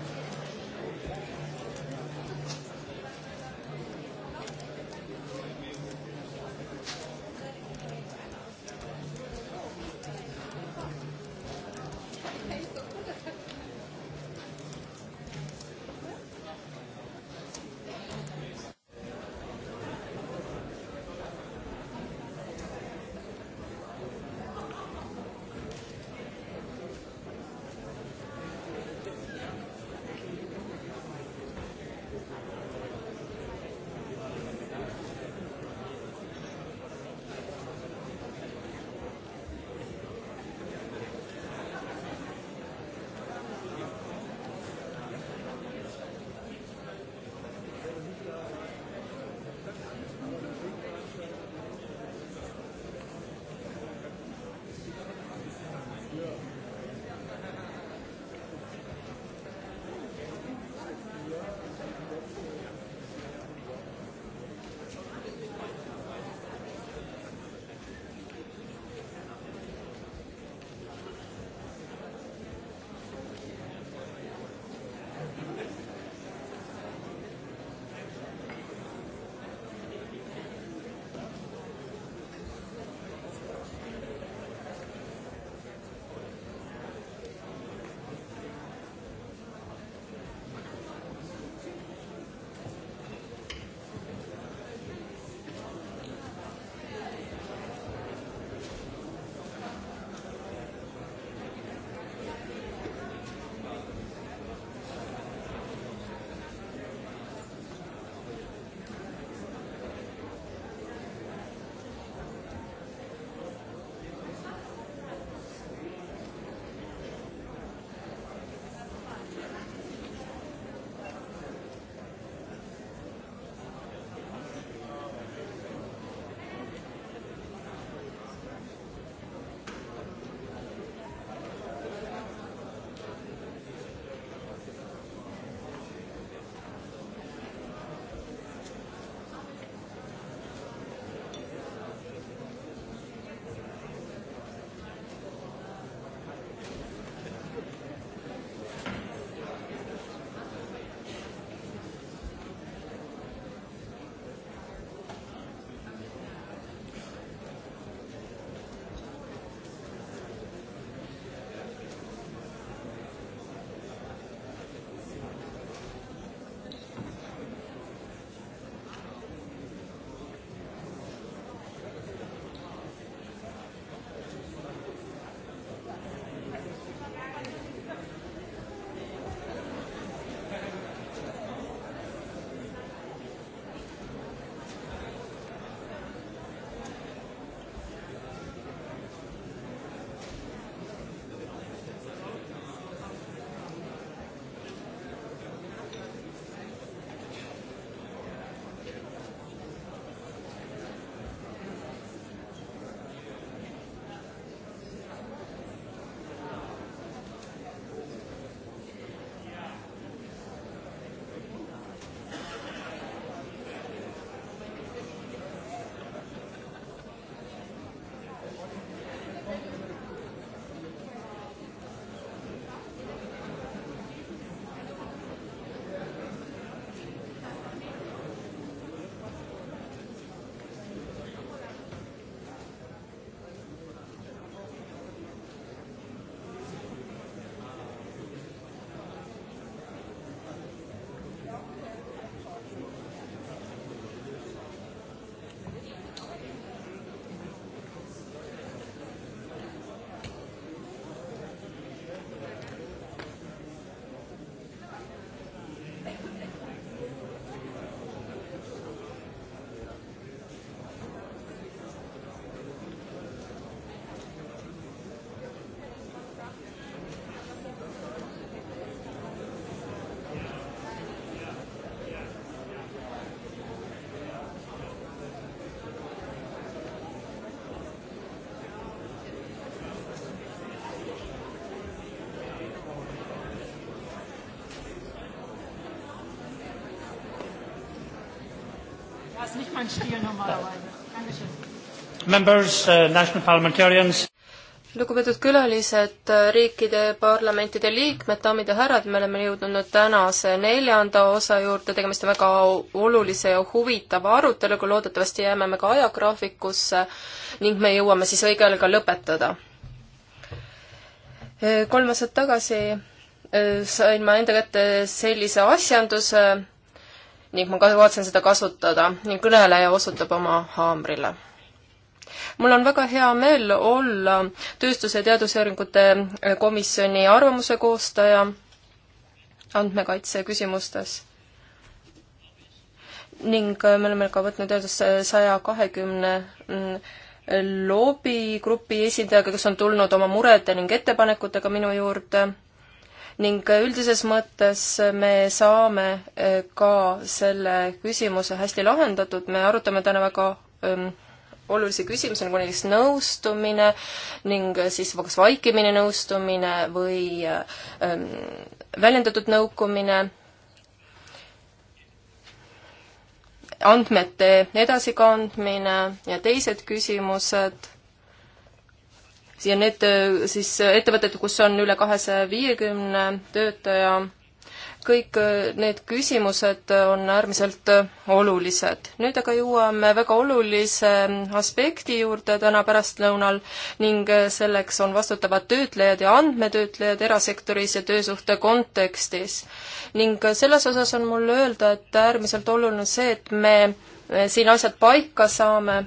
macht mein Stil normalerweise. Dankeschön. Members, uh, national parliamentarians. lugupeetud külalised, riikide parlamentide liikmed, daamid ja härrad, me oleme jõudnud nüüd tänase neljanda osa juurde, tegemist on väga olulise ja huvitava aruteluga, loodetavasti jääme me ka ajagraafikusse ning me jõuame siis õige ajaga lõpetada. kolm aastat tagasi äh, sain ma enda kätte sellise asjanduse, ning ma kavatsen seda kasutada ning kõneleja osutab oma haamrile. mul on väga hea meel olla Tööstuse ja Teadusuuringute Komisjoni arvamuse koostaja andmekaitse küsimustes. ning me oleme ka võtnud ühendust saja kahekümne mm, loobigrupi esindajaga, kes on tulnud oma murede ning ettepanekutega minu juurde ning üldises mõttes me saame äh, ka selle küsimuse hästi lahendatud, me arutame täna väga ähm, olulisi küsimusi, nagu näiteks nõustumine ning äh, siis kas vaikimine nõustumine või äh, ähm, väljendatud nõukumine andmete edasikandmine ja teised küsimused siia need äh, siis äh, ettevõtted, kus on üle kahesaja viiekümne töötaja, kõik äh, need küsimused on äärmiselt olulised. nüüd aga jõuame väga olulise aspekti juurde täna pärastlõunal ning selleks on vastutavad töötlejad ja andmetöötlejad erasektoris ja töösuhte kontekstis. ning selles osas on mul öelda, et äärmiselt oluline on see, et me siin asjad paika saame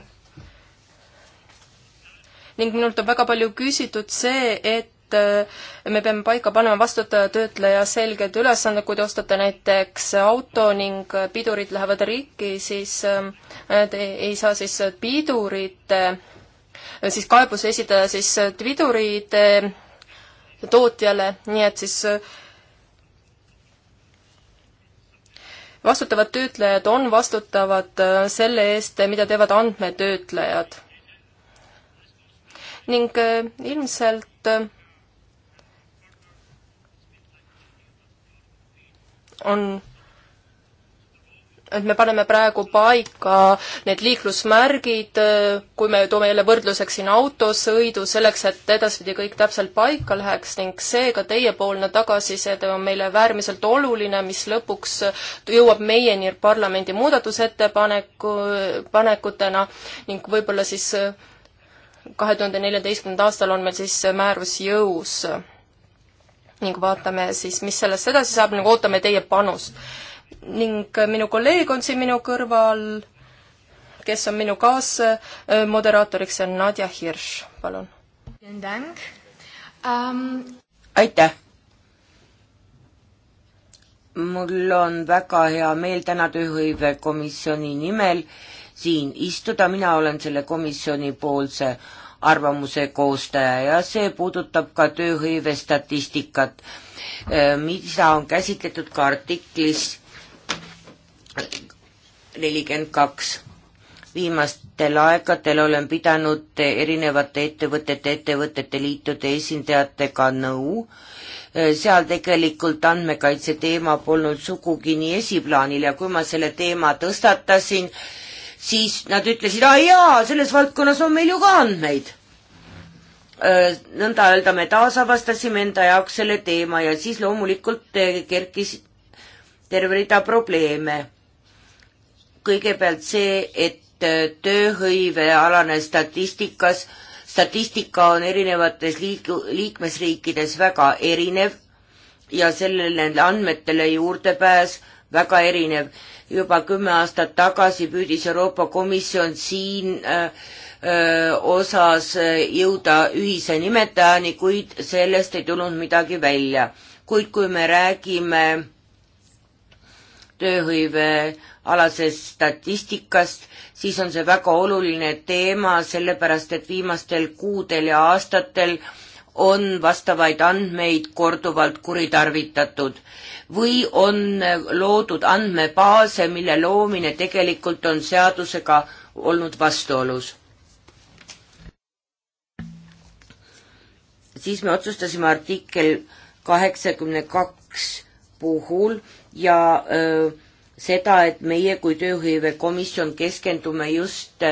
ning minult on väga palju küsitud see, et äh, me peame paika panema vastutaja, töötleja selged ülesanded, kui te ostate näiteks auto ning pidurid lähevad rikki, siis äh, te ei saa siis pidurite, äh, siis kaebuse esitada siis pidurite tootjale, nii et siis vastutavad töötlejad on vastutavad selle eest, mida teevad andmetöötlejad ning äh, ilmselt äh, on et me paneme praegu paika need liiklusmärgid, äh, kui me toome jälle võrdluseks siin autosõidu, selleks et edaspidi kõik täpselt paika läheks ning seega teiepoolne tagasiside on meile väärmiselt oluline, mis lõpuks jõuab meieni parlamendi muudatusettepaneku, panekutena ning võib-olla siis kahe tuhande neljateistkümnendal aastal on meil siis määrus jõus ning vaatame siis, mis sellest edasi saab, nagu ootame teie panust. ning minu kolleeg on siin minu kõrval, kes on minu kaasmoderaatoriks, see on Nadja Hirš, palun. Um, aitäh! mul on väga hea meel täna tööhõivekomisjoni nimel äh, siin istuda, mina olen selle komisjonipoolse arvamuse koostaja ja see puudutab ka tööhõive statistikat, eh, mida on käsitletud ka artiklis nelikümmend kaks. viimastel aegadel olen pidanud erinevate ettevõtete, ettevõtete liitude esindajatega nõu, eh, seal tegelikult andmekaitse teema polnud sugugi nii esiplaanil ja kui ma selle teema tõstatasin, siis nad ütlesid, aa ah, jaa, selles valdkonnas on meil ju ka andmeid. nõnda öelda me taasavastasime enda jaoks selle teema ja siis loomulikult kerkis terve rida probleeme. kõigepealt see, et tööhõivealane statistikas, statistika on erinevates liik-, liikmesriikides väga erinev ja sellele andmetele juurdepääs väga erinev juba kümme aastat tagasi püüdis Euroopa Komisjon siin öö, äh, äh, osas äh, jõuda ühise nimetajani, kuid sellest ei tulnud midagi välja. kuid kui me räägime tööhõive alasest statistikast, siis on see väga oluline teema, sellepärast et viimastel kuudel ja aastatel äh, on vastavaid andmeid korduvalt kuritarvitatud või on loodud andmebaase, mille loomine tegelikult on seadusega olnud vastuolus. siis me otsustasime artikkel kaheksakümne kaks puhul ja öö, äh, seda, et meie kui tööhõivekomisjon keskendume just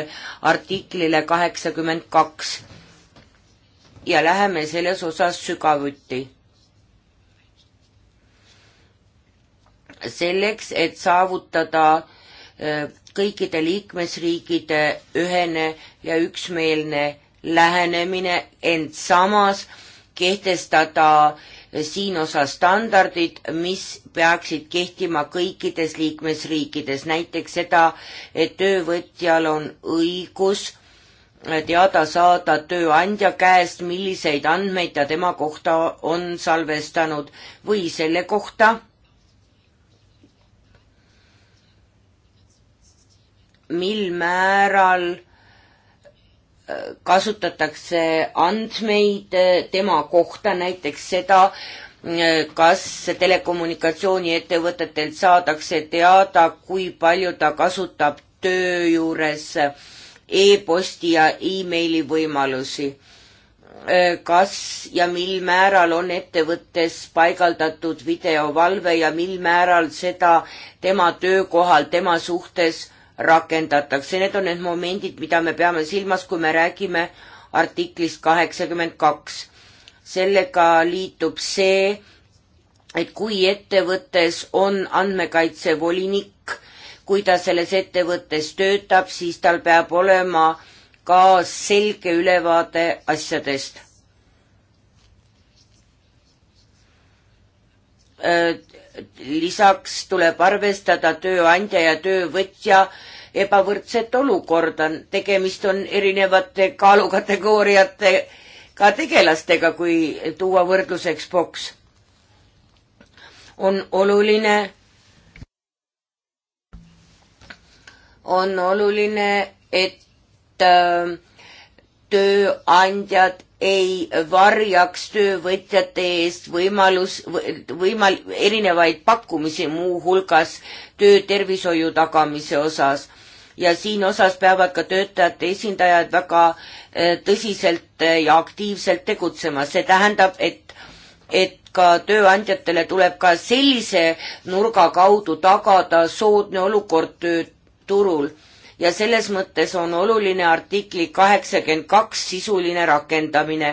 artiklile kaheksakümmend kaks ja läheme selles osas sügavuti. selleks, et saavutada äh, kõikide liikmesriikide ühene ja üksmeelne lähenemine, ent samas kehtestada äh, siin osa standardid, mis peaksid kehtima kõikides liikmesriikides, näiteks seda, et töövõtjal on õigus teada saada tööandja käest, milliseid andmeid ta tema kohta on salvestanud või selle kohta, mil määral äh, kasutatakse andmeid äh, tema kohta, näiteks seda, äh, kas telekommunikatsiooniettevõtetelt saadakse teada, kui palju ta kasutab töö juures äh, e-posti ja emaili võimalusi. Äh, kas ja mil määral on ettevõttes paigaldatud videovalve ja mil määral seda tema töökohal, tema suhtes rakendatakse, need on need momendid, mida me peame silmas, kui me räägime artiklist kaheksakümmend kaks. sellega liitub see, et kui ettevõttes on andmekaitsevolinik, kui ta selles ettevõttes töötab, siis tal peab olema ka selge ülevaade asjadest. Äh, lisaks tuleb arvestada tööandja ja töövõtja ebavõrdset olukorda, tegemist on erinevate kaalukategooriate ka tegelastega, kui tuua võrdluseks boks. on oluline on oluline, et äh, tööandjad ei varjaks töövõtjate eest võimalus, võimal-, erinevaid pakkumisi, muuhulgas töötervishoiu tagamise osas. ja siin osas peavad ka töötajate esindajad väga äh, tõsiselt äh, ja aktiivselt tegutsema, see tähendab, et, et ka tööandjatele tuleb ka sellise nurga kaudu tagada soodne olukord töö, turul ja selles mõttes on oluline artikli kaheksakümmend kaks sisuline rakendamine.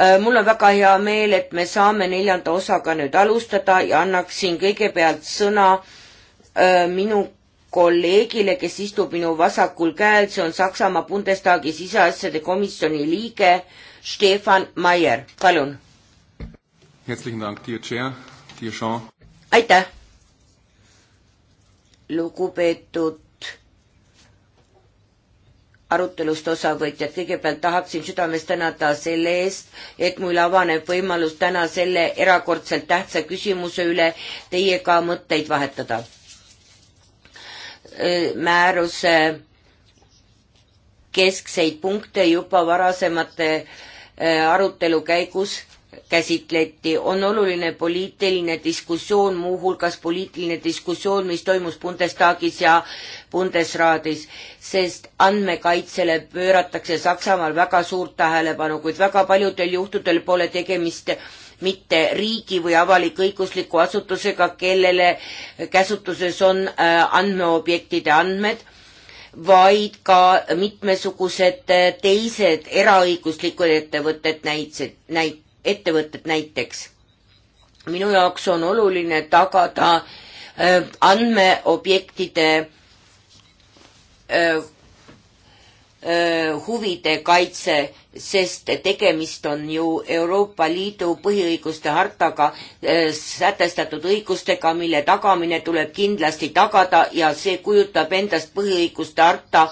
Äh, mul on väga hea meel, et me saame neljanda osaga nüüd alustada ja annaksin kõigepealt sõna äh, minu kolleegile, kes istub minu vasakul käel, see on Saksamaa Bundestagi siseasjade komisjoni liige Stefan Maier, palun. aitäh lugupeetud arutelust osavõtjad, kõigepealt tahaksin südames tänada selle eest, et mul avaneb võimalus täna selle erakordselt tähtsa küsimuse üle teiega mõtteid vahetada. määruse keskseid punkte juba varasemate arutelu käigus käsitleti, on oluline poliitiline diskussioon, muuhulgas poliitiline diskussioon, mis toimus Bundestagis ja Bundesraadis, sest andmekaitsele pööratakse Saksamaal väga suurt tähelepanu, kuid väga paljudel juhtudel pole tegemist mitte riigi või avalik-õigusliku asutusega, kellele käsutuses on äh, andmeobjektide andmed vaid ka mitmesugused äh, teised eraõiguslikud ettevõtted näitsid, näit-, ettevõtted näiteks. minu jaoks on oluline tagada äh, andmeobjektide äh, äh, huvide kaitse, sest tegemist on ju Euroopa Liidu põhiõiguste hartaga sätestatud õigustega, mille tagamine tuleb kindlasti tagada ja see kujutab endast põhiõiguste harta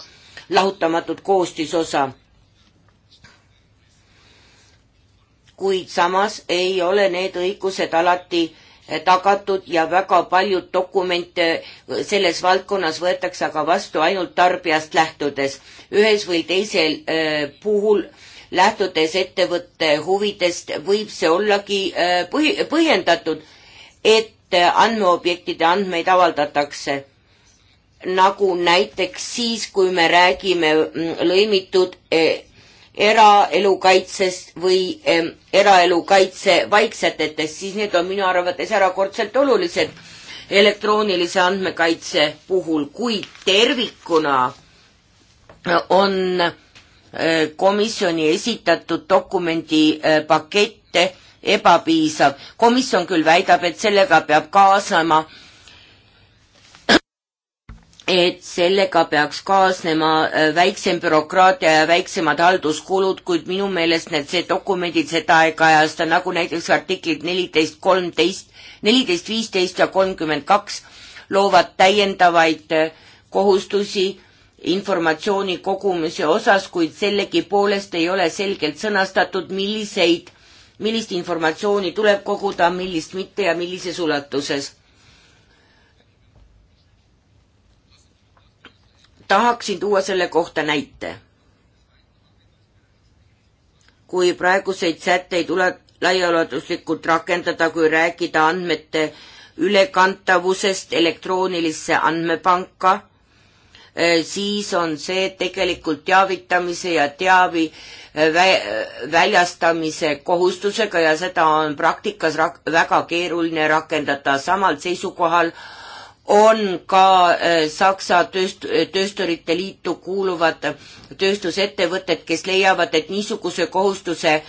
lahutamatut koostisosa kuid samas ei ole need õigused alati eh, tagatud ja väga paljud dokumente eh, selles valdkonnas võetakse aga vastu ainult tarbijast lähtudes. ühes või teisel eh, puhul lähtudes ettevõtte huvidest võib see ollagi põhjendatud, et andmeobjektide andmeid avaldatakse. nagu näiteks siis, kui me räägime mm, lõimitud eraelu kaitsest või eraelu kaitse vaiksätetest, siis need on minu arvates erakordselt olulised elektroonilise andmekaitse puhul, kuid tervikuna on eh, komisjoni esitatud dokumendi eh, pakette ebapiisav. komisjon küll väidab, et sellega peab kaasama äh, et sellega peaks kaasnema äh, väiksem bürokraatia ja väiksemad halduskulud, kuid minu meelest need, see dokumendid seda ei kajasta, nagu näiteks artiklid neliteist, kolmteist, neliteist, viisteist ja kolmkümmend kaks loovad täiendavaid äh, kohustusi informatsiooni kogumise osas, kuid sellegipoolest ei ole selgelt sõnastatud, milliseid, millist informatsiooni tuleb koguda, millist mitte ja millises ulatuses tahaksin tuua selle kohta näite. kui praeguseid sätteid ule-, laiaulatuslikult rakendada, kui rääkida andmete ülekantavusest elektroonilisse andmepanka, eh, siis on see tegelikult teavitamise ja teavi eh, väljastamise kohustusega ja seda on praktikas väga keeruline rakendada. samal seisukohal on ka äh, Saksa tööst-, töösturite liitu kuuluvad tööstusettevõtted, kes leiavad, et niisuguse kohustuse,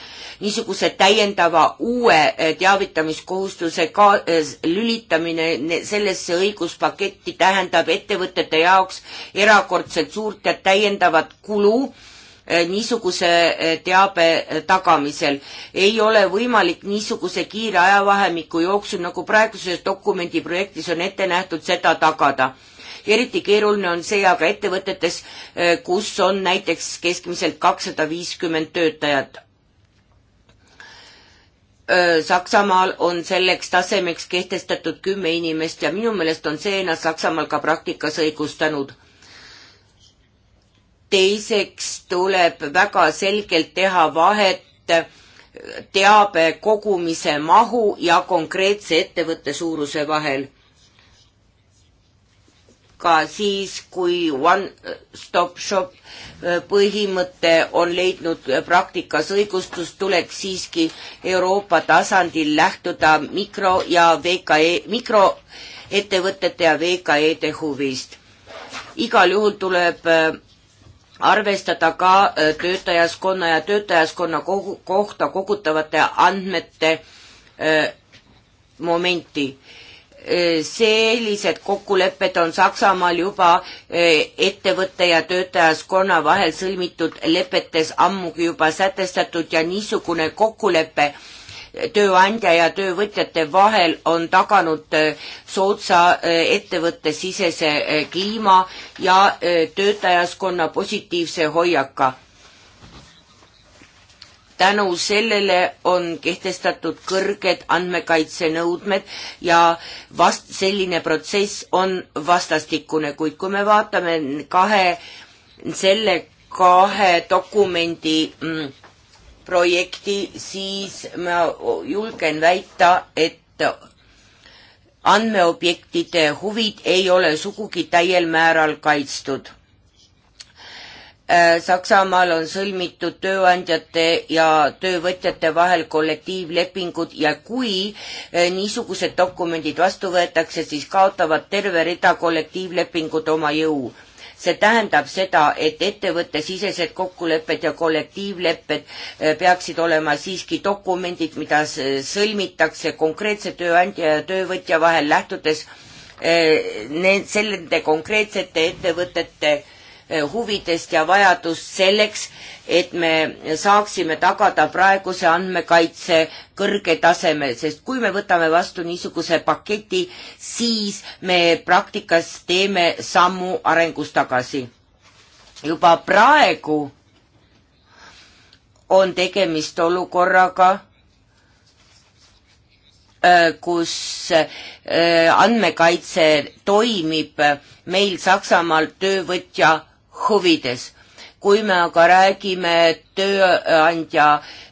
niisuguse täiendava uue äh, teavitamiskohustuse ka äh, lülitamine sellesse õiguspaketti tähendab ettevõtete jaoks erakordselt suurt ja täiendavat kulu äh, Eh, niisuguse eh, teabe tagamisel. ei ole võimalik niisuguse kiire ajavahemiku jooksul, nagu praeguses dokumendi projektis on ette nähtud, seda tagada eriti keeruline on see aga ettevõtetes, eh, kus on näiteks keskmiselt kakssada viiskümmend töötajat. Saksamaal on selleks tasemeks kehtestatud kümme inimest ja minu meelest on see ennast Saksamaal ka praktikas õigustanud teiseks tuleb väga selgelt teha vahet teabe kogumise mahu ja konkreetse ettevõtte suuruse vahel. ka siis, kui one stop shop põhimõte on leidnud praktikas õigustust, tuleks siiski Euroopa tasandil lähtuda mikro ja VKE, mikroettevõtete ja VKE-de huvist. igal juhul tuleb arvestada ka äh, töötajaskonna ja töötajaskonna kogu, kohta kogutavate andmete öö, äh, momenti. Äh, sellised kokkulepped on Saksamaal juba ettevõtte ja töötajaskonna vahel sõlmitud lepetes ammugi juba sätestatud ja niisugune kokkulepe öö, tööandja ja töövõtjate vahel on taganud äh, soodsa äh, ettevõttesisese äh, kliima ja töötajaskonna positiivse hoiaka. tänu sellele on kehtestatud kõrged andmekaitsenõudmed ja vast-, selline protsess on vastastikune, kuid kui me vaatame kahe, selle kahe dokumendi mm, projekti, siis ma julgen väita, et andmeobjektide huvid ei ole sugugi täiel määral kaitstud. Äh, Saksamaal on sõlmitud tööandjate ja töövõtjate vahel kollektiivlepingud ja kui äh, niisugused dokumendid vastu võetakse, siis kaotavad terve rida kollektiivlepingud oma jõu see tähendab seda, et ettevõttesisesed kokkulepped ja kollektiivlepped äh, peaksid olema siiski dokumendid, mida sõlmitakse konkreetse tööandja ja töövõtja vahel, lähtudes äh, need, selle konkreetsete ettevõtete Eh, huvidest ja vajadust selleks, et me saaksime tagada praeguse andmekaitse kõrge taseme, sest kui me võtame vastu niisuguse paketi, siis me praktikas teeme sammu arengus tagasi. juba praegu on tegemist olukorraga, eh, kus eh, andmekaitse toimib meil Saksamaal töövõtja huvides. kui me aga räägime tööandja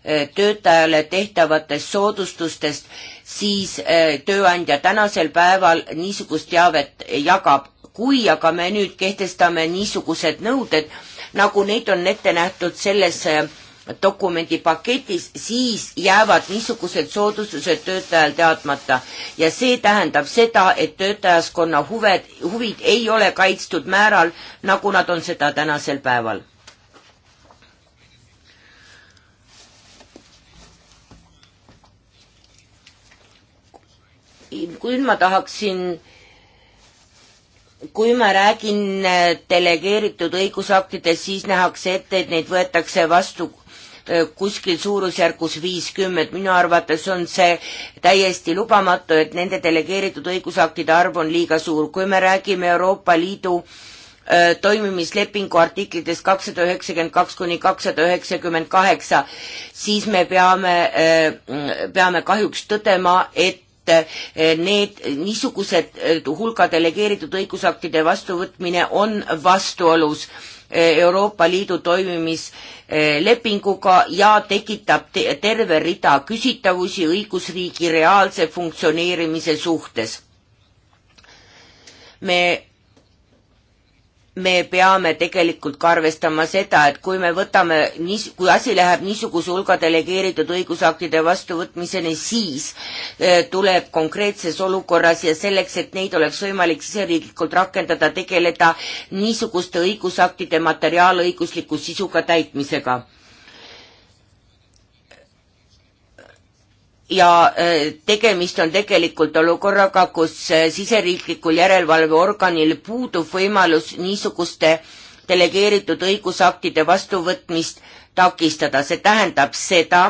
eh, töötajale tehtavatest soodustustest, siis eh, tööandja tänasel päeval niisugust teavet jagab. kui aga me nüüd kehtestame niisugused nõuded, nagu neid on ette nähtud selles eh, dokumendipaketis, siis jäävad niisugused soodustused töötajal teadmata ja see tähendab seda, et töötajaskonna huved, huvid ei ole kaitstud määral, nagu nad on seda tänasel päeval. kui ma tahaksin kui ma räägin delegeeritud õigusaktidest, siis nähakse ette, et neid võetakse vastu Äh, kuskil suurusjärgus viiskümmend, minu arvates on see täiesti lubamatu, et nende delegeeritud õigusaktide arv on liiga suur, kui me räägime Euroopa Liidu äh, toimimislepingu artiklitest kakssada üheksakümmend kaks kuni kakssada üheksakümmend kaheksa, siis me peame, äh, peame kahjuks tõdema, et need niisugused hulga delegeeritud õigusaktide vastuvõtmine on vastuolus äh, Eh, Euroopa Liidu toimimislepinguga ja tekitab te terve rida küsitavusi õigusriigi reaalse funktsioneerimise suhtes. me me peame tegelikult ka arvestama seda, et kui me võtame, kui asi läheb niisuguse hulga delegeeritud õigusaktide vastuvõtmiseni, siis eh, tuleb konkreetses olukorras ja selleks, et neid oleks võimalik siseriiklikult rakendada, tegeleda niisuguste õigusaktide materiaalõigusliku sisuga täitmisega. ja äh, tegemist on tegelikult olukorraga, kus äh, siseriiklikul järelevalveorganil puudub võimalus niisuguste delegeeritud õigusaktide vastuvõtmist takistada, see tähendab seda,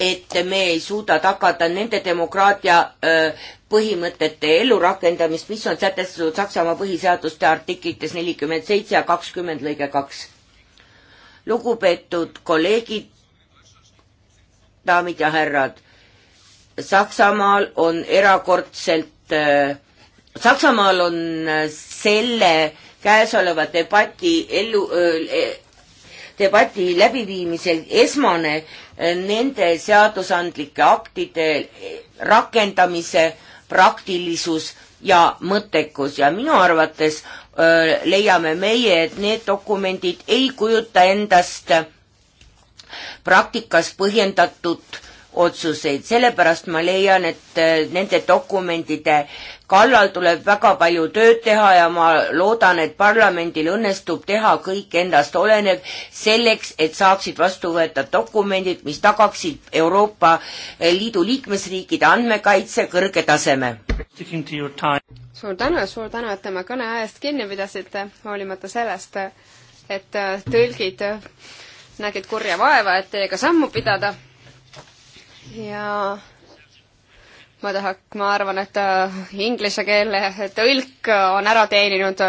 et me ei suuda tagada nende demokraatia äh, põhimõtete ellurakendamist, mis on sätestatud Saksamaa põhiseaduste artiklites nelikümmend seitse ja kakskümmend lõige kaks lugupeetud kolleegid, daamid ja härrad, Saksamaal on erakordselt, äh, Saksamaal on äh, selle käesoleva debati ellu, äh, e, debati läbiviimisel esmane nende seadusandlike aktide rakendamise praktilisus ja mõttekus ja minu arvates leiame meie, et need dokumendid ei kujuta endast praktikas põhjendatud otsuseid, sellepärast ma leian, et nende dokumentide kallal tuleb väga palju tööd teha ja ma loodan, et parlamendil õnnestub teha kõik endast olenev selleks, et saaksid vastu võetud dokumendid, mis tagaksid Euroopa Liidu liikmesriikide andmekaitse kõrge taseme suur tänu ja suur tänu, et oma kõne ajast kinni pidasite, hoolimata sellest, et äh, tõlgid äh, nägid kurja vaeva, et teiega sammu pidada. ja ma tahaks, ma arvan, et äh, inglise keele tõlk on ära teeninud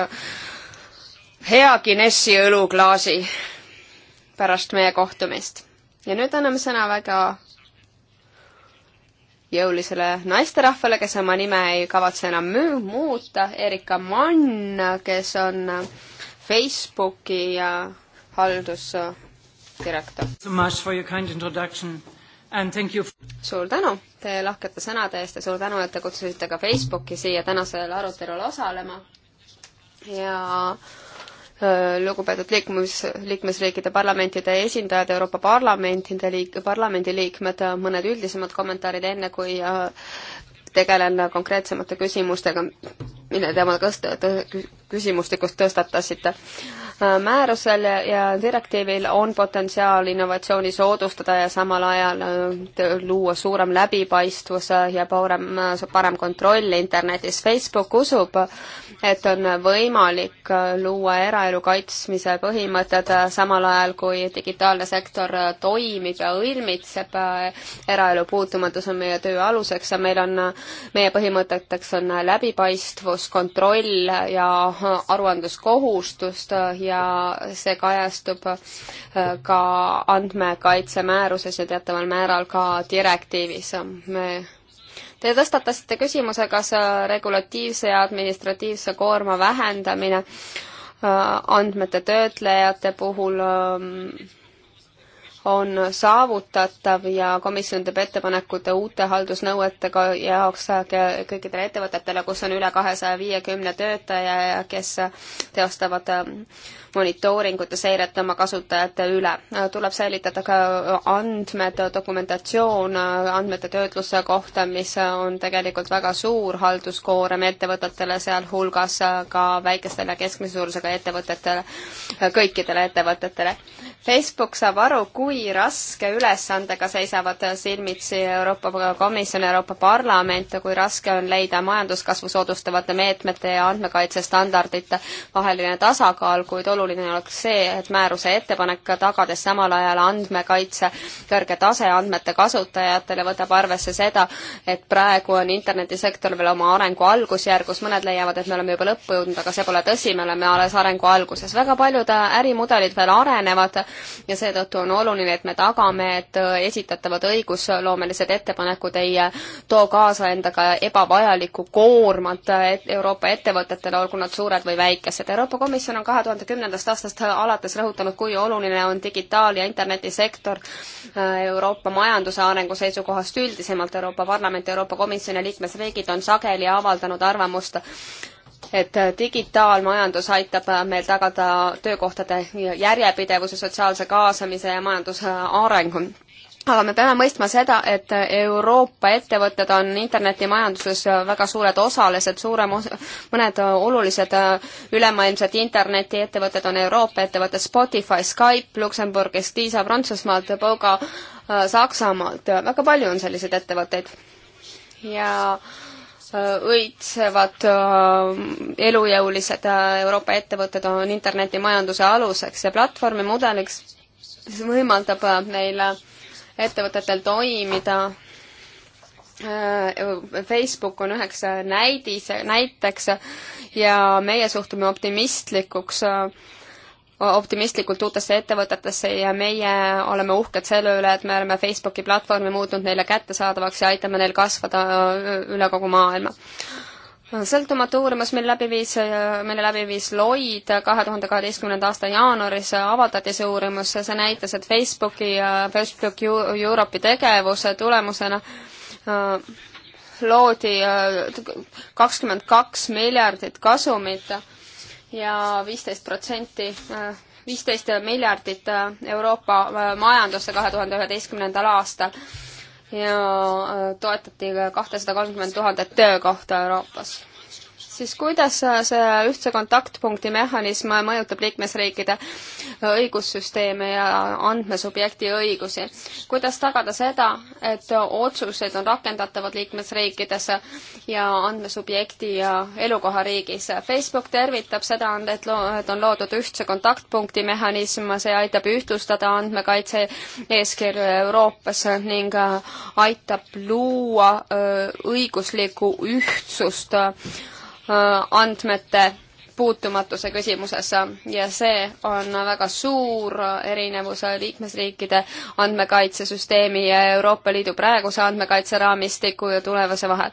hea Guinessi õluklaasi pärast meie kohtumist. ja nüüd anname sõna väga jõulisele naisterahvale, kes oma nime ei kavatse enam müü-, muuta, Erika Mann, kes on Facebooki haldusdirektor. suur tänu teie lahkete sõnade eest ja suur tänu, et te kutsusite ka Facebooki siia tänasel arutelul osalema ja äh, Äh, lugupeetud liikmes, liikmesriikide parlamentide esindajad, Euroopa Parlamentide liik-, parlamendi liikmed, mõned üldisemad kommentaarid enne, kui äh, tegelen konkreetsemate küsimustega, mille teema tõst-, küsimustikust tõstatasite määrusel ja direktiivil on potentsiaal innovatsiooni soodustada ja samal ajal äh, luua suurem läbipaistvus ja parem, äh, parem kontroll internetis. Facebook usub, et on võimalik äh, luua eraelu kaitsmise põhimõtted samal ajal, kui digitaalne sektor toimib ja õilmitseb. eraelu puutumatus on meie töö aluseks ja meil on, meie põhimõteteks on läbipaistvus, kontroll ja aruandluskohustust ja ja see kajastub äh, ka andmekaitse määruses ja teataval määral ka direktiivis. me Te tõstatasite küsimuse, kas äh, regulatiivse ja administratiivse koorma vähendamine äh, andmete töötlejate puhul ähm, on saavutatav ja komisjon teeb ettepanekute uute haldusnõuetega jaoks kõikidele ettevõtetele, kus on üle kahesaja viiekümne töötaja ja kes teostavad monitooringut ja seiret oma kasutajate üle. tuleb säilitada ka andmed, dokumentatsioon andmete töötluse kohta, mis on tegelikult väga suur halduskoorem ettevõtetele, sealhulgas ka väikestele ja keskmise suurusega ettevõtetele, kõikidele ettevõtetele. Facebook saab aru, kui raske ülesandega seisavad silmitsi Euroopa Komisjon ja Euroopa Parlament, kui raske on leida majanduskasvu soodustavate meetmete ja andmekaitsestandardite vaheline tasakaal, kuid olu-, oluline oleks see, et määruse ettepanek, tagades samal ajal andmekaitse kõrge tase andmete kasutajatele, võtab arvesse seda, et praegu on internetisektor veel oma arengu algusjärgus, mõned leiavad, et me oleme juba lõppu jõudnud, aga see pole tõsi, me oleme alles arengu alguses. väga paljud ärimudelid veel arenevad ja seetõttu on oluline, et me tagame, et esitatavad õigusloomelised ettepanekud ei too kaasa endaga ebavajalikku koormat Euroopa ettevõtetele, olgu nad suured või väikesed. Euroopa Komisjon on kahe tuhande kümnendal neljandast aastast alates rõhutanud, kui oluline on digitaal- ja internetisektor äh, Euroopa majanduse arengu seisukohast üldisemalt. Euroopa Parlament, Euroopa Komisjon ja liikmesriigid on sageli avaldanud arvamust et äh, digitaalmajandus aitab äh, meil tagada töökohtade järjepidevuse, sotsiaalse kaasamise ja majanduse arengu aga me peame mõistma seda, et Euroopa ettevõtted on internetimajanduses väga suured osalised, suurem osa, mõned olulised äh, ülemaailmsed internetiettevõtted on Euroopa ettevõtted Spotify, Skype Luksemburgist, Liisa Prantsusmaalt, Boga äh, Saksamaalt, väga palju on selliseid ettevõtteid. ja äh, õitsevad elujõulised Euroopa ettevõtted on internetimajanduse aluseks ja platvormi mudeliks, mis võimaldab neile ettevõtetel toimida. Äh, Facebook on üheks näidise, näiteks ja meie suhtume optimistlikuks äh, optimistlikult uutesse ettevõtetesse ja meie oleme uhked selle üle, et me oleme Facebooki platvormi muutnud neile kättesaadavaks ja aitame neil kasvada äh, üle kogu maailma sõltumatu uurimus, mille läbi viis, mille läbi viis Lloyd kahe tuhande kaheteistkümnenda aasta jaanuaris, avaldati see uurimus, see näitas, et Facebooki ja Facebook Europe'i tegevuse tulemusena äh, loodi äh, kakskümmend kaks miljardit kasumit ja viisteist protsenti, äh, viisteist miljardit Euroopa majandusse kahe tuhande üheteistkümnendal aastal ja äh, toetati kahtekümmend tuhandet töökohta Euroopas siis kuidas see ühtse kontaktpunkti mehhanism mõjutab liikmesriikide õigussüsteeme ja andmesubjekti õigusi? kuidas tagada seda, et otsused on rakendatavad liikmesriikides ja andmesubjekti ja elukohariigis? Facebook tervitab seda, et on loodud ühtse kontaktpunkti mehhanism, see aitab ühtlustada andmekaitse eeskirju Euroopas ning aitab luua õiguslikku ühtsust Äh, andmete puutumatuse küsimuses ja see on väga suur erinevus liikmesriikide andmekaitsesüsteemi ja Euroopa Liidu praeguse andmekaitseraamistiku ja tulevase vahel.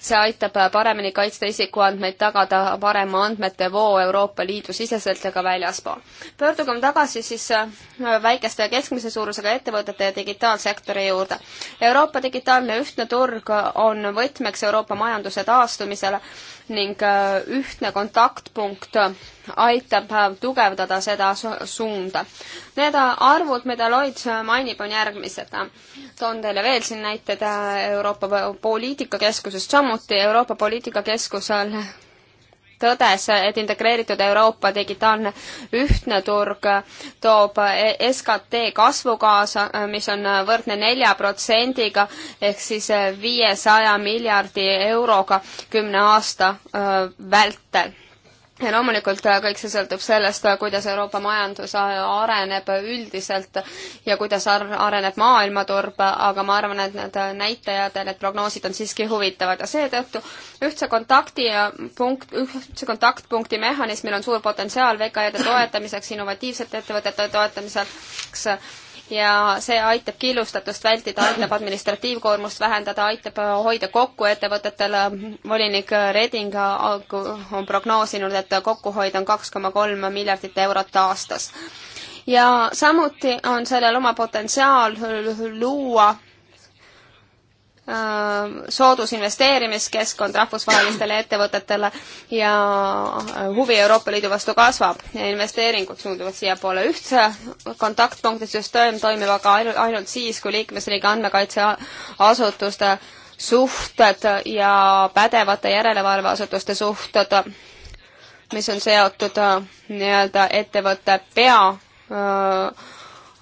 see aitab paremini kaitsta isikuandmeid, tagada parema andmete voo Euroopa Liidu siseselt ja ka väljaspool. pöördugem tagasi siis äh, väikeste ja keskmise suurusega ettevõtete ja digitaalsektori juurde. Euroopa digitaalne ühtne turg on võtmeks Euroopa majanduse taastumisele ning äh, ühtne kontaktpunkt aitab äh, tugevdada seda suunda. Need äh, arvud, mida Lloyd mainib, on järgmised. toon teile veel siin näited Euroopa Poliitikakeskusest, samuti Euroopa Poliitikakeskusel tõdes, et integreeritud Euroopa digitaalne ühtne turg toob e-, SKT kasvu kaasa, mis on võrdne nelja protsendiga ehk siis viiesaja miljardi euroga kümne aasta äh, vältel ja loomulikult äh, kõik see sõltub sellest, äh, kuidas Euroopa majandus äh, areneb üldiselt ja kuidas areneb maailmaturg, aga ma arvan, et need näitajad ja need prognoosid on siiski huvitavad ja seetõttu ühtse kontakti ja punkt, ühtse kontaktpunkti mehhanismil on suur potentsiaal VKE-de toetamiseks, innovatiivsete ettevõtete toetamiseks ja see aitab killustatust vältida, aitab administratiivkoormust vähendada, aitab hoida kokku ettevõtetel. volinik Reding on prognoosinud, et kokkuhoid on kaks koma kolm miljardit eurot aastas. ja samuti on sellel oma potentsiaal luua Äh, soodusinvesteerimiskeskkond rahvusvahelistele ettevõtetele ja äh, huvi Euroopa Liidu vastu kasvab ja investeeringuks muutuvad siiapoole. ühtse kontaktpunkti süsteem toimib aga ainult siis, kui liikmesriigi andmekaitseasutuste suhted ja pädevate järelevalveasutuste suhted, mis on seotud äh, nii-öelda ettevõtte pea öö,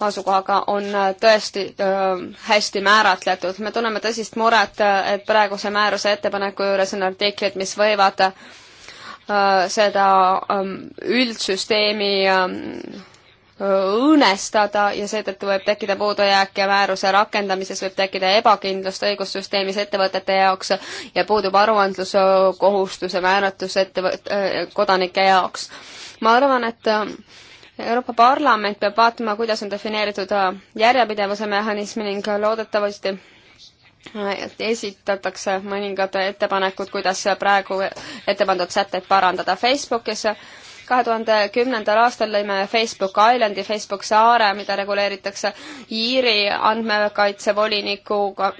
asukohaga on äh, tõesti äh, hästi määratletud. me tunneme tõsist muret, äh, et praeguse määruse ettepaneku juures on artiklid, mis võivad seda ähm, üldsüsteemi ähm, õõnestada ja seetõttu võib tekkida puudujääk ja määruse rakendamises võib tekkida ebakindlust õigussüsteemis ettevõtete jaoks ja puudub aruandluskohustuse määratus ettevõt-, kodanike jaoks. ma arvan, et ähm, Euroopa Parlament peab vaatama, kuidas on defineeritud äh, järjepidevuse mehhanismi ning äh, loodetavasti äh, esitatakse mõningad ettepanekud, kuidas praegu ette pandud sätteid parandada Facebookis. kahe tuhande kümnendal aastal lõime Facebook Islandi, Facebook saare, mida reguleeritakse Iiri andmekaitsevolinikuga.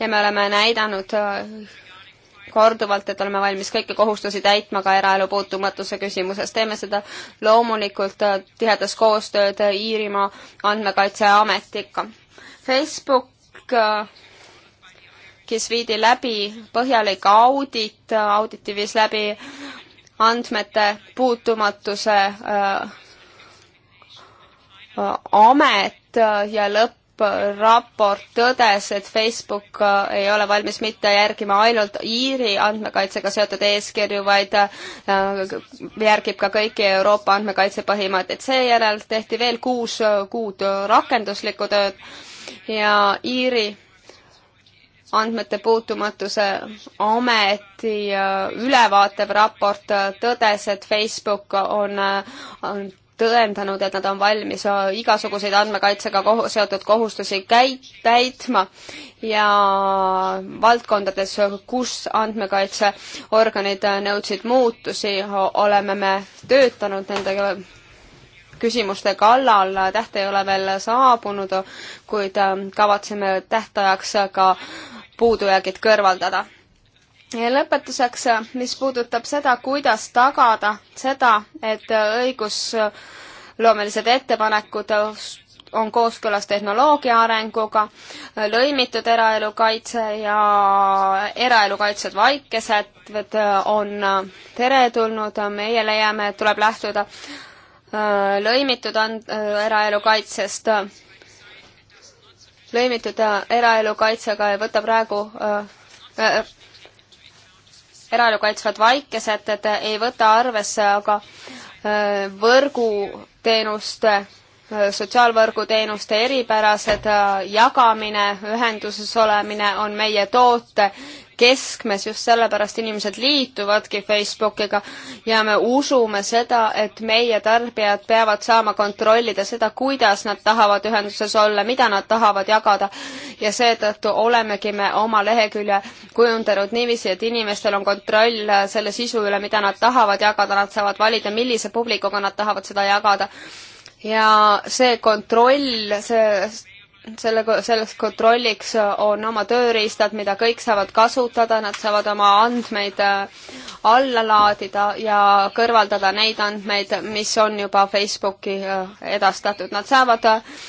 ja me oleme näidanud korduvalt, et oleme valmis kõiki kohustusi täitma ka eraelu puutumatuse küsimuses. teeme seda loomulikult äh, tihedas koostööd Iirimaa andmekaitseametiga. Facebook, äh, kes viidi läbi põhjalik audit, auditi viis läbi andmete puutumatuse äh, amet äh, ja lõpp raport tõdes, et Facebook äh, ei ole valmis mitte järgima ainult Iiri andmekaitsega seotud eeskirju, vaid äh, järgib ka kõiki Euroopa andmekaitse põhimõtteid. seejärel tehti veel kuus äh, kuud rakenduslikku tööd ja Iiri andmete puutumatuse ameti ülevaatev raport tõdes, et Facebook on, on tõendanud, et nad on valmis äh, igasuguseid andmekaitsega kohu, seotud kohustusi käi-, täitma ja valdkondades, kus andmekaitseorganid nõudsid muutusi, oleme me töötanud nende küsimuste kallal, täht ei ole veel saabunud, kuid äh, kavatseme tähtajaks ka puudujäägid kõrvaldada ja lõpetuseks, äh, mis puudutab seda, kuidas tagada seda, et äh, õigusloomelised ettepanekud äh, on kooskõlas tehnoloogia arenguga, lõimitud eraelu kaitse ja eraelu kaitsjad vaikesed on teretulnud, meie leiame, et tuleb lähtuda lõimitud and-, eraelu kaitsest. lõimitud eraelu kaitsega ei võta praegu äh, äh, eraelu kaitsvad väikesätted ei võta arvesse aga äh, võrguteenuste, äh, sotsiaalvõrguteenuste eripärased, äh, jagamine, ühenduses olemine on meie toote keskmes, just sellepärast inimesed liituvadki Facebookiga ja me usume seda, et meie tarbijad peavad saama kontrollida seda, kuidas nad tahavad ühenduses olla, mida nad tahavad jagada ja seetõttu olemegi me oma lehekülje kujundanud niiviisi, et inimestel on kontroll selle sisu üle, mida nad tahavad jagada, nad saavad valida, millise publikuga nad tahavad seda jagada ja see kontroll, see sellega, selleks kontrolliks on oma tööriistad, mida kõik saavad kasutada, nad saavad oma andmeid äh, alla laadida ja kõrvaldada neid andmeid, mis on juba Facebooki äh, edastatud. Nad saavad äh,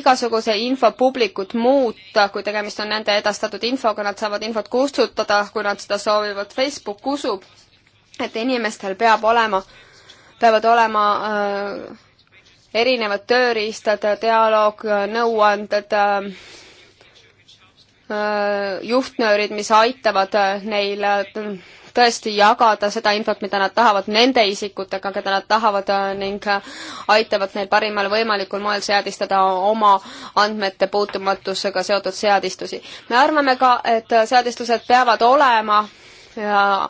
igasuguse info publikut muuta, kui tegemist on nende edastatud infoga, nad saavad infot kustutada, kui nad seda soovivad. Facebook usub, et inimestel peab olema, peavad olema öö, erinevad tööriistad, dialoog, nõuanded, äh, juhtnöörid, mis aitavad äh, neil äh, tõesti jagada seda infot, mida nad tahavad nende isikutega, keda nad tahavad ning aitavad neil parimal võimalikul moel seadistada oma andmete puutumatusega seotud seadistusi. me arvame ka, et seadistused peavad olema ja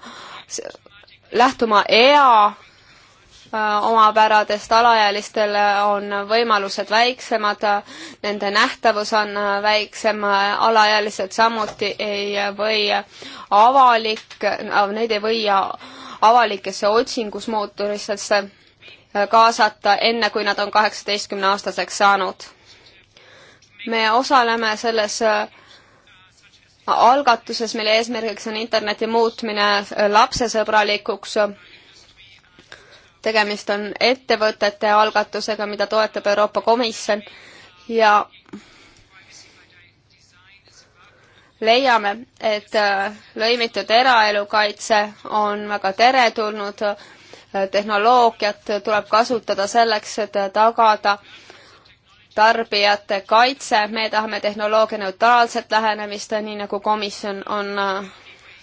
lähtuma ea Äh, omapäradest, alaealistel on võimalused väiksemad, nende nähtavus on äh, väiksem, alaealised samuti ei või avalik, äh, neid ei või avalikesse otsingusmootoritesse kaasata, enne kui nad on kaheksateistkümneaastaseks saanud. me osaleme selles algatuses, mille eesmärgiks on interneti muutmine lapsesõbralikuks tegemist on ettevõtete algatusega, mida toetab Euroopa Komisjon ja leiame, et äh, lõimitud eraelu kaitse on väga teretulnud, äh, tehnoloogiat tuleb kasutada selleks, et tagada tarbijate kaitse, me tahame tehnoloogia neutraalset lähenemist, nii nagu komisjon on äh,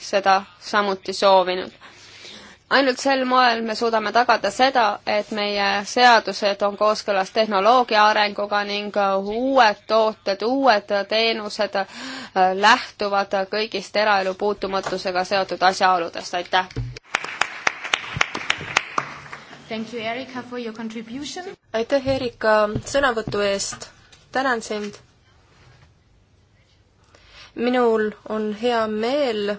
seda samuti soovinud ainult sel moel me suudame tagada seda, et meie seadused on kooskõlas tehnoloogia arenguga ning uh, uued tooted, uued teenused uh, lähtuvad kõigist eraelu puutumatusega seotud asjaoludest, aitäh! Thank you, Erika, for your contribution! aitäh, Erika, sõnavõtu eest! tänan sind! minul on hea meel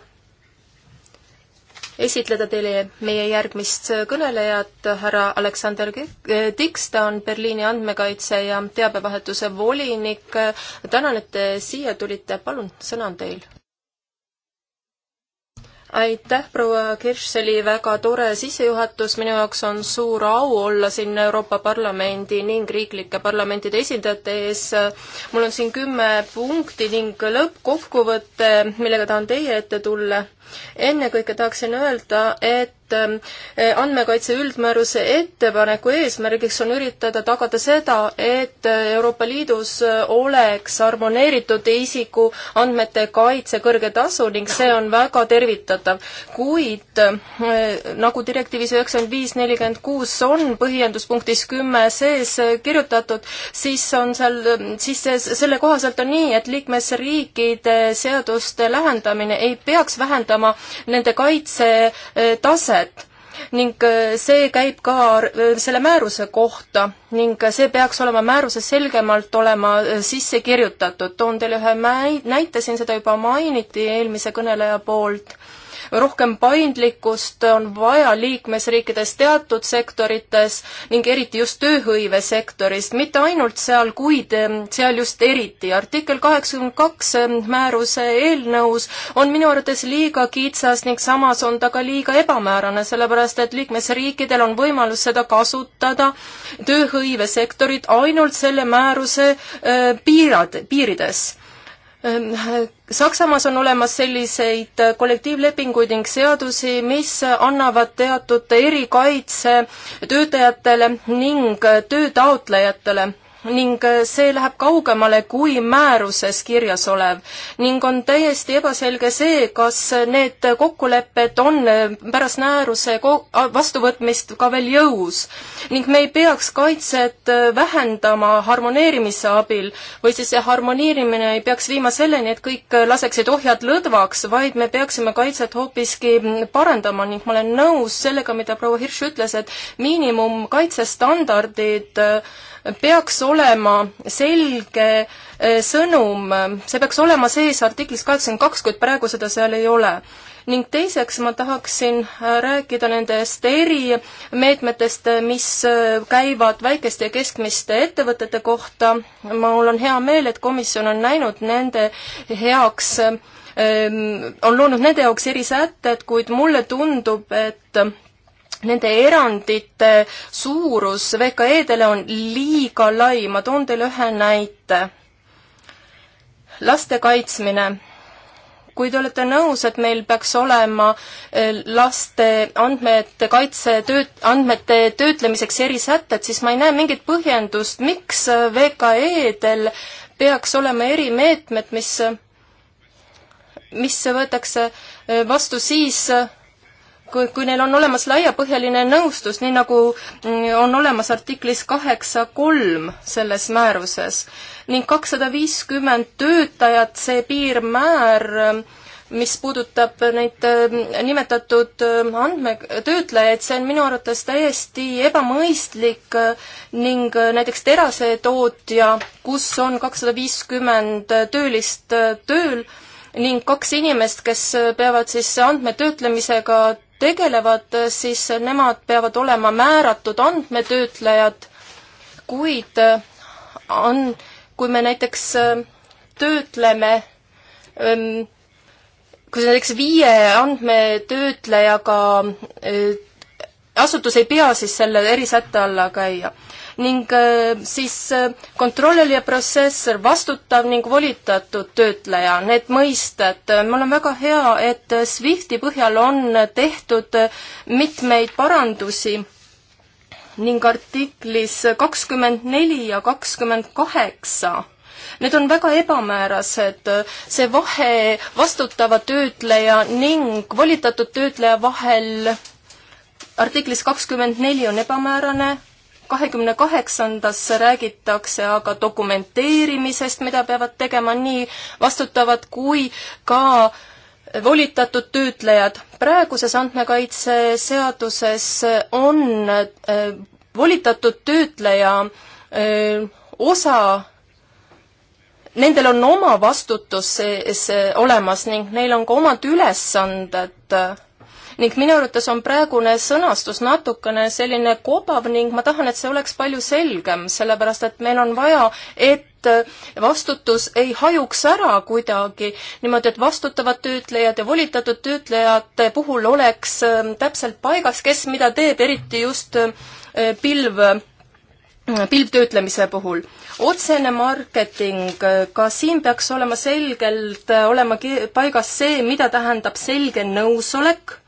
esitleda teile meie järgmist kõnelejat, härra Aleksander Tiks, eh, ta on Berliini andmekaitse ja teabevahetuse volinik. tänan, et te siia tulite, palun, sõna on teil. aitäh, proua Kirš, see oli väga tore sissejuhatus, minu jaoks on suur au olla siin Euroopa Parlamendi ning riiklike parlamentide esindajate ees. mul on siin kümme punkti ning lõppkokkuvõte, millega tahan teie ette tulla ennekõike tahaksin öelda, et ähm, andmekaitse üldmääruse ettepaneku eesmärgiks on üritada tagada seda, et Euroopa Liidus oleks harmoneeritud isiku andmete kaitse kõrge tasu ning see on väga tervitatav. kuid äh, nagu direktiivis üheksakümmend viis nelikümmend kuus on põhjenduspunktis kümme sees kirjutatud, siis on seal, siis see, selle kohaselt on nii, et liikmesriikide seaduste lähendamine ei peaks vähendama parandama nende kaitsetaset ning äh, see käib ka äh, selle määruse kohta ning äh, see peaks olema määruses selgemalt olema sisse kirjutatud. toon teile ühe näite, siin seda juba mainiti eelmise kõneleja poolt rohkem paindlikkust on vaja liikmesriikides teatud sektorites ning eriti just tööhõivesektorist, mitte ainult seal, kuid ehm, seal just eriti. artikkel kaheksakümmend kaks ehm, määruse eelnõus on minu arvates liiga kitsas ning samas on ta ka liiga ebamäärane, sellepärast et liikmesriikidel on võimalus seda kasutada tööhõivesektorit ainult selle määruse ehm, piirad, piirides Ehm, Saksamaas on olemas selliseid äh, kollektiivlepinguid ning seadusi, mis annavad teatud erikaitse töötajatele ning äh, töötaotlejatele ning äh, see läheb kaugemale kui määruses kirjas olev ning on täiesti ebaselge see, kas need kokkulepped on äh, pärast määruse vastuvõtmist ka veel jõus. ning me ei peaks kaitset äh, vähendama harmoneerimise abil või siis see harmoneerimine ei peaks viima selleni, et kõik laseksid ohjad lõdvaks, vaid me peaksime kaitset hoopiski mm, parandama ning ma olen nõus sellega, mida proua Hirš ütles, et miinimumkaitsestandardid äh, peaks olema selge eh, sõnum, see peaks olema sees artiklis kaheksakümmend kaks, kuid praegu seda seal ei ole. ning teiseks ma tahaksin eh, rääkida nendest erimeetmetest, eh, mis käivad väikeste ja keskmiste ettevõtete kohta. mul on hea meel, et komisjon on näinud nende heaks on loonud nende jaoks erisätted, kuid mulle tundub, et nende erandite suurus VKE-dele on liiga lai, ma toon teile ühe näite. laste kaitsmine. kui te olete nõus, et meil peaks olema eh, laste andmete kaitse tööt-, andmete töötlemiseks erisätted, siis ma ei näe mingit põhjendust, miks eh, VKE-del peaks olema erimeetmed, mis eh, mis võetakse vastu siis, kui, kui neil on olemas laiapõhjaline nõustus, nii nagu mm, on olemas artiklis kaheksa kolm selles määruses ning kakssada viiskümmend töötajat, see piirmäär, mis puudutab neid mm, nimetatud mm, andmetöötlejaid, see on minu arvates täiesti ebamõistlik ning näiteks terasetootja, kus on kakssada viiskümmend töölist tööl, ning kaks inimest, kes peavad siis andmetöötlemisega tegelevad, siis nemad peavad olema määratud andmetöötlejad, kuid on, kui me näiteks töötleme, ehm, kui näiteks viie andmetöötlejaga eh, asutus ei pea siis selle erisätte alla käia ning äh, siis äh, kontrollija, protsessor, vastutav ning volitatud töötleja, need mõisted. mul on väga hea, et SWIFTi põhjal on tehtud mitmeid parandusi ning artiklis kakskümmend neli ja kakskümmend kaheksa Need on väga ebamäärased, see vahe vastutava töötleja ning volitatud töötleja vahel artiklis kakskümmend neli on ebamäärane kahekümne kaheksandas räägitakse aga dokumenteerimisest, mida peavad tegema nii vastutavad kui ka volitatud töötlejad. praeguses andmekaitseseaduses on äh, volitatud töötleja äh, osa nendel on oma vastutus äh, olemas ning neil on ka omad ülesanded ning minu arvates on praegune sõnastus natukene selline kobav ning ma tahan, et see oleks palju selgem, sellepärast et meil on vaja, et vastutus ei hajuks ära kuidagi, niimoodi, et vastutavad töötlejad ja volitatud töötlejate puhul oleks ähm, täpselt paigas, kes mida teeb, eriti just äh, pilv äh, pilvtöötlemise puhul. otsene marketing, ka siin peaks olema selgelt äh, olema paigas see, mida tähendab selge nõusolek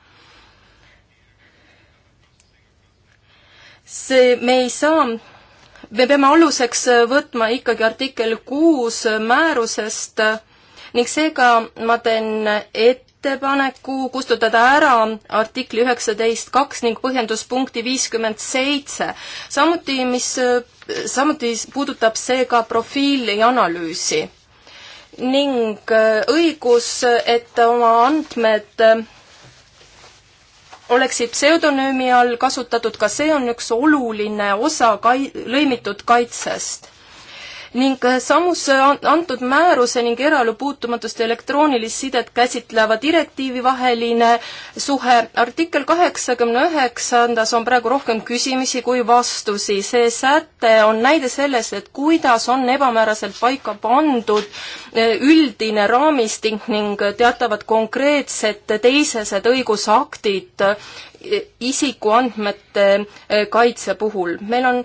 see, me ei saa, me peame aluseks võtma ikkagi artikkel kuus määrusest ning seega ma teen ettepaneku kustutada ära artikli üheksateist kaks ning põhjenduspunkti viiskümmend seitse. samuti, mis, samuti puudutab see ka profiili analüüsi ning õigus, et oma andmed oleksid pseudonüümi all kasutatud, ka see on üks oluline osa kai-, lõimitud kaitsest ning äh, samus äh, antud määruse ning eraelu puutumatust ja elektroonilist sidet käsitleva direktiivi vaheline suhe. artikkel kaheksakümne üheksandas on praegu rohkem küsimisi kui vastusi. see säte on näide sellest, et kuidas on ebamääraselt paika pandud äh, üldine raamistik ning teatavad konkreetsed teisesed õigusaktid isikuandmete kaitse puhul. meil on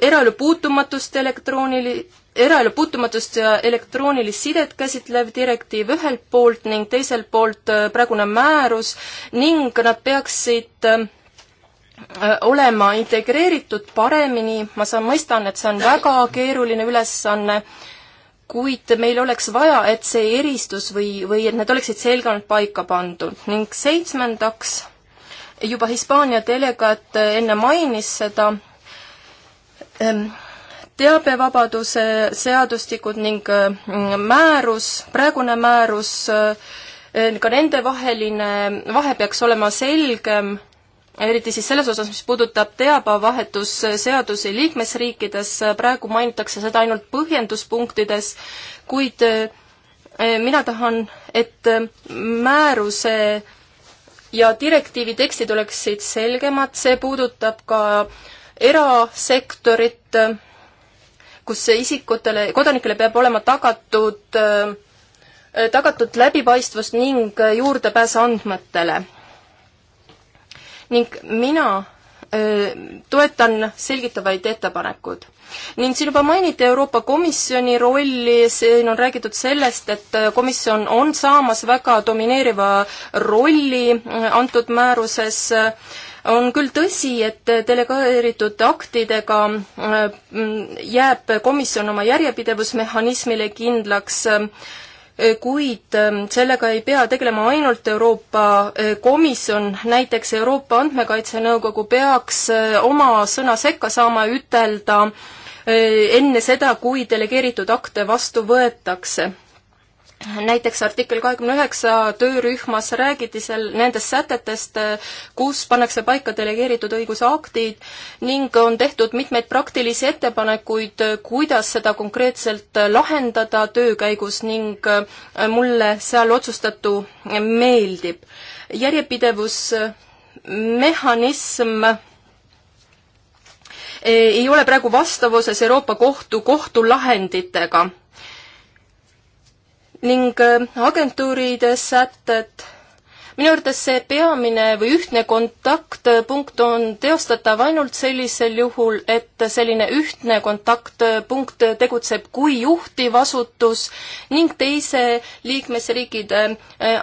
eraelu puutumatust elektroonili-, eraelu puutumatust ja elektroonilist sidet käsitlev direktiiv ühelt poolt ning teiselt poolt praegune määrus ning nad peaksid olema integreeritud paremini, ma saan, mõistan, et see on väga keeruline ülesanne, kuid meil oleks vaja, et see eristus või, või et need oleksid selgemalt paika pandud ning seitsmendaks, juba Hispaania delegaat enne mainis seda, teabevabaduse seadustikud ning äh, määrus, praegune määrus, äh, eh, ka nende vaheline vahe peaks olema selgem, eriti siis selles osas, mis puudutab teabevahetusseadusi liikmesriikides, praegu mainitakse seda ainult põhjenduspunktides, kuid eh, eh, mina tahan, et määruse ja direktiivi tekstid oleksid selgemad, see puudutab ka äh, erasektorit, kus isikutele, kodanikele peab olema tagatud, äh, tagatud läbipaistvus ning juurdepääs andmetele. ning mina äh, toetan selgitavaid ettepanekud. ning siin juba mainiti Euroopa Komisjoni rolli, siin on räägitud sellest, et komisjon on saamas väga domineeriva rolli äh, antud määruses on küll tõsi, et delegeeritud aktidega äh, jääb komisjon oma järjepidevusmehhanismile kindlaks, äh, kuid äh, sellega ei pea tegelema ainult Euroopa Komisjon, näiteks Euroopa Andmekaitse Nõukogu peaks oma sõna sekka saama ütelda enne seda, kui delegeeritud akte vastu võetakse näiteks artikkel kahekümne üheksa töörühmas räägiti seal nendest sätetest, kus pannakse paika delegeeritud õigusaktid ning on tehtud mitmeid praktilisi ettepanekuid, kuidas seda konkreetselt lahendada töö käigus ning äh, mulle seal otsustatu meeldib. järjepidevusmehhanism äh, ei ole praegu vastavuses Euroopa Kohtu kohtulahenditega ning äh, agentuuride sätted minu arvates see peamine või ühtne kontaktpunkt on teostatav ainult sellisel juhul, et selline ühtne kontaktpunkt tegutseb kui juhtiv asutus ning teise liikmesriigid, äh,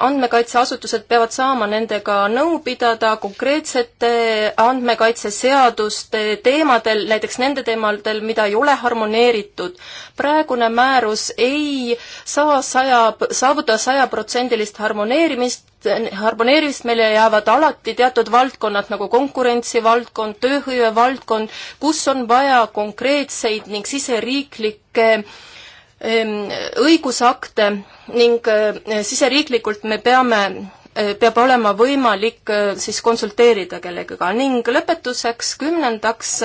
andmekaitseasutused peavad saama nendega nõu pidada konkreetsete andmekaitseseaduste teemadel, näiteks nende teemadel, mida ei ole harmoneeritud. praegune määrus ei saa saja, saavutada sajaprotsendilist harmoneerimist, harmoneerimist, meile jäävad alati teatud valdkonnad nagu konkurentsivaldkond, tööhõivevaldkond, kus on vaja konkreetseid ning siseriiklikke ehm, õigusakte ning ehm, siseriiklikult me peame, eh, peab olema võimalik eh, siis konsulteerida kellegagi ning lõpetuseks kümnendaks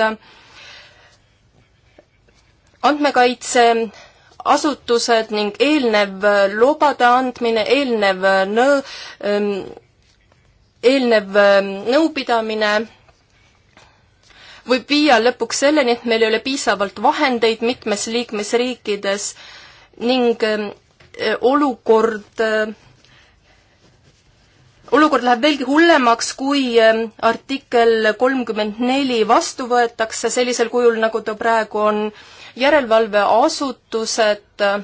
andmekaitse asutused ning eelnev lubade andmine, eelnev nõu, ähm, eelnev ähm, nõupidamine võib viia lõpuks selleni, et meil ei ole piisavalt vahendeid mitmes liikmesriikides ning ähm, olukord, äh, olukord läheb veelgi hullemaks, kui artikkel kolmkümmend neli vastu võetakse sellisel kujul, nagu ta praegu on järelevalveasutused äh,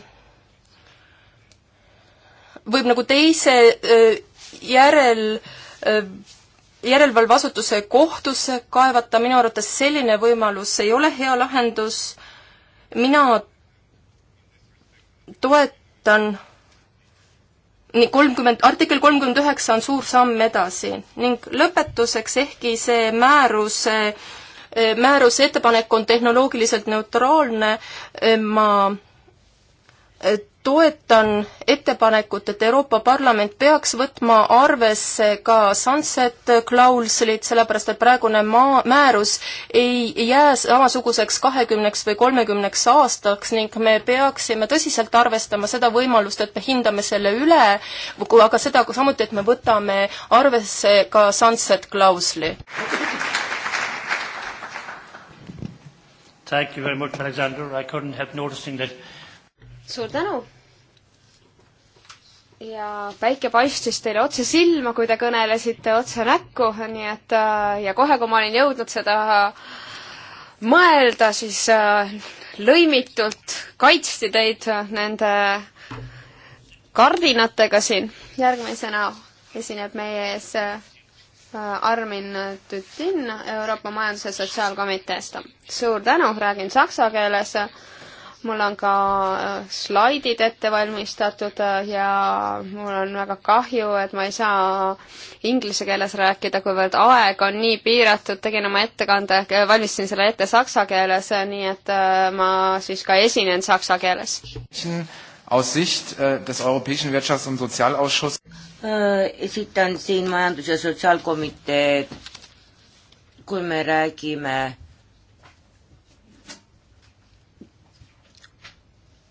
võib nagu teise äh, järel, äh, järelevalveasutuse kohtusse kaevata, minu arvates selline võimalus ei ole hea lahendus, mina toetan nii kolmkümmend, artikkel kolmkümmend üheksa on suur samm edasi ning lõpetuseks, ehkki see määruse äh, Äh, määruse ettepanek on tehnoloogiliselt neutraalne, äh, ma äh, toetan ettepanekut, et Euroopa Parlament peaks võtma arvesse ka sunset klauslit, sellepärast et praegune maa, määrus ei jää samasuguseks kahekümneks või kolmekümneks aastaks ning me peaksime tõsiselt arvestama seda võimalust, et me hindame selle üle, aga seda samuti, et me võtame arvesse ka sunset klausli. Thank you very much, Alexander. I couldn't help noticing that. suur tänu! ja päike paistis teile otse silma, kui te kõnelesite otse näkku, nii et äh, ja kohe, kui ma olin jõudnud seda äh, mõelda, siis äh, lõimitult kaitsti teid nende kardinatega siin. järgmisena esineb meie ees Äh, Armin Tütin Euroopa Majandus- ja Sotsiaalkomiteest. suur tänu, räägin saksa keeles. mul on ka äh, slaidid ette valmistatud äh, ja mul on väga kahju, et ma ei saa inglise keeles rääkida, kuivõrd aeg on nii piiratud, tegin oma ettekande, valmistasin selle ette saksa keeles, nii et ma siis ka esinen saksa keeles. Aus Sicht des Europäischen Wirtschafts- und Sozialausschusses Äh, esitan siin Majandus- ja Sotsiaalkomitee, kui me räägime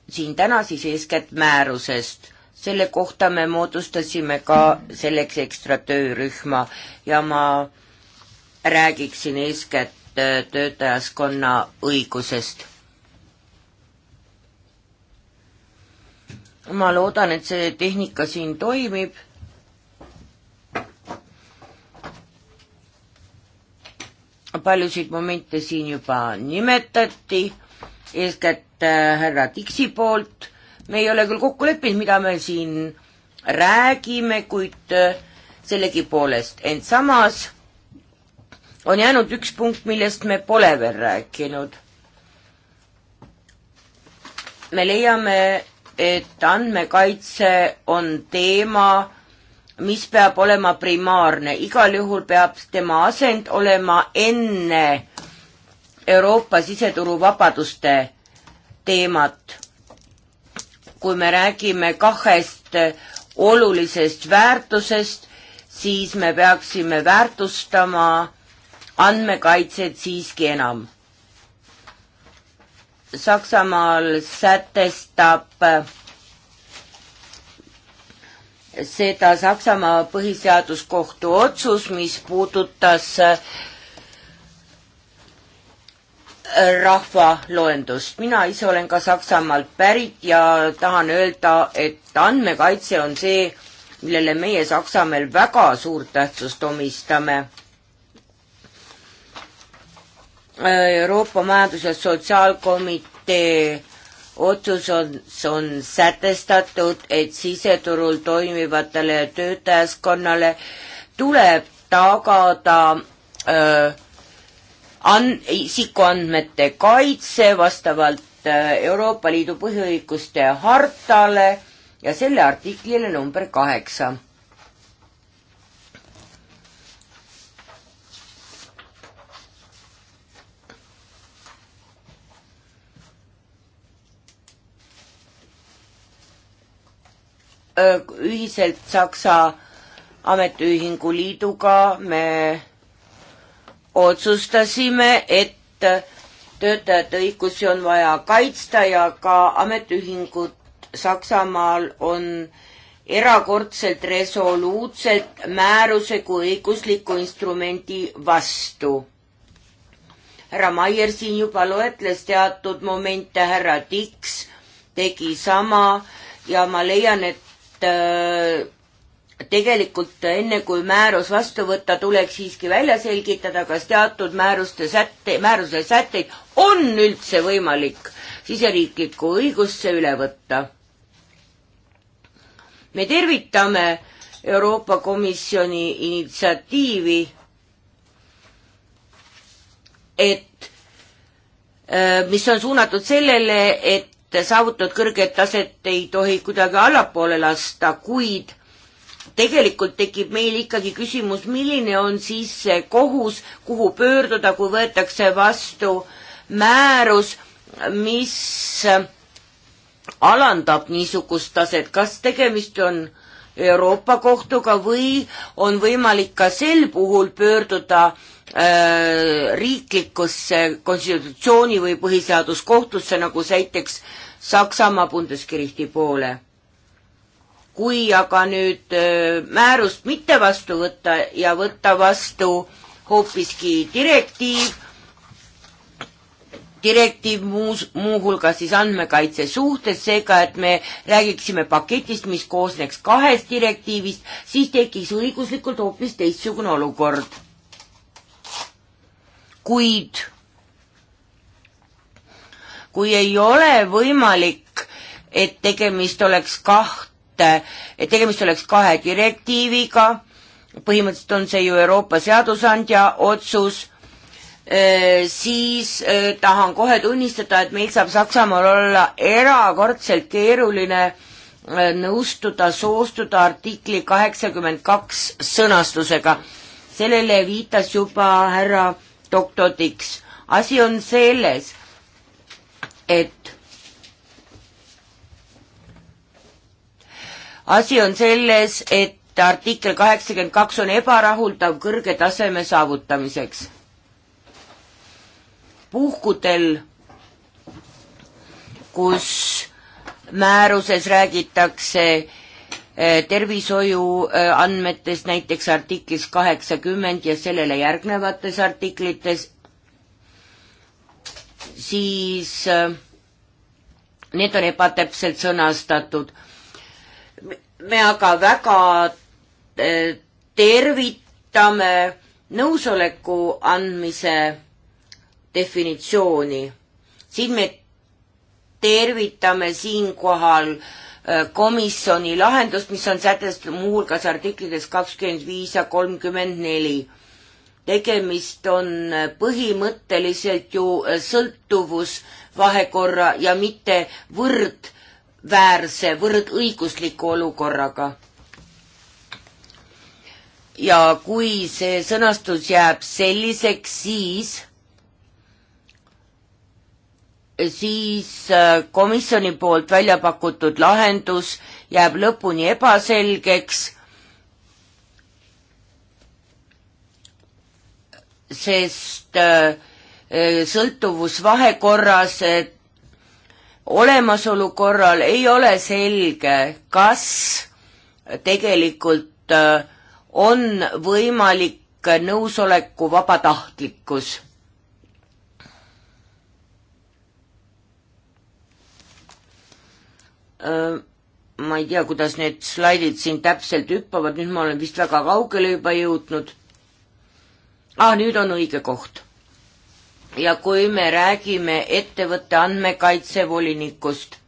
siin täna siis eeskätt määrusest. selle kohta me moodustasime ka selleks ekstra töörühma ja ma räägiksin eeskätt äh, töötajaskonna õigusest. ma loodan, et see tehnika siin toimib paljusid momente siin juba nimetati, eeskätt äh, härra Tiksi poolt, me ei ole küll kokku leppinud, mida me siin räägime, kuid äh, sellegipoolest, ent samas on jäänud üks punkt, millest me pole veel rääkinud. me leiame, et andmekaitse on teema, mis peab olema primaarne, igal juhul peab tema asend olema enne Euroopa siseturu vabaduste teemat. kui me räägime kahest olulisest väärtusest, siis me peaksime väärtustama andmekaitset siiski enam. Saksamaal sätestab äh, seda Saksamaa põhiseaduskohtu otsus, mis puudutas äh, rahvaloendust. mina ise olen ka Saksamaalt pärit ja tahan öelda, et andmekaitse on see, millele meie Saksamaal väga suurt tähtsust omistame. Äh, Euroopa Majandus- ja Sotsiaalkomitee otsus on, on sätestatud, et siseturul toimivatele töötajaskonnale tuleb tagada öö, an-, isikuandmete kaitse vastavalt Euroopa Liidu põhiõiguste hartale ja selle artiklile number kaheksa. ühiselt Saksa ametiühingu liiduga me otsustasime, et töötajate õigusi on vaja kaitsta ja ka ametiühingud Saksamaal on erakordselt resoluutselt määruse kui õigusliku instrumendi vastu härra Maier siin juba loetles teatud momente, härra Tiks tegi sama ja ma leian, et Äh, tegelikult enne, kui määrus vastu võtta, tuleks siiski välja selgitada, kas teatud määruste sätte, määruse sätteid on üldse võimalik siseriiklikku õigusse üle võtta. me tervitame Euroopa Komisjoni initsiatiivi, et äh, mis on suunatud sellele, et saavutatud kõrget taset ei tohi kuidagi allapoole lasta, kuid tegelikult tekib meil ikkagi küsimus, milline on siis see kohus, kuhu pöörduda, kui võetakse vastu määrus, mis alandab niisugust taset, kas tegemist on Euroopa kohtuga või on võimalik ka sel puhul pöörduda äh, Äh, riiklikusse konstitutsiooni või põhiseaduskohtusse, nagu näiteks Saksamaa Bundesgerichti poole. kui aga nüüd äh, määrust mitte vastu võtta ja võtta vastu hoopiski direktiiv, direktiiv muus, muuhulgas siis andmekaitse suhtes, seega et me räägiksime paketist, mis koosneks kahest direktiivist, siis tekiks õiguslikult hoopis teistsugune olukord kuid kui ei ole võimalik, et tegemist oleks kahte, et tegemist oleks kahe direktiiviga, põhimõtteliselt on see ju Euroopa seadusandja otsus, äh, siis äh, tahan kohe tunnistada, et meil saab Saksamaal olla erakordselt keeruline äh, nõustuda, soostuda artikli kaheksakümmend kaks sõnastusega. sellele viitas juba härra doktoriks. asi on selles, et asi on selles, et artikkel kaheksakümmend kaks on ebarahuldav kõrge taseme saavutamiseks. puhkudel, kus määruses räägitakse Eh, tervishoiu andmetes, eh, näiteks artiklis kaheksakümmend ja sellele järgnevates artiklites, siis eh, need on ebatäpselt sõnastatud. me aga väga tervitame nõusoleku andmise definitsiooni. siin me tervitame siinkohal äh, Äh, komisjoni lahendust, mis on sätestatud muuhulgas artiklites kakskümmend viis ja kolmkümmend neli. tegemist on äh, põhimõtteliselt ju äh, sõltuvusvahekorra ja mitte võrdväärse, võrdõigusliku olukorraga. ja kui see sõnastus jääb selliseks, siis siis äh, komisjoni poolt välja pakutud lahendus jääb lõpuni ebaselgeks, sest äh, äh, sõltuvusvahekorras olemasolu korral ei ole selge, kas tegelikult on võimalik nõusoleku vabatahtlikkus Äh, ma ei tea, kuidas need slaidid siin täpselt hüppavad, nüüd ma olen vist väga kaugele juba jõudnud. ah, nüüd on õige koht. ja kui me räägime ettevõtte andmekaitsevolinikust,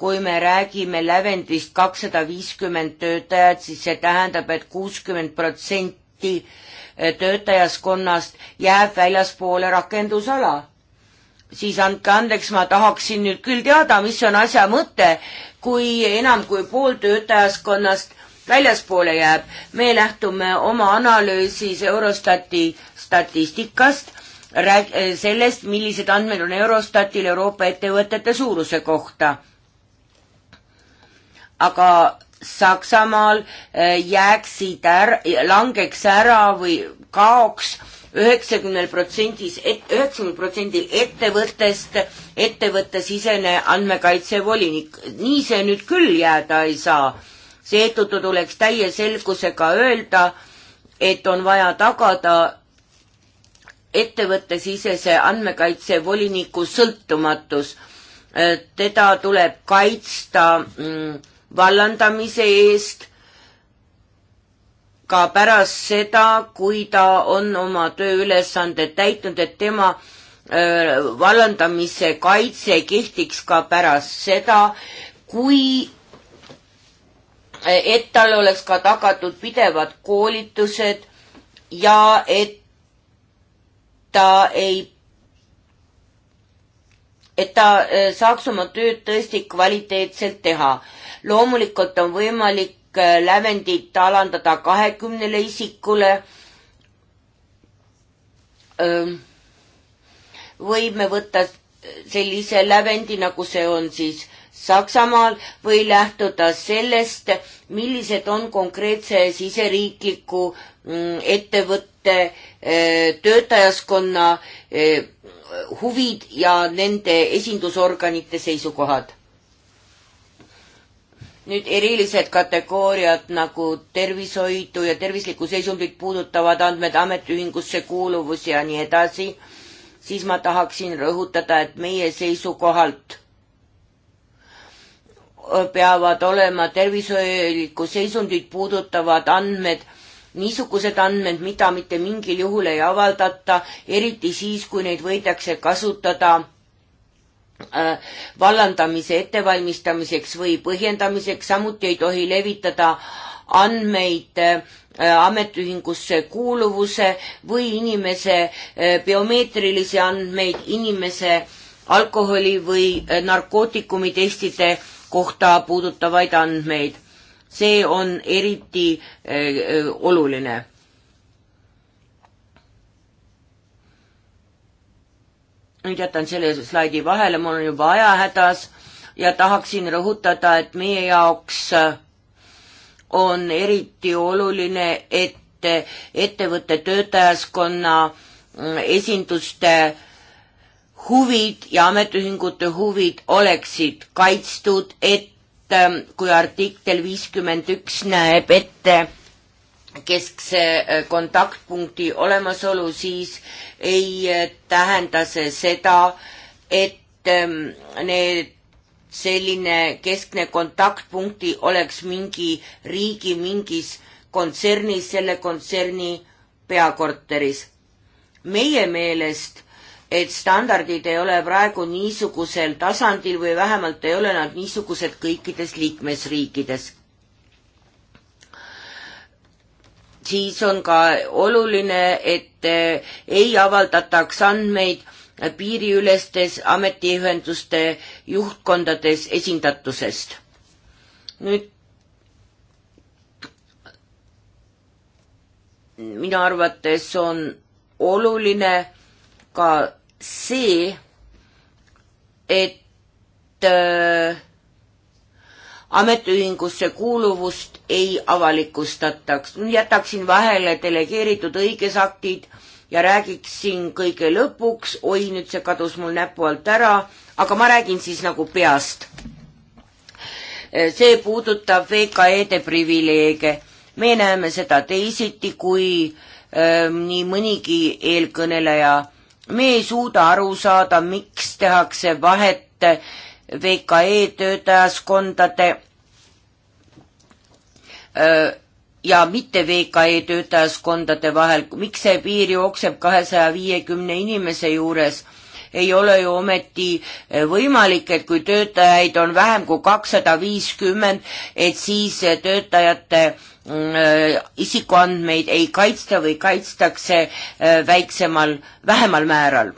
kui me räägime lävendist kakssada viiskümmend töötajat, siis see tähendab et, et kuuskümmend protsenti töötajaskonnast jääb väljaspoole rakendusala siis andke andeks, ma tahaksin nüüd küll teada, mis on asja mõte, kui enam kui pool töötajaskonnast väljaspoole jääb. me lähtume oma analüüsis Eurostati statistikast, eh, sellest, millised andmed on Eurostatil Euroopa ettevõtete suuruse kohta. aga Saksamaal eh, jääksid ära, langeks ära või kaoks üheksakümnel protsendis, e-, üheksakümnel protsendil ettevõttest ettevõttesisene andmekaitsevolinik. nii see nüüd küll jääda ei saa. seetõttu tuleks täie selgusega öelda, et on vaja tagada ettevõttesisese andmekaitsevoliniku sõltumatus. Äh, teda tuleb kaitsta mm, vallandamise eest ka pärast seda, kui ta on oma tööülesanded täitnud, et tema öö, vallandamise kaitse kehtiks ka pärast seda, kui et tal oleks ka tagatud pidevad koolitused ja et ta ei, et ta saaks oma tööd tõesti kvaliteetselt teha. loomulikult on võimalik Äh, lävendit alandada kahekümnele isikule. võime võtta sellise lävendi, nagu see on siis Saksamaal või lähtuda sellest, millised on konkreetse siseriikliku mm, ettevõtte töötajaskonna huvid ja nende esindusorganite seisukohad nüüd erilised kategooriad nagu tervishoidu ja tervislikku seisundit puudutavad andmed, ametiühingusse kuuluvus ja nii edasi, siis ma tahaksin rõhutada, et meie seisukohalt peavad olema tervishoiulikku seisundit puudutavad andmed niisugused andmed, mida mitte mingil juhul ei avaldata, eriti siis, kui neid võidakse kasutada Äh, vallandamise ettevalmistamiseks või põhjendamiseks, samuti ei tohi levitada andmeid äh, ametiühingusse kuuluvuse või inimese äh, biomeetrilisi andmeid, inimese alkoholi või narkootikumidestide kohta puudutavaid andmeid. see on eriti oluline nüüd jätan selle slaidi vahele, mul on juba ajahädas ja tahaksin rõhutada, et meie jaoks äh, on eriti oluline, et äh, ettevõtte töötajaskonna äh, esinduste huvid ja ametiühingute huvid oleksid kaitstud, et kui artikkel viiskümmend üks näeb ette keskse äh, kontaktpunkti olemasolu, siis ei äh, tähenda see seda, et ähm, need, selline keskne kontaktpunkti oleks mingi riigi mingis kontsernis, selle kontserni peakorteris. meie meelest, et standardid ei ole praegu niisugusel tasandil või vähemalt ei ole nad niisugused kõikides liikmesriikides siis on ka oluline, et eh, ei avaldataks andmeid piiriülestes ametiühenduste juhtkondades esindatusest. nüüd minu arvates on oluline ka see, et äh, ametiühingusse kuuluvust ei avalikustataks. jätaksin vahele delegeeritud õigesaktid ja räägiksin kõige lõpuks, oi nüüd see kadus mul näpu alt ära, aga ma räägin siis nagu peast. see puudutab VKE-de privileege. me näeme seda teisiti kui äh, nii mõnigi eelkõneleja. me ei suuda aru saada, miks tehakse vahet äh, VKE töötajaskondade ja mitte VKE töötajaskondade vahel, miks see piir jookseb kahesaja viiekümne inimese juures, ei ole ju ometi võimalik, et kui töötajaid on vähem kui kakssada viiskümmend, et siis töötajate isikuandmeid ei kaitsta või kaitstakse väiksemal, vähemal määral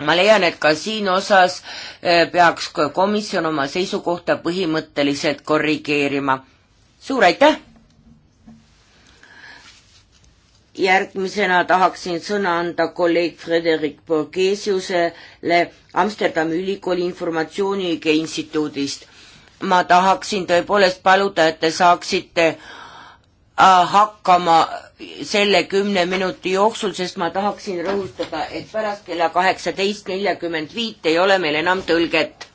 ma leian, et ka siin osas eh, peaks komisjon oma seisukohta põhimõtteliselt korrigeerima. suur aitäh! järgmisena tahaksin sõna anda kolleeg Frederik Borgesiusele Amsterdami Ülikooli informatsioonide instituudist. ma tahaksin tõepoolest paluda, et te saaksite äh, Äh, hakkama selle kümne minuti jooksul, sest ma tahaksin rõhutada, et pärast kella kaheksateist neljakümmend viit ei ole meil enam tõlget.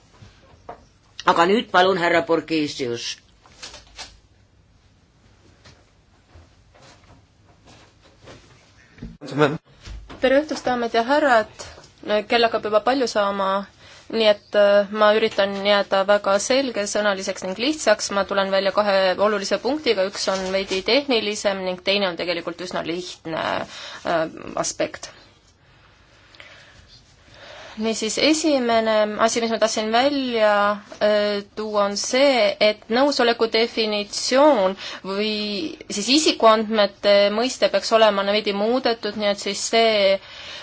aga nüüd palun, härra Borgesius tere õhtust, daamid ja härrad! kell hakkab juba palju saama nii et äh, ma üritan jääda väga selgesõnaliseks ning lihtsaks, ma tulen välja kahe olulise punktiga, üks on veidi tehnilisem ning teine on tegelikult üsna lihtne äh, aspekt. niisiis, esimene asi, mis ma tahtsin välja äh, tuua, on see, et nõusoleku definitsioon või siis isikuandmete mõiste peaks olema veidi muudetud, nii et siis see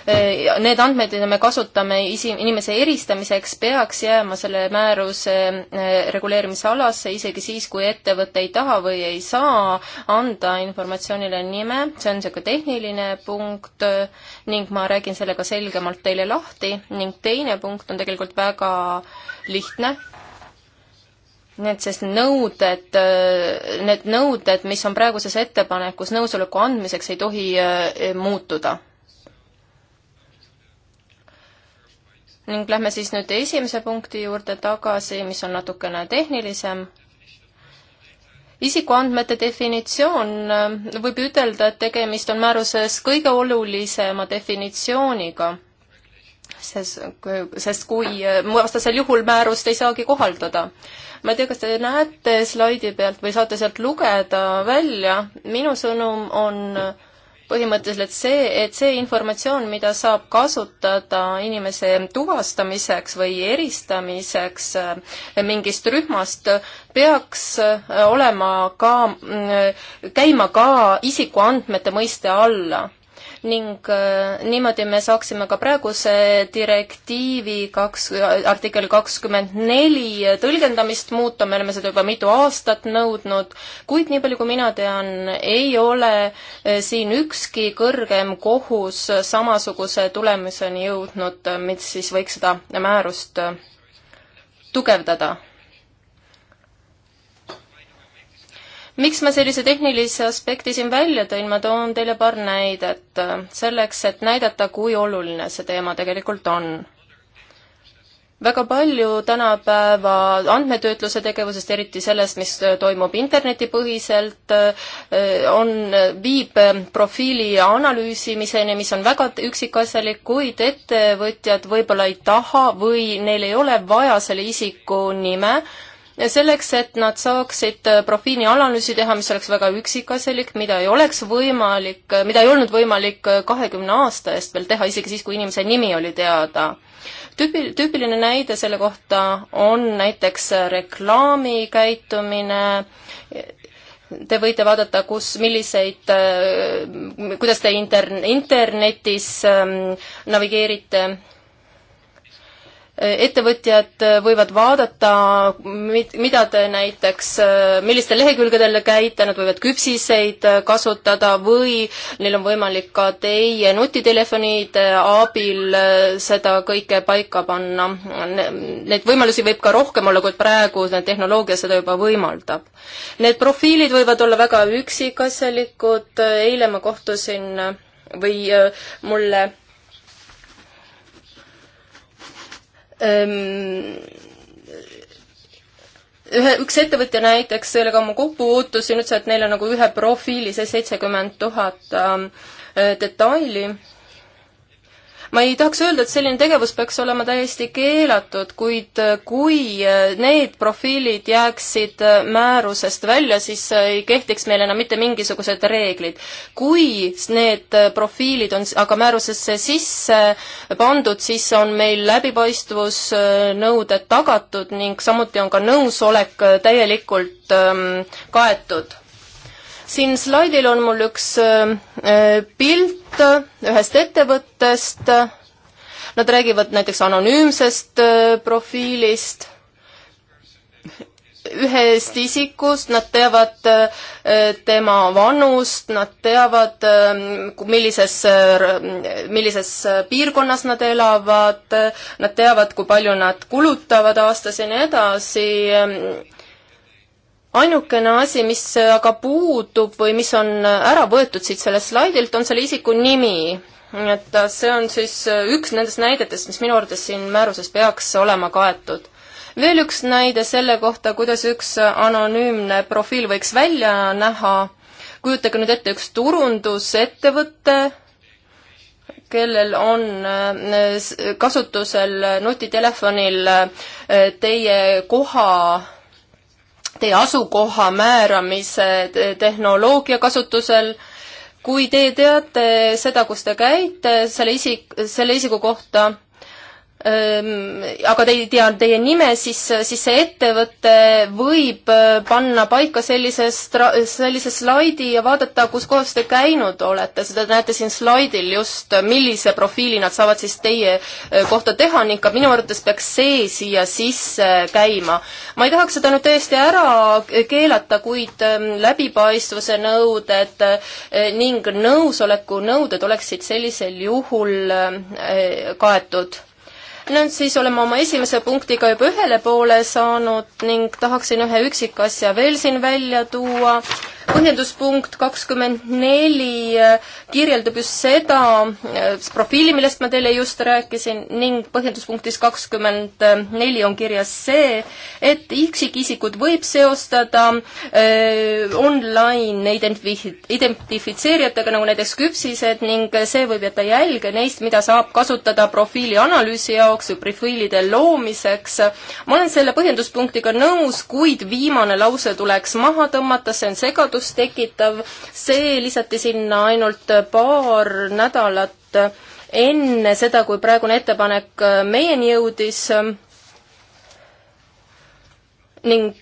Äh, need andmed, mida me kasutame isi, inimese eristamiseks, peaks jääma selle määruse äh, reguleerimisalasse, isegi siis, kui ettevõte ei taha või ei saa anda informatsioonile nime, see on niisugune tehniline punkt äh, ning ma räägin selle ka selgemalt teile lahti ning teine punkt on tegelikult väga lihtne need, sest nõuded, need nõuded, mis on praeguses ettepanekus nõusoleku andmiseks, ei tohi muutuda. ning lähme siis nüüd esimese punkti juurde tagasi, mis on natukene tehnilisem. isikuandmete definitsioon, äh, võib ütelda, et tegemist on määruses kõige olulisema definitsiooniga, sest, sest kui äh, vastasel juhul määrust ei saagi kohaldada. ma ei tea, kas te näete slaidi pealt või saate sealt lugeda välja, minu sõnum on mm põhimõtteliselt see, et see informatsioon, mida saab kasutada inimese tuvastamiseks või eristamiseks äh, mingist rühmast, peaks äh, olema ka, mm, äh, käima ka isikuandmete mõiste alla ning äh, niimoodi me saaksime ka praeguse direktiivi kaks, artikkel kakskümmend neli tõlgendamist muuta, me oleme seda juba mitu aastat nõudnud, kuid nii palju, kui mina tean, ei ole äh, siin ükski kõrgem kohus samasuguse tulemuseni jõudnud, äh, mis siis võiks seda määrust tugevdada miks ma sellise tehnilise aspekti siin välja tõin, ma toon teile paar näidet äh, selleks, et näidata, kui oluline see teema tegelikult on väga palju tänapäeva andmetöötluse tegevusest, eriti sellest, mis toimub internetipõhiselt, äh, on, viib profiili analüüsimiseni, mis on väga üksikasjalik, kuid ettevõtjad võib-olla ei taha või neil ei ole vaja selle isiku nime, selleks, et nad saaksid äh, profiilianalüüsi teha, mis oleks väga üksikasjalik, mida ei oleks võimalik, äh, mida ei olnud võimalik äh, kahekümne aasta eest veel teha, isegi siis, kui inimese nimi oli teada. tüüpi, tüüpiline näide selle kohta on näiteks reklaamikäitumine, Te võite vaadata, kus, milliseid, kuidas te inter-, internetis ähm, navigeerite ettevõtjad võivad vaadata, mida te näiteks, millistel lehekülgedel käite, nad võivad küpsiseid kasutada või neil on võimalik ka teie nutitelefonide abil seda kõike paika panna. Neid võimalusi võib ka rohkem olla, kui praegu tehnoloogia seda juba võimaldab. Need profiilid võivad olla väga üksikasjalikud, eile ma kohtusin või äh, mulle ühe, üks ettevõtja näiteks, kellega ma kokku puutusin, ütles, et neil on nagu ühe profiili see seitsekümmend tuhat ähm, detaili ma ei tahaks öelda, et selline tegevus peaks olema täiesti keelatud, kuid äh, kui äh, need profiilid jääksid äh, määrusest välja, siis ei kehtiks meil enam mitte mingisugused reeglid. kui need profiilid on aga määrusesse sisse pandud, siis on meil läbipaistvusnõuded tagatud ning samuti on ka nõusolek täielikult ähm, kaetud siin slaidil on mul üks äh, äh, pilt äh, ühest ettevõttest, nad räägivad näiteks anonüümsest profiilist, ühest isikust, nad teavad tema vanust, nad teavad, millises, millises piirkonnas nad elavad, nad teavad, kui palju nad kulutavad aastas ja nii edasi ähm, ainukene asi, mis aga puudub või mis on ära võetud siit sellest slaidilt, on selle isiku nimi. et see on siis üks nendest näidetest, mis minu arvates siin määruses peaks olema kaetud. veel üks näide selle kohta, kuidas üks anonüümne profiil võiks välja näha. kujutage nüüd ette üks turundusettevõte, kellel on äh, kasutusel nutitelefonil äh, teie koha tee asukoha määramise tehnoloogia kasutusel kui te teate seda, kus te käite selle isik, selle isiku kohta, aga te ei tea teie nime, siis, siis see ettevõte võib panna paika sellise stra-, sellise slaidi ja vaadata, kus kohas te käinud olete, seda näete siin slaidil just, millise profiili nad saavad siis teie kohta teha ning ka minu arvates peaks see siia sisse käima. ma ei tahaks seda nüüd täiesti ära keelata, kuid läbipaistvuse nõuded ning nõusoleku nõuded oleksid sellisel juhul kaetud nüüd siis oleme oma esimese punktiga juba ühele poole saanud ning tahaksin ühe üksikasja veel siin välja tuua põhjenduspunkt kakskümmend neli äh, kirjeldab just seda äh, profiili, millest ma teile just rääkisin ning põhjenduspunktis kakskümmend neli on kirjas see, et üksikisikud võib seostada öö, äh, online identifi-, identifitseerijatega, nagu näiteks küpsised, ning see võib jätta jälge neist, mida saab kasutada profiili analüüsi jaoks või profiilide loomiseks. ma olen selle põhjenduspunktiga nõus, kuid viimane lause tuleks maha tõmmata, see on segadus, segadust tekitav, see lisati sinna ainult paar nädalat enne seda, kui praegune ettepanek meieni jõudis ning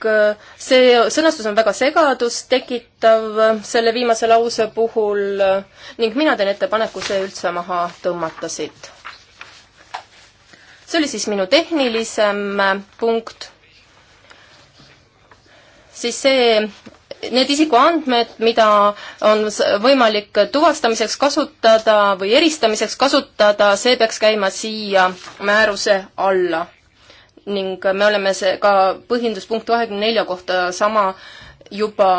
see sõnastus on väga segadust tekitav selle viimase lause puhul ning mina teen ettepaneku see üldse maha tõmmata siit. see oli siis minu tehnilisem punkt. siis see need isikuandmed, mida on võimalik tuvastamiseks kasutada või eristamiseks kasutada, see peaks käima siia määruse alla. ning me oleme see ka põhjenduspunkt kahekümne nelja kohta sama juba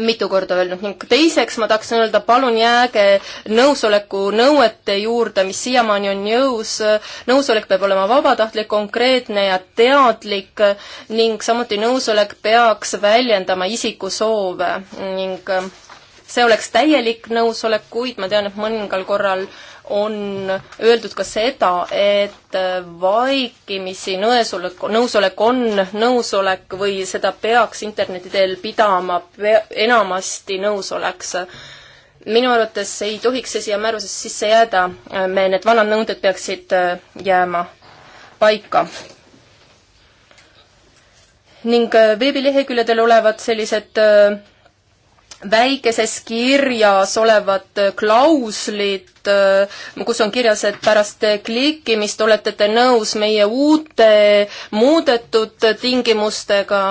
mitu korda öelnud ning teiseks ma tahaksin öelda, palun jääge nõusoleku nõuete juurde, mis siiamaani on jõus. nõusolek peab olema vabatahtlik, konkreetne ja teadlik ning samuti nõusolek peaks väljendama isiku soove ning see oleks täielik nõusolek, kuid ma tean, et mõningal korral äh, on öeldud ka seda, et vaikimisi nõesolek, nõusolek on nõusolek või seda peaks interneti teel pidama pea, enamasti nõusoleks. minu arvates ei tohiks see siia määrusesse sisse jääda, me, need vanad nõuded peaksid äh, jääma paika ning äh, veebileheküljedel olevad sellised äh, väikeses kirjas olevat klauslit, äh, kus on kirjas, et pärast klikkimist olete te nõus meie uute muudetud tingimustega.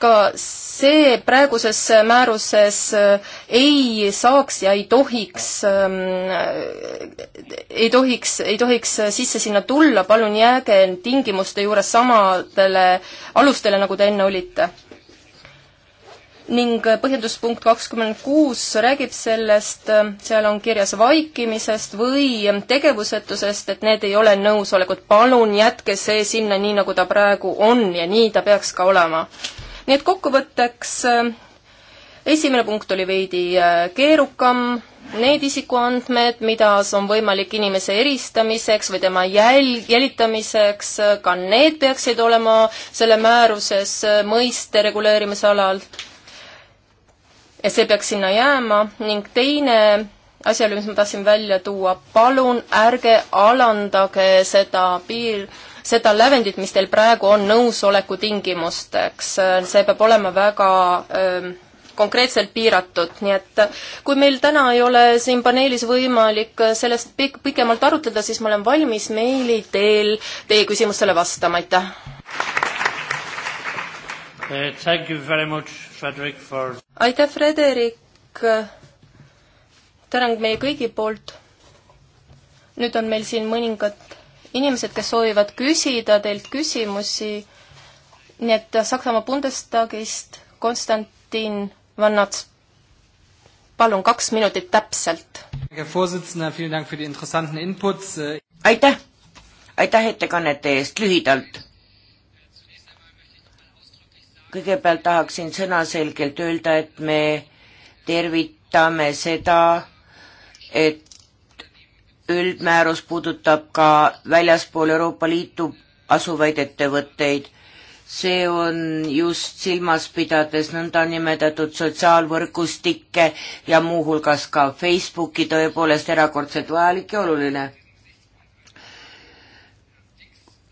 ka see praeguses määruses äh, ei saaks ja ei tohiks, ähm, ei tohiks, ei tohiks sisse sinna tulla, palun jääge tingimuste juures samadele alustele, nagu te enne olite ning põhjenduspunkt kakskümmend kuus räägib sellest, seal on kirjas vaikimisest või tegevusetusest, et need ei ole nõusolekud, palun jätke see sinna nii, nagu ta praegu on ja nii ta peaks ka olema. nii et kokkuvõtteks esimene punkt oli veidi äh, keerukam, need isikuandmed, mida on võimalik inimese eristamiseks või tema jäl-, jälitamiseks, äh, ka need peaksid olema selle määruses äh, mõiste reguleerimise alal ja see peaks sinna jääma ning teine asjaolu, mis ma tahtsin välja tuua, palun ärge alandage seda piir, seda lävendit, mis teil praegu on nõusoleku tingimusteks, see peab olema väga öö, ähm, konkreetselt piiratud, nii et kui meil täna ei ole siin paneelis võimalik sellest pikemalt arutleda, siis ma olen valmis meili teel teie küsimustele vastama, aitäh! Uh, much, Frederick, for... aitäh, Frederik! tänan meie kõigi poolt. nüüd on meil siin mõningad inimesed, kes soovivad küsida teilt küsimusi. nii et Saksamaa Bundestagist Konstantin Vannats, palun, kaks minutit täpselt. aitäh, aitäh ettekannete eest, lühidalt kõigepealt tahaksin sõnaselgelt öelda, et me tervitame seda, et üldmäärus puudutab ka väljaspool Euroopa Liitu asuvaid ettevõtteid. see on just silmas pidades nõndanimetatud sotsiaalvõrgustikke ja muuhulgas ka Facebooki tõepoolest erakordselt vajalik ja oluline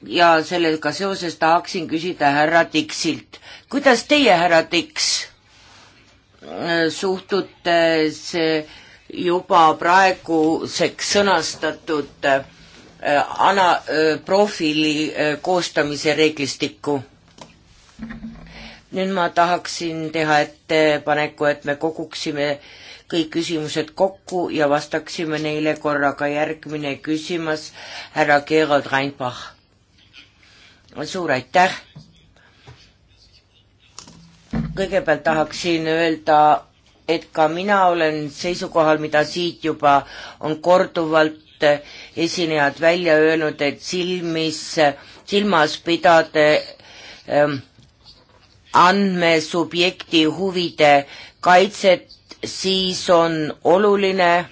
ja sellega seoses tahaksin küsida härra Tiksilt, kuidas teie, härra Tiks, äh, suhtute see juba praeguseks sõnastatud äh, ana-, äh, profiili koostamise reeglistikku? nüüd ma tahaksin teha ettepaneku, et me koguksime kõik küsimused kokku ja vastaksime neile korraga. järgmine küsimus, härra Gerald Reinbach suur aitäh. kõigepealt tahaksin öelda, et ka mina olen seisukohal, mida siit juba on korduvalt esinejad välja öelnud, et silmis, silmas pidada ähm, andmesubjekti huvide kaitset, siis on oluline,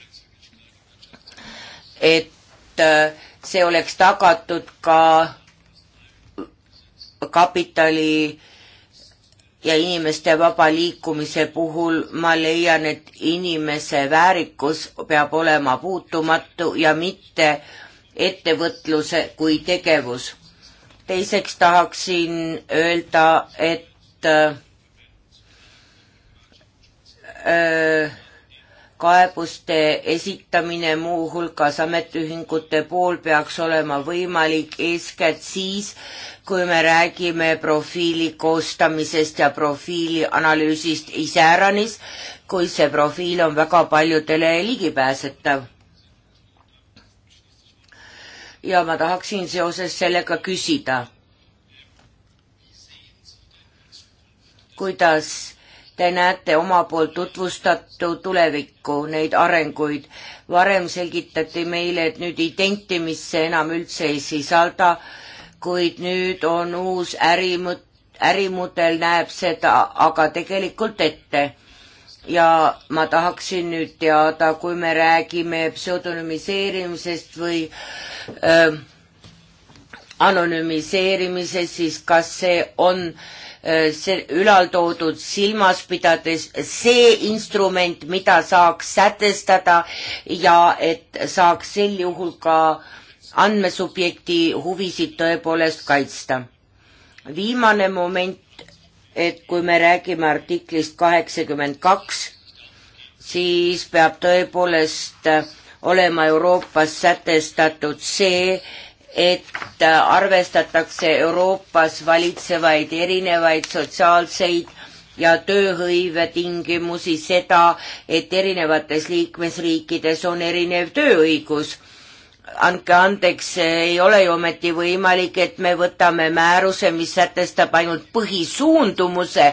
et äh, see oleks tagatud ka kapitali ja inimeste vaba liikumise puhul ma leian, et inimese väärikus peab olema puutumatu ja mitte ettevõtluse kui tegevus. teiseks tahaksin öelda, et öö, äh, äh, kaebuste esitamine muuhulgas ametiühingute pool peaks olema võimalik eeskätt siis, kui me räägime profiili koostamisest ja profiili analüüsist iseäranis, kui see profiil on väga paljudele ligipääsetav. ja ma tahaksin seoses sellega küsida, kuidas te näete oma poolt tutvustatu tulevikku, neid arenguid. varem selgitati meile, et nüüd identimisse enam üldse ei sisalda, kuid nüüd on uus ärimõte, ärimudel näeb seda aga tegelikult ette. ja ma tahaksin nüüd teada, kui me räägime pseudonümiseerimisest või öö, ähm, anonümiseerimisest, siis kas see on öö, Äh, ülaltoodud silmas pidades see instrument, mida saaks sätestada ja et saaks sel juhul ka andmesubjekti huvisid tõepoolest kaitsta. viimane moment, et kui me räägime artiklist kaheksakümmend kaks, siis peab tõepoolest olema Euroopas sätestatud see, et arvestatakse Euroopas valitsevaid erinevaid sotsiaalseid ja tööhõive tingimusi seda, et erinevates liikmesriikides on erinev tööõigus. andke andeks, ei ole ju ometi võimalik, et me võtame määruse, mis sätestab ainult põhisuundumuse,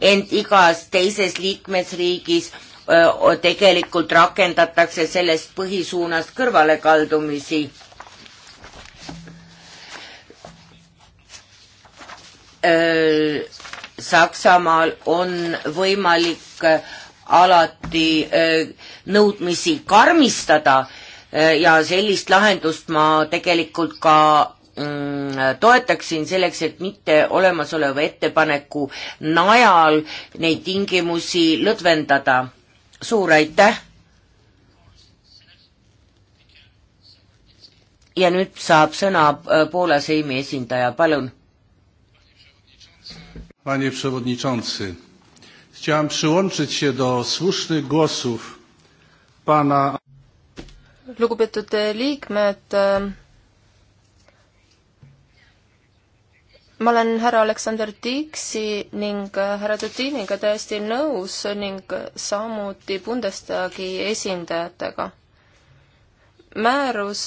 ent igas teises liikmesriigis öö, tegelikult rakendatakse sellest põhisuunast kõrvalekaldumisi Äh, Saksamaal on võimalik äh, alati äh, nõudmisi karmistada ja sellist lahendust ma tegelikult ka mm, toetaksin selleks, et mitte olemasoleva ettepaneku najal neid tingimusi lõdvendada. suur aitäh! ja nüüd saab sõna Poola seimi esindaja, palun Panie Przewodniczący! Chciałem przyłączyć się do słusznych głosów pana lugupeetud liikmed, ma olen härra Aleksander Diksi ning härra Tutiniga täiesti nõus ning samuti Bundestagi esindajatega. määrus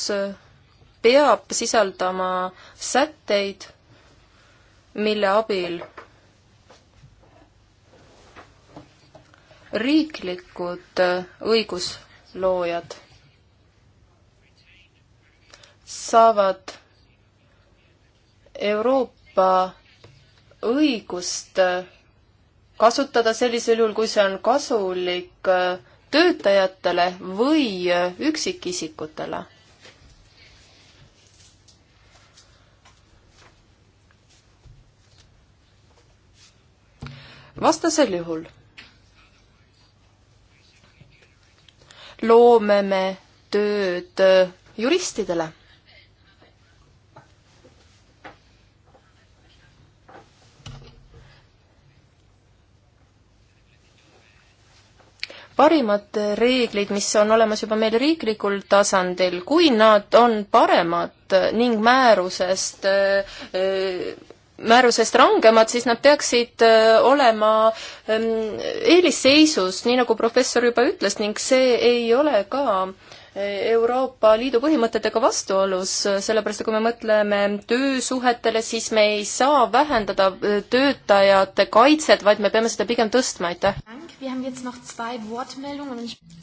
peab sisaldama sätteid, mille abil riiklikud äh, õigusloojad saavad Euroopa õigust äh, kasutada sellisel juhul, kui see on kasulik äh, töötajatele või üksikisikutele. vastasel juhul loome me tööd juristidele. parimad reeglid, mis on olemas juba meil riiklikul tasandil, kui nad on paremad ning määrusest öö, määrusest rangemad, siis nad peaksid äh, olema ähm, eelisseisus, nii nagu professor juba ütles, ning see ei ole ka äh, Euroopa Liidu põhimõtetega vastuolus, äh, sellepärast et kui me mõtleme töösuhetele, siis me ei saa vähendada töötajate kaitset, vaid me peame seda pigem tõstma, aitäh.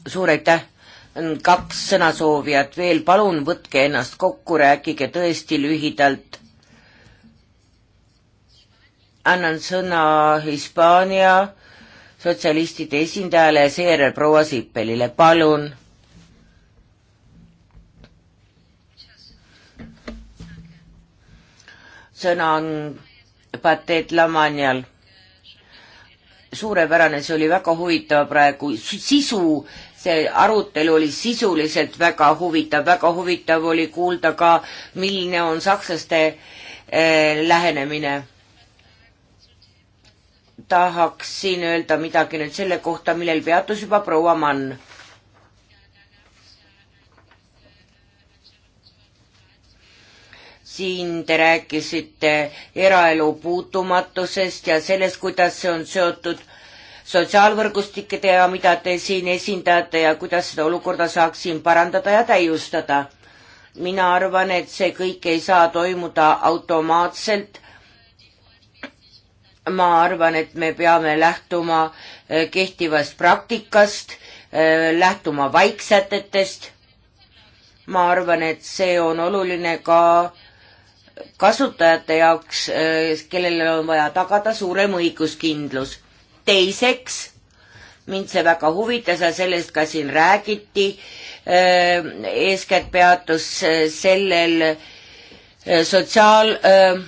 suur aitäh, kaks sõnasoovijat veel, palun võtke ennast kokku, rääkige tõesti lühidalt annan sõna Hispaania sotsialistide esindajale ja seejärel proua Sippelile, palun. sõna on Patet Lamanjal. suurepärane, see oli väga huvitav praegu, sisu, see arutelu oli sisuliselt väga huvitav, väga huvitav oli kuulda ka, milline on sakslaste eh, lähenemine tahaksin öelda midagi nüüd selle kohta, millel peatus juba proua Mann. siin te rääkisite eraelu puutumatusest ja sellest, kuidas see on seotud sotsiaalvõrgustikede ja mida te siin esindate ja kuidas seda olukorda saaks siin parandada ja täiustada. mina arvan, et see kõik ei saa toimuda automaatselt ma arvan, et me peame lähtuma eh, kehtivast praktikast, eh, lähtuma vaiksätetest. ma arvan, et see on oluline ka kasutajate jaoks, eh, kellele on vaja tagada suurem õiguskindlus. teiseks, mind see väga huvitas ja sellest ka siin räägiti, eeskätt peatus sellel sotsiaal öö,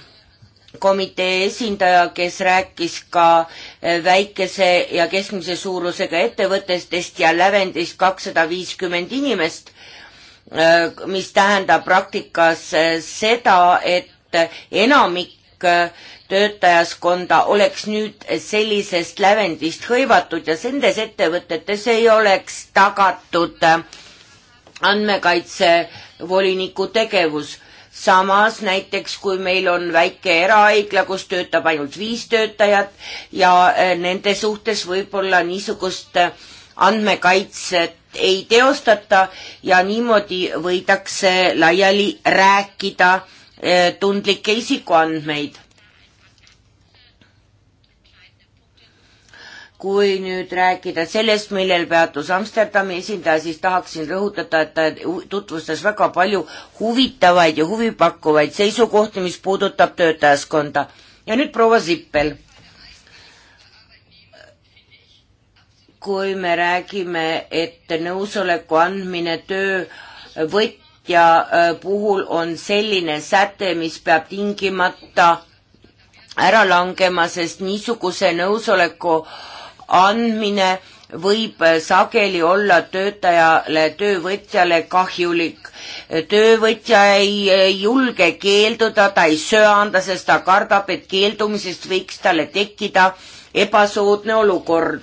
komitee esindaja, kes rääkis ka eh, väikese ja keskmise suurusega ettevõtetest ja lävendist kakssada viiskümmend inimest, eh, mis tähendab praktikas eh, seda, et enamik töötajaskonda oleks nüüd sellisest lävendist hõivatud ja nendes ettevõtetes ei oleks tagatud andmekaitsevoliniku tegevus samas näiteks kui meil on väike erahaigla, kus töötab ainult viis töötajat ja äh, nende suhtes võib-olla niisugust äh, andmekaitset ei teostata ja niimoodi võidakse laiali rääkida äh, tundlikke isikuandmeid kui nüüd rääkida sellest, millel peatus Amsterdami esindaja, siis tahaksin rõhutada, et ta tutvustas väga palju huvitavaid ja huvipakkuvaid seisukohti, mis puudutab töötajaskonda. ja nüüd proua Sippel. kui me räägime, et nõusoleku andmine töövõtja äh, puhul on selline säte, mis peab tingimata ära langema, sest niisuguse nõusoleku äh, andmine võib sageli olla töötajale, töövõtjale kahjulik. töövõtja ei julge keelduda, ta ei söanda, sest ta kardab, et keeldumisest võiks talle tekkida ebasoodne olukord.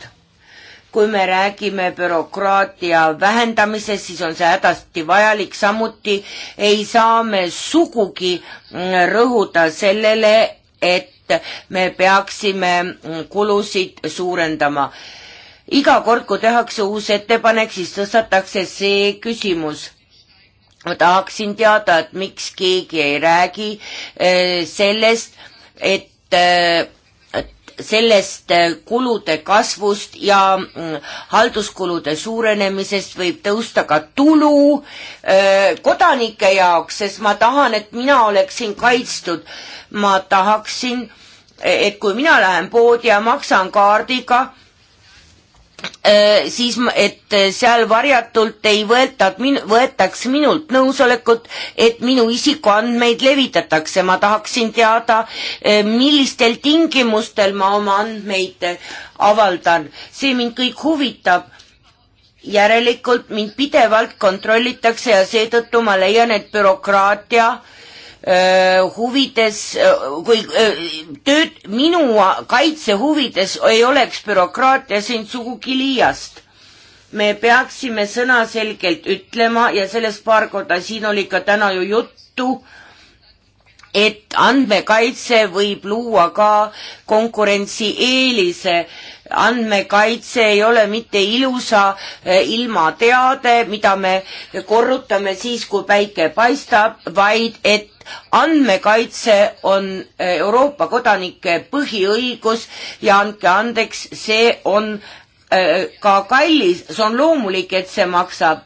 kui me räägime bürokraatia vähendamisest, siis on see hädasti vajalik, samuti ei saa me sugugi rõhuda sellele, et me peaksime kulusid suurendama. iga kord, kui tehakse uus ettepanek, siis tõstatakse see küsimus ma tahaksin teada, et miks keegi ei räägi eh, sellest, et eh, sellest äh, kulude kasvust ja mm, halduskulude suurenemisest võib tõusta ka tulu äh, kodanike jaoks, sest ma tahan, et mina oleksin kaitstud. ma tahaksin, et kui mina lähen poodi ja maksan kaardiga, Äh, siis, et äh, seal varjatult ei võeta, võetaks minult nõusolekut, et minu isikuandmeid levitatakse. ma tahaksin teada, äh, millistel tingimustel ma oma andmeid avaldan. see mind kõik huvitab. järelikult mind pidevalt kontrollitakse ja seetõttu ma leian, et bürokraatia äh, huvides, kui tööd, minu kaitse huvides ei oleks bürokraatia siin sugugi liiast. me peaksime sõnaselgelt ütlema ja sellest paar korda siin oli ka täna ju juttu, et andmekaitse võib luua ka konkurentsieelise andmekaitse ei ole mitte ilusa eh, ilmateade, mida me korrutame siis, kui päike paistab, vaid et andmekaitse on eh, Euroopa kodanike põhiõigus ja andke andeks, see on eh, ka kallis, see on loomulik, et see maksab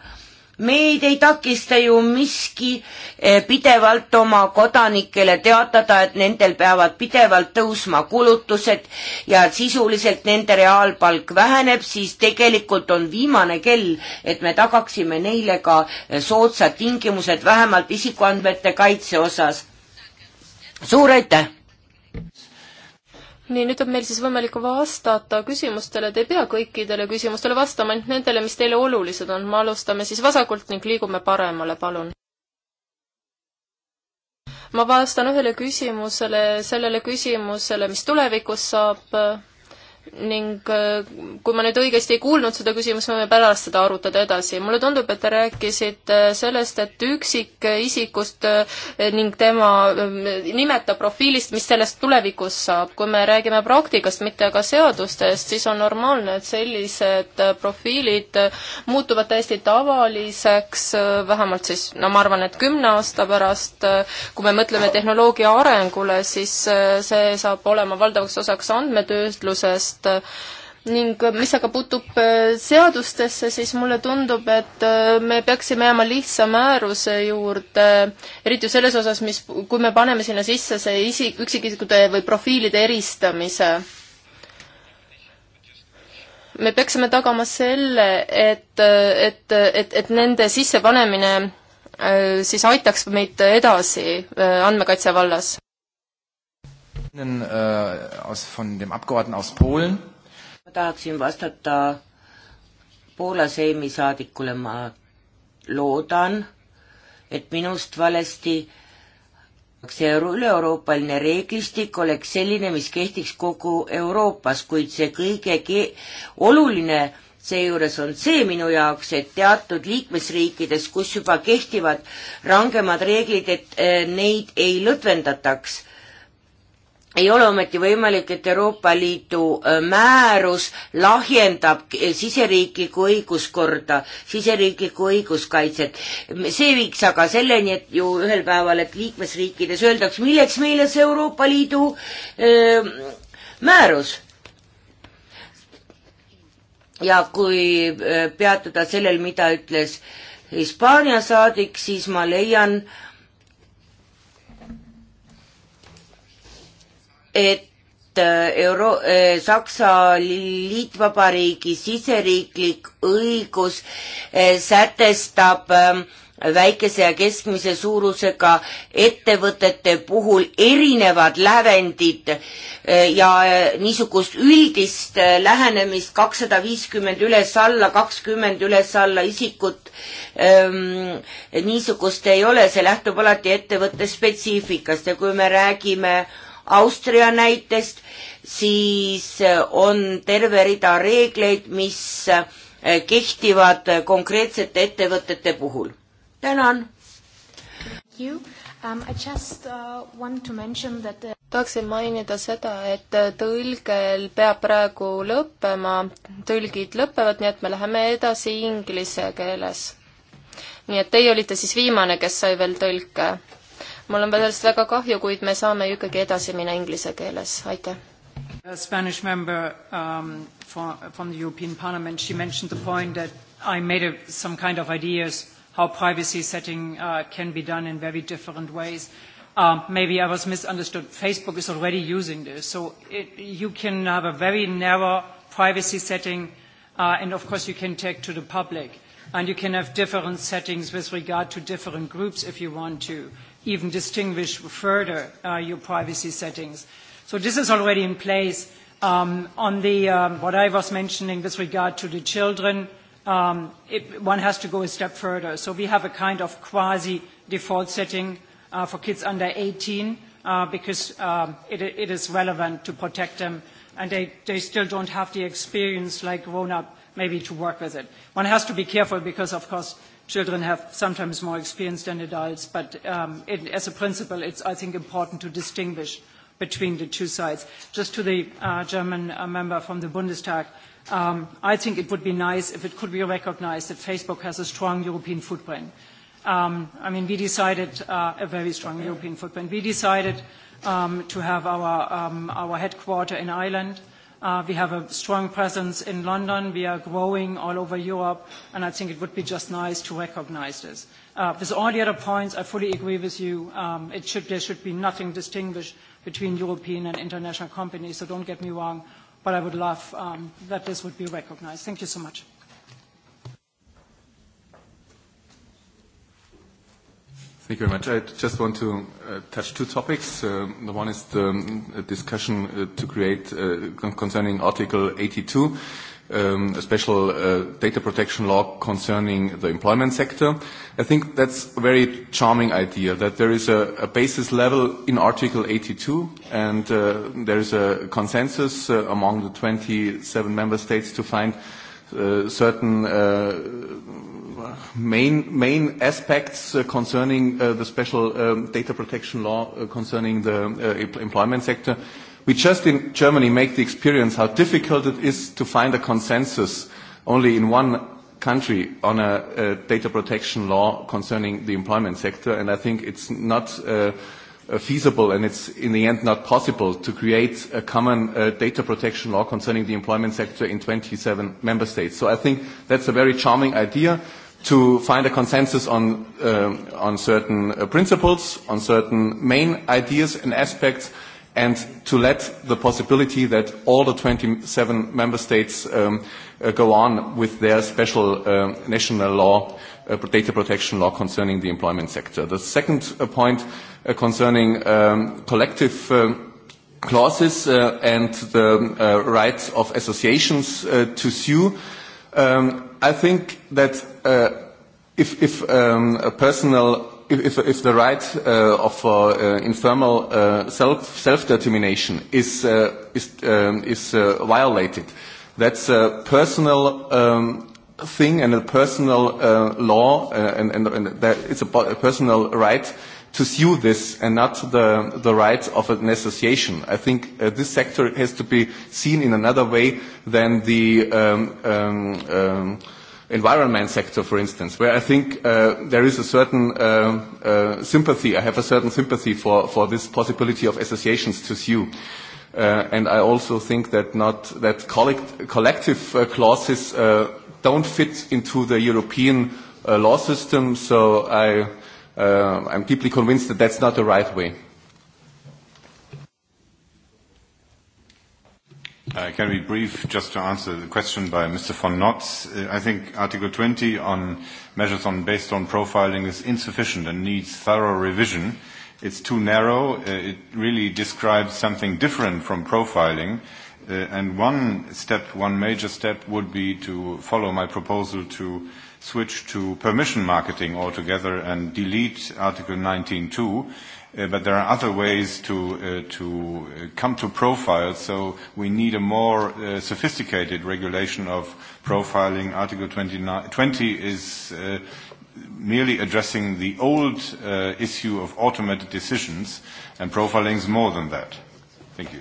meid ei takista ju miski eh, pidevalt oma kodanikele teatada, et nendel peavad pidevalt tõusma kulutused ja sisuliselt nende reaalpalk väheneb, siis tegelikult on viimane kell, et me tagaksime neile ka eh, soodsad tingimused vähemalt isikuandmete kaitse osas. suur aitäh! nii, nüüd on meil siis võimalik vastata küsimustele, te ei pea kõikidele küsimustele vastama, ainult nendele, mis teile olulised on. me alustame siis vasakult ning liigume paremale, palun ma vastan ühele küsimusele, sellele küsimusele, mis tulevikus saab ning äh, kui ma nüüd õigesti ei kuulnud seda küsimust, võime pärast seda arutada edasi. mulle tundub, et te rääkisite äh, sellest, et üksikisikust äh, ning tema ähm, nimetab profiilist, mis sellest tulevikus saab. kui me räägime praktikast, mitte aga seadustest, siis on normaalne, et sellised profiilid muutuvad täiesti tavaliseks, vähemalt siis, no ma arvan, et kümne aasta pärast, kui me mõtleme tehnoloogia arengule, siis see saab olema valdavaks osaks andmetöötluses, pärast äh, ning äh, mis aga puutub äh, seadustesse, siis mulle tundub, et me peaksime jääma lihtsa määruse juurde, eriti ju selles osas, mis, kui me paneme sinna sisse see isi-, üksikisikute või profiilide eristamise. me peaksime tagama selle, et, et, et, et nende sissepanemine siis aitaks meid edasi andmekaitse vallas. Äh, ma tahaksin vastata Poola seimi saadikule, ma loodan, et minust valesti see euro üle-euroopaline reeglistik oleks selline, mis kehtiks kogu Euroopas, kuid see kõige ke-, oluline seejuures on see minu jaoks, et teatud liikmesriikides, kus juba kehtivad rangemad reeglid, et äh, neid ei lõdvendataks ei ole ometi võimalik, et Euroopa Liidu äh, määrus lahjendab äh, siseriiklikku õiguskorda, siseriiklikku õiguskaitset. see viiks aga selleni, et ju ühel päeval, et liikmesriikides öeldakse, milleks meile see Euroopa Liidu öö, ähm, määrus ja kui äh, peatuda sellel, mida ütles Hispaania saadik, siis ma leian, et äh, Euro-, äh, Saksa Liitvabariigi siseriiklik õigus äh, sätestab ähm, väikese ja keskmise suurusega ettevõtete puhul erinevad lävendid ja niisugust üldist lähenemist kakssada viiskümmend üles-alla, kakskümmend üles-alla isikut, ähm, niisugust ei ole, see lähtub alati ettevõtte spetsiifikast ja kui me räägime äh, Austria näitest, siis äh, on terve rida reegleid, mis äh, kehtivad äh, konkreetsete ettevõtete puhul. tänan! Um, just, uh, that... tahaksin mainida seda, et tõlgel peab praegu lõppema, tõlgid lõpevad, nii et me läheme edasi inglise keeles. nii et teie olite siis viimane, kes sai veel tõlke mul on sellest väga kahju, kuid me saame ju ikkagi edasi minna inglise keeles, aitäh. A Spanish member um, for, from the European Parliament, she mentioned the point that I made a, some kind of ideas how privacy setting uh, can be done in very different ways. Um, maybe I was misunderstood. Facebook is already using this. So it, you can have a very narrow privacy setting, uh, and of course you can take to the public. And you can have different settings with regard to different groups if you want to even distinguish further uh, your privacy settings. So this is already in place. Um, on the, um, what I was mentioning with regard to the children, um, it, one has to go a step further. So we have a kind of quasi-default setting uh, for kids under 18 uh, because um, it, it is relevant to protect them and they, they still don't have the experience like grown up maybe to work with it. One has to be careful because, of course, children have sometimes more experience than adults, but um, it, as a principle, it's, I think, important to distinguish between the two sides. Just to the uh, German uh, member from the Bundestag, um, I think it would be nice if it could be recognized that Facebook has a strong European footprint. Um, I mean, we decided uh, a very strong European footprint. We decided um, to have our, um, our headquarter in Ireland Uh, we have a strong presence in London. We are growing all over Europe, and I think it would be just nice to recognize this. Uh, with all the other points, I fully agree with you. Um, it should, there should be nothing distinguished between European and international companies, so don't get me wrong, but I would love um, that this would be recognized. Thank you so much. Thank you very much. I just want to uh, touch two topics. Um, the one is the um, discussion uh, to create uh, concerning Article 82, um, a special uh, data protection law concerning the employment sector. I think that's a very charming idea that there is a, a basis level in Article 82 and uh, there is a consensus uh, among the 27 member states to find uh, certain uh, main, main aspects uh, concerning uh, the special um, data protection law uh, concerning the uh, employment sector. We just in Germany make the experience how difficult it is to find a consensus only in one country on a, a data protection law concerning the employment sector, and I think it's not uh, uh, feasible and it's in the end not possible to create a common uh, data protection law concerning the employment sector in 27 member states. So I think that's a very charming idea to find a consensus on, um, on certain uh, principles, on certain main ideas and aspects, and to let the possibility that all the 27 member states um, uh, go on with their special um, national law uh, data protection law concerning the employment sector. The second uh, point uh, concerning um, collective uh, clauses uh, and the uh, rights of associations uh, to sue, um, I think that uh, if, if um, a personal if, if, if the right uh, of uh, uh, informal uh, self self determination is uh, is um, is uh, violated, that's a personal um, thing and a personal uh, law, uh, and, and, and that it's a, a personal right to sue this and not the, the rights of an association. I think uh, this sector has to be seen in another way than the um, um, um, environment sector, for instance, where I think uh, there is a certain uh, uh, sympathy, I have a certain sympathy for, for this possibility of associations to sue. Uh, and I also think that not that collect, collective uh, clauses uh, don't fit into the European uh, law system. So I, uh, I'm deeply convinced that that's not the right way. I uh, can be brief just to answer the question by Mr. von Notz. Uh, I think Article 20 on measures on based on profiling is insufficient and needs thorough revision. It's too narrow. Uh, it really describes something different from profiling. Uh, Uh, and one step, one major step would be to follow my proposal to switch to permission marketing altogether and delete Article 19.2. Uh, but there are other ways to, uh, to uh, come to profiles, so we need a more uh, sophisticated regulation of profiling. Article 29, 20 is uh, merely addressing the old uh, issue of automated decisions, and profiling is more than that. Thank you.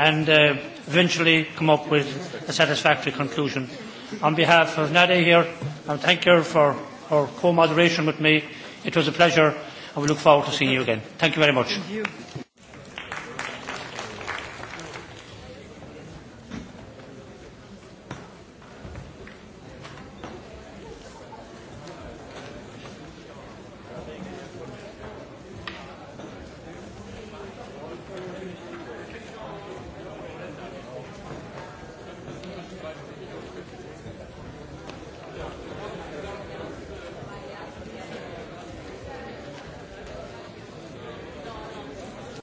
and uh, eventually come up with a satisfactory conclusion. On behalf of Nada here, I thank her for her co-moderation with me. It was a pleasure and we look forward to seeing you again. Thank you very much. Thank you.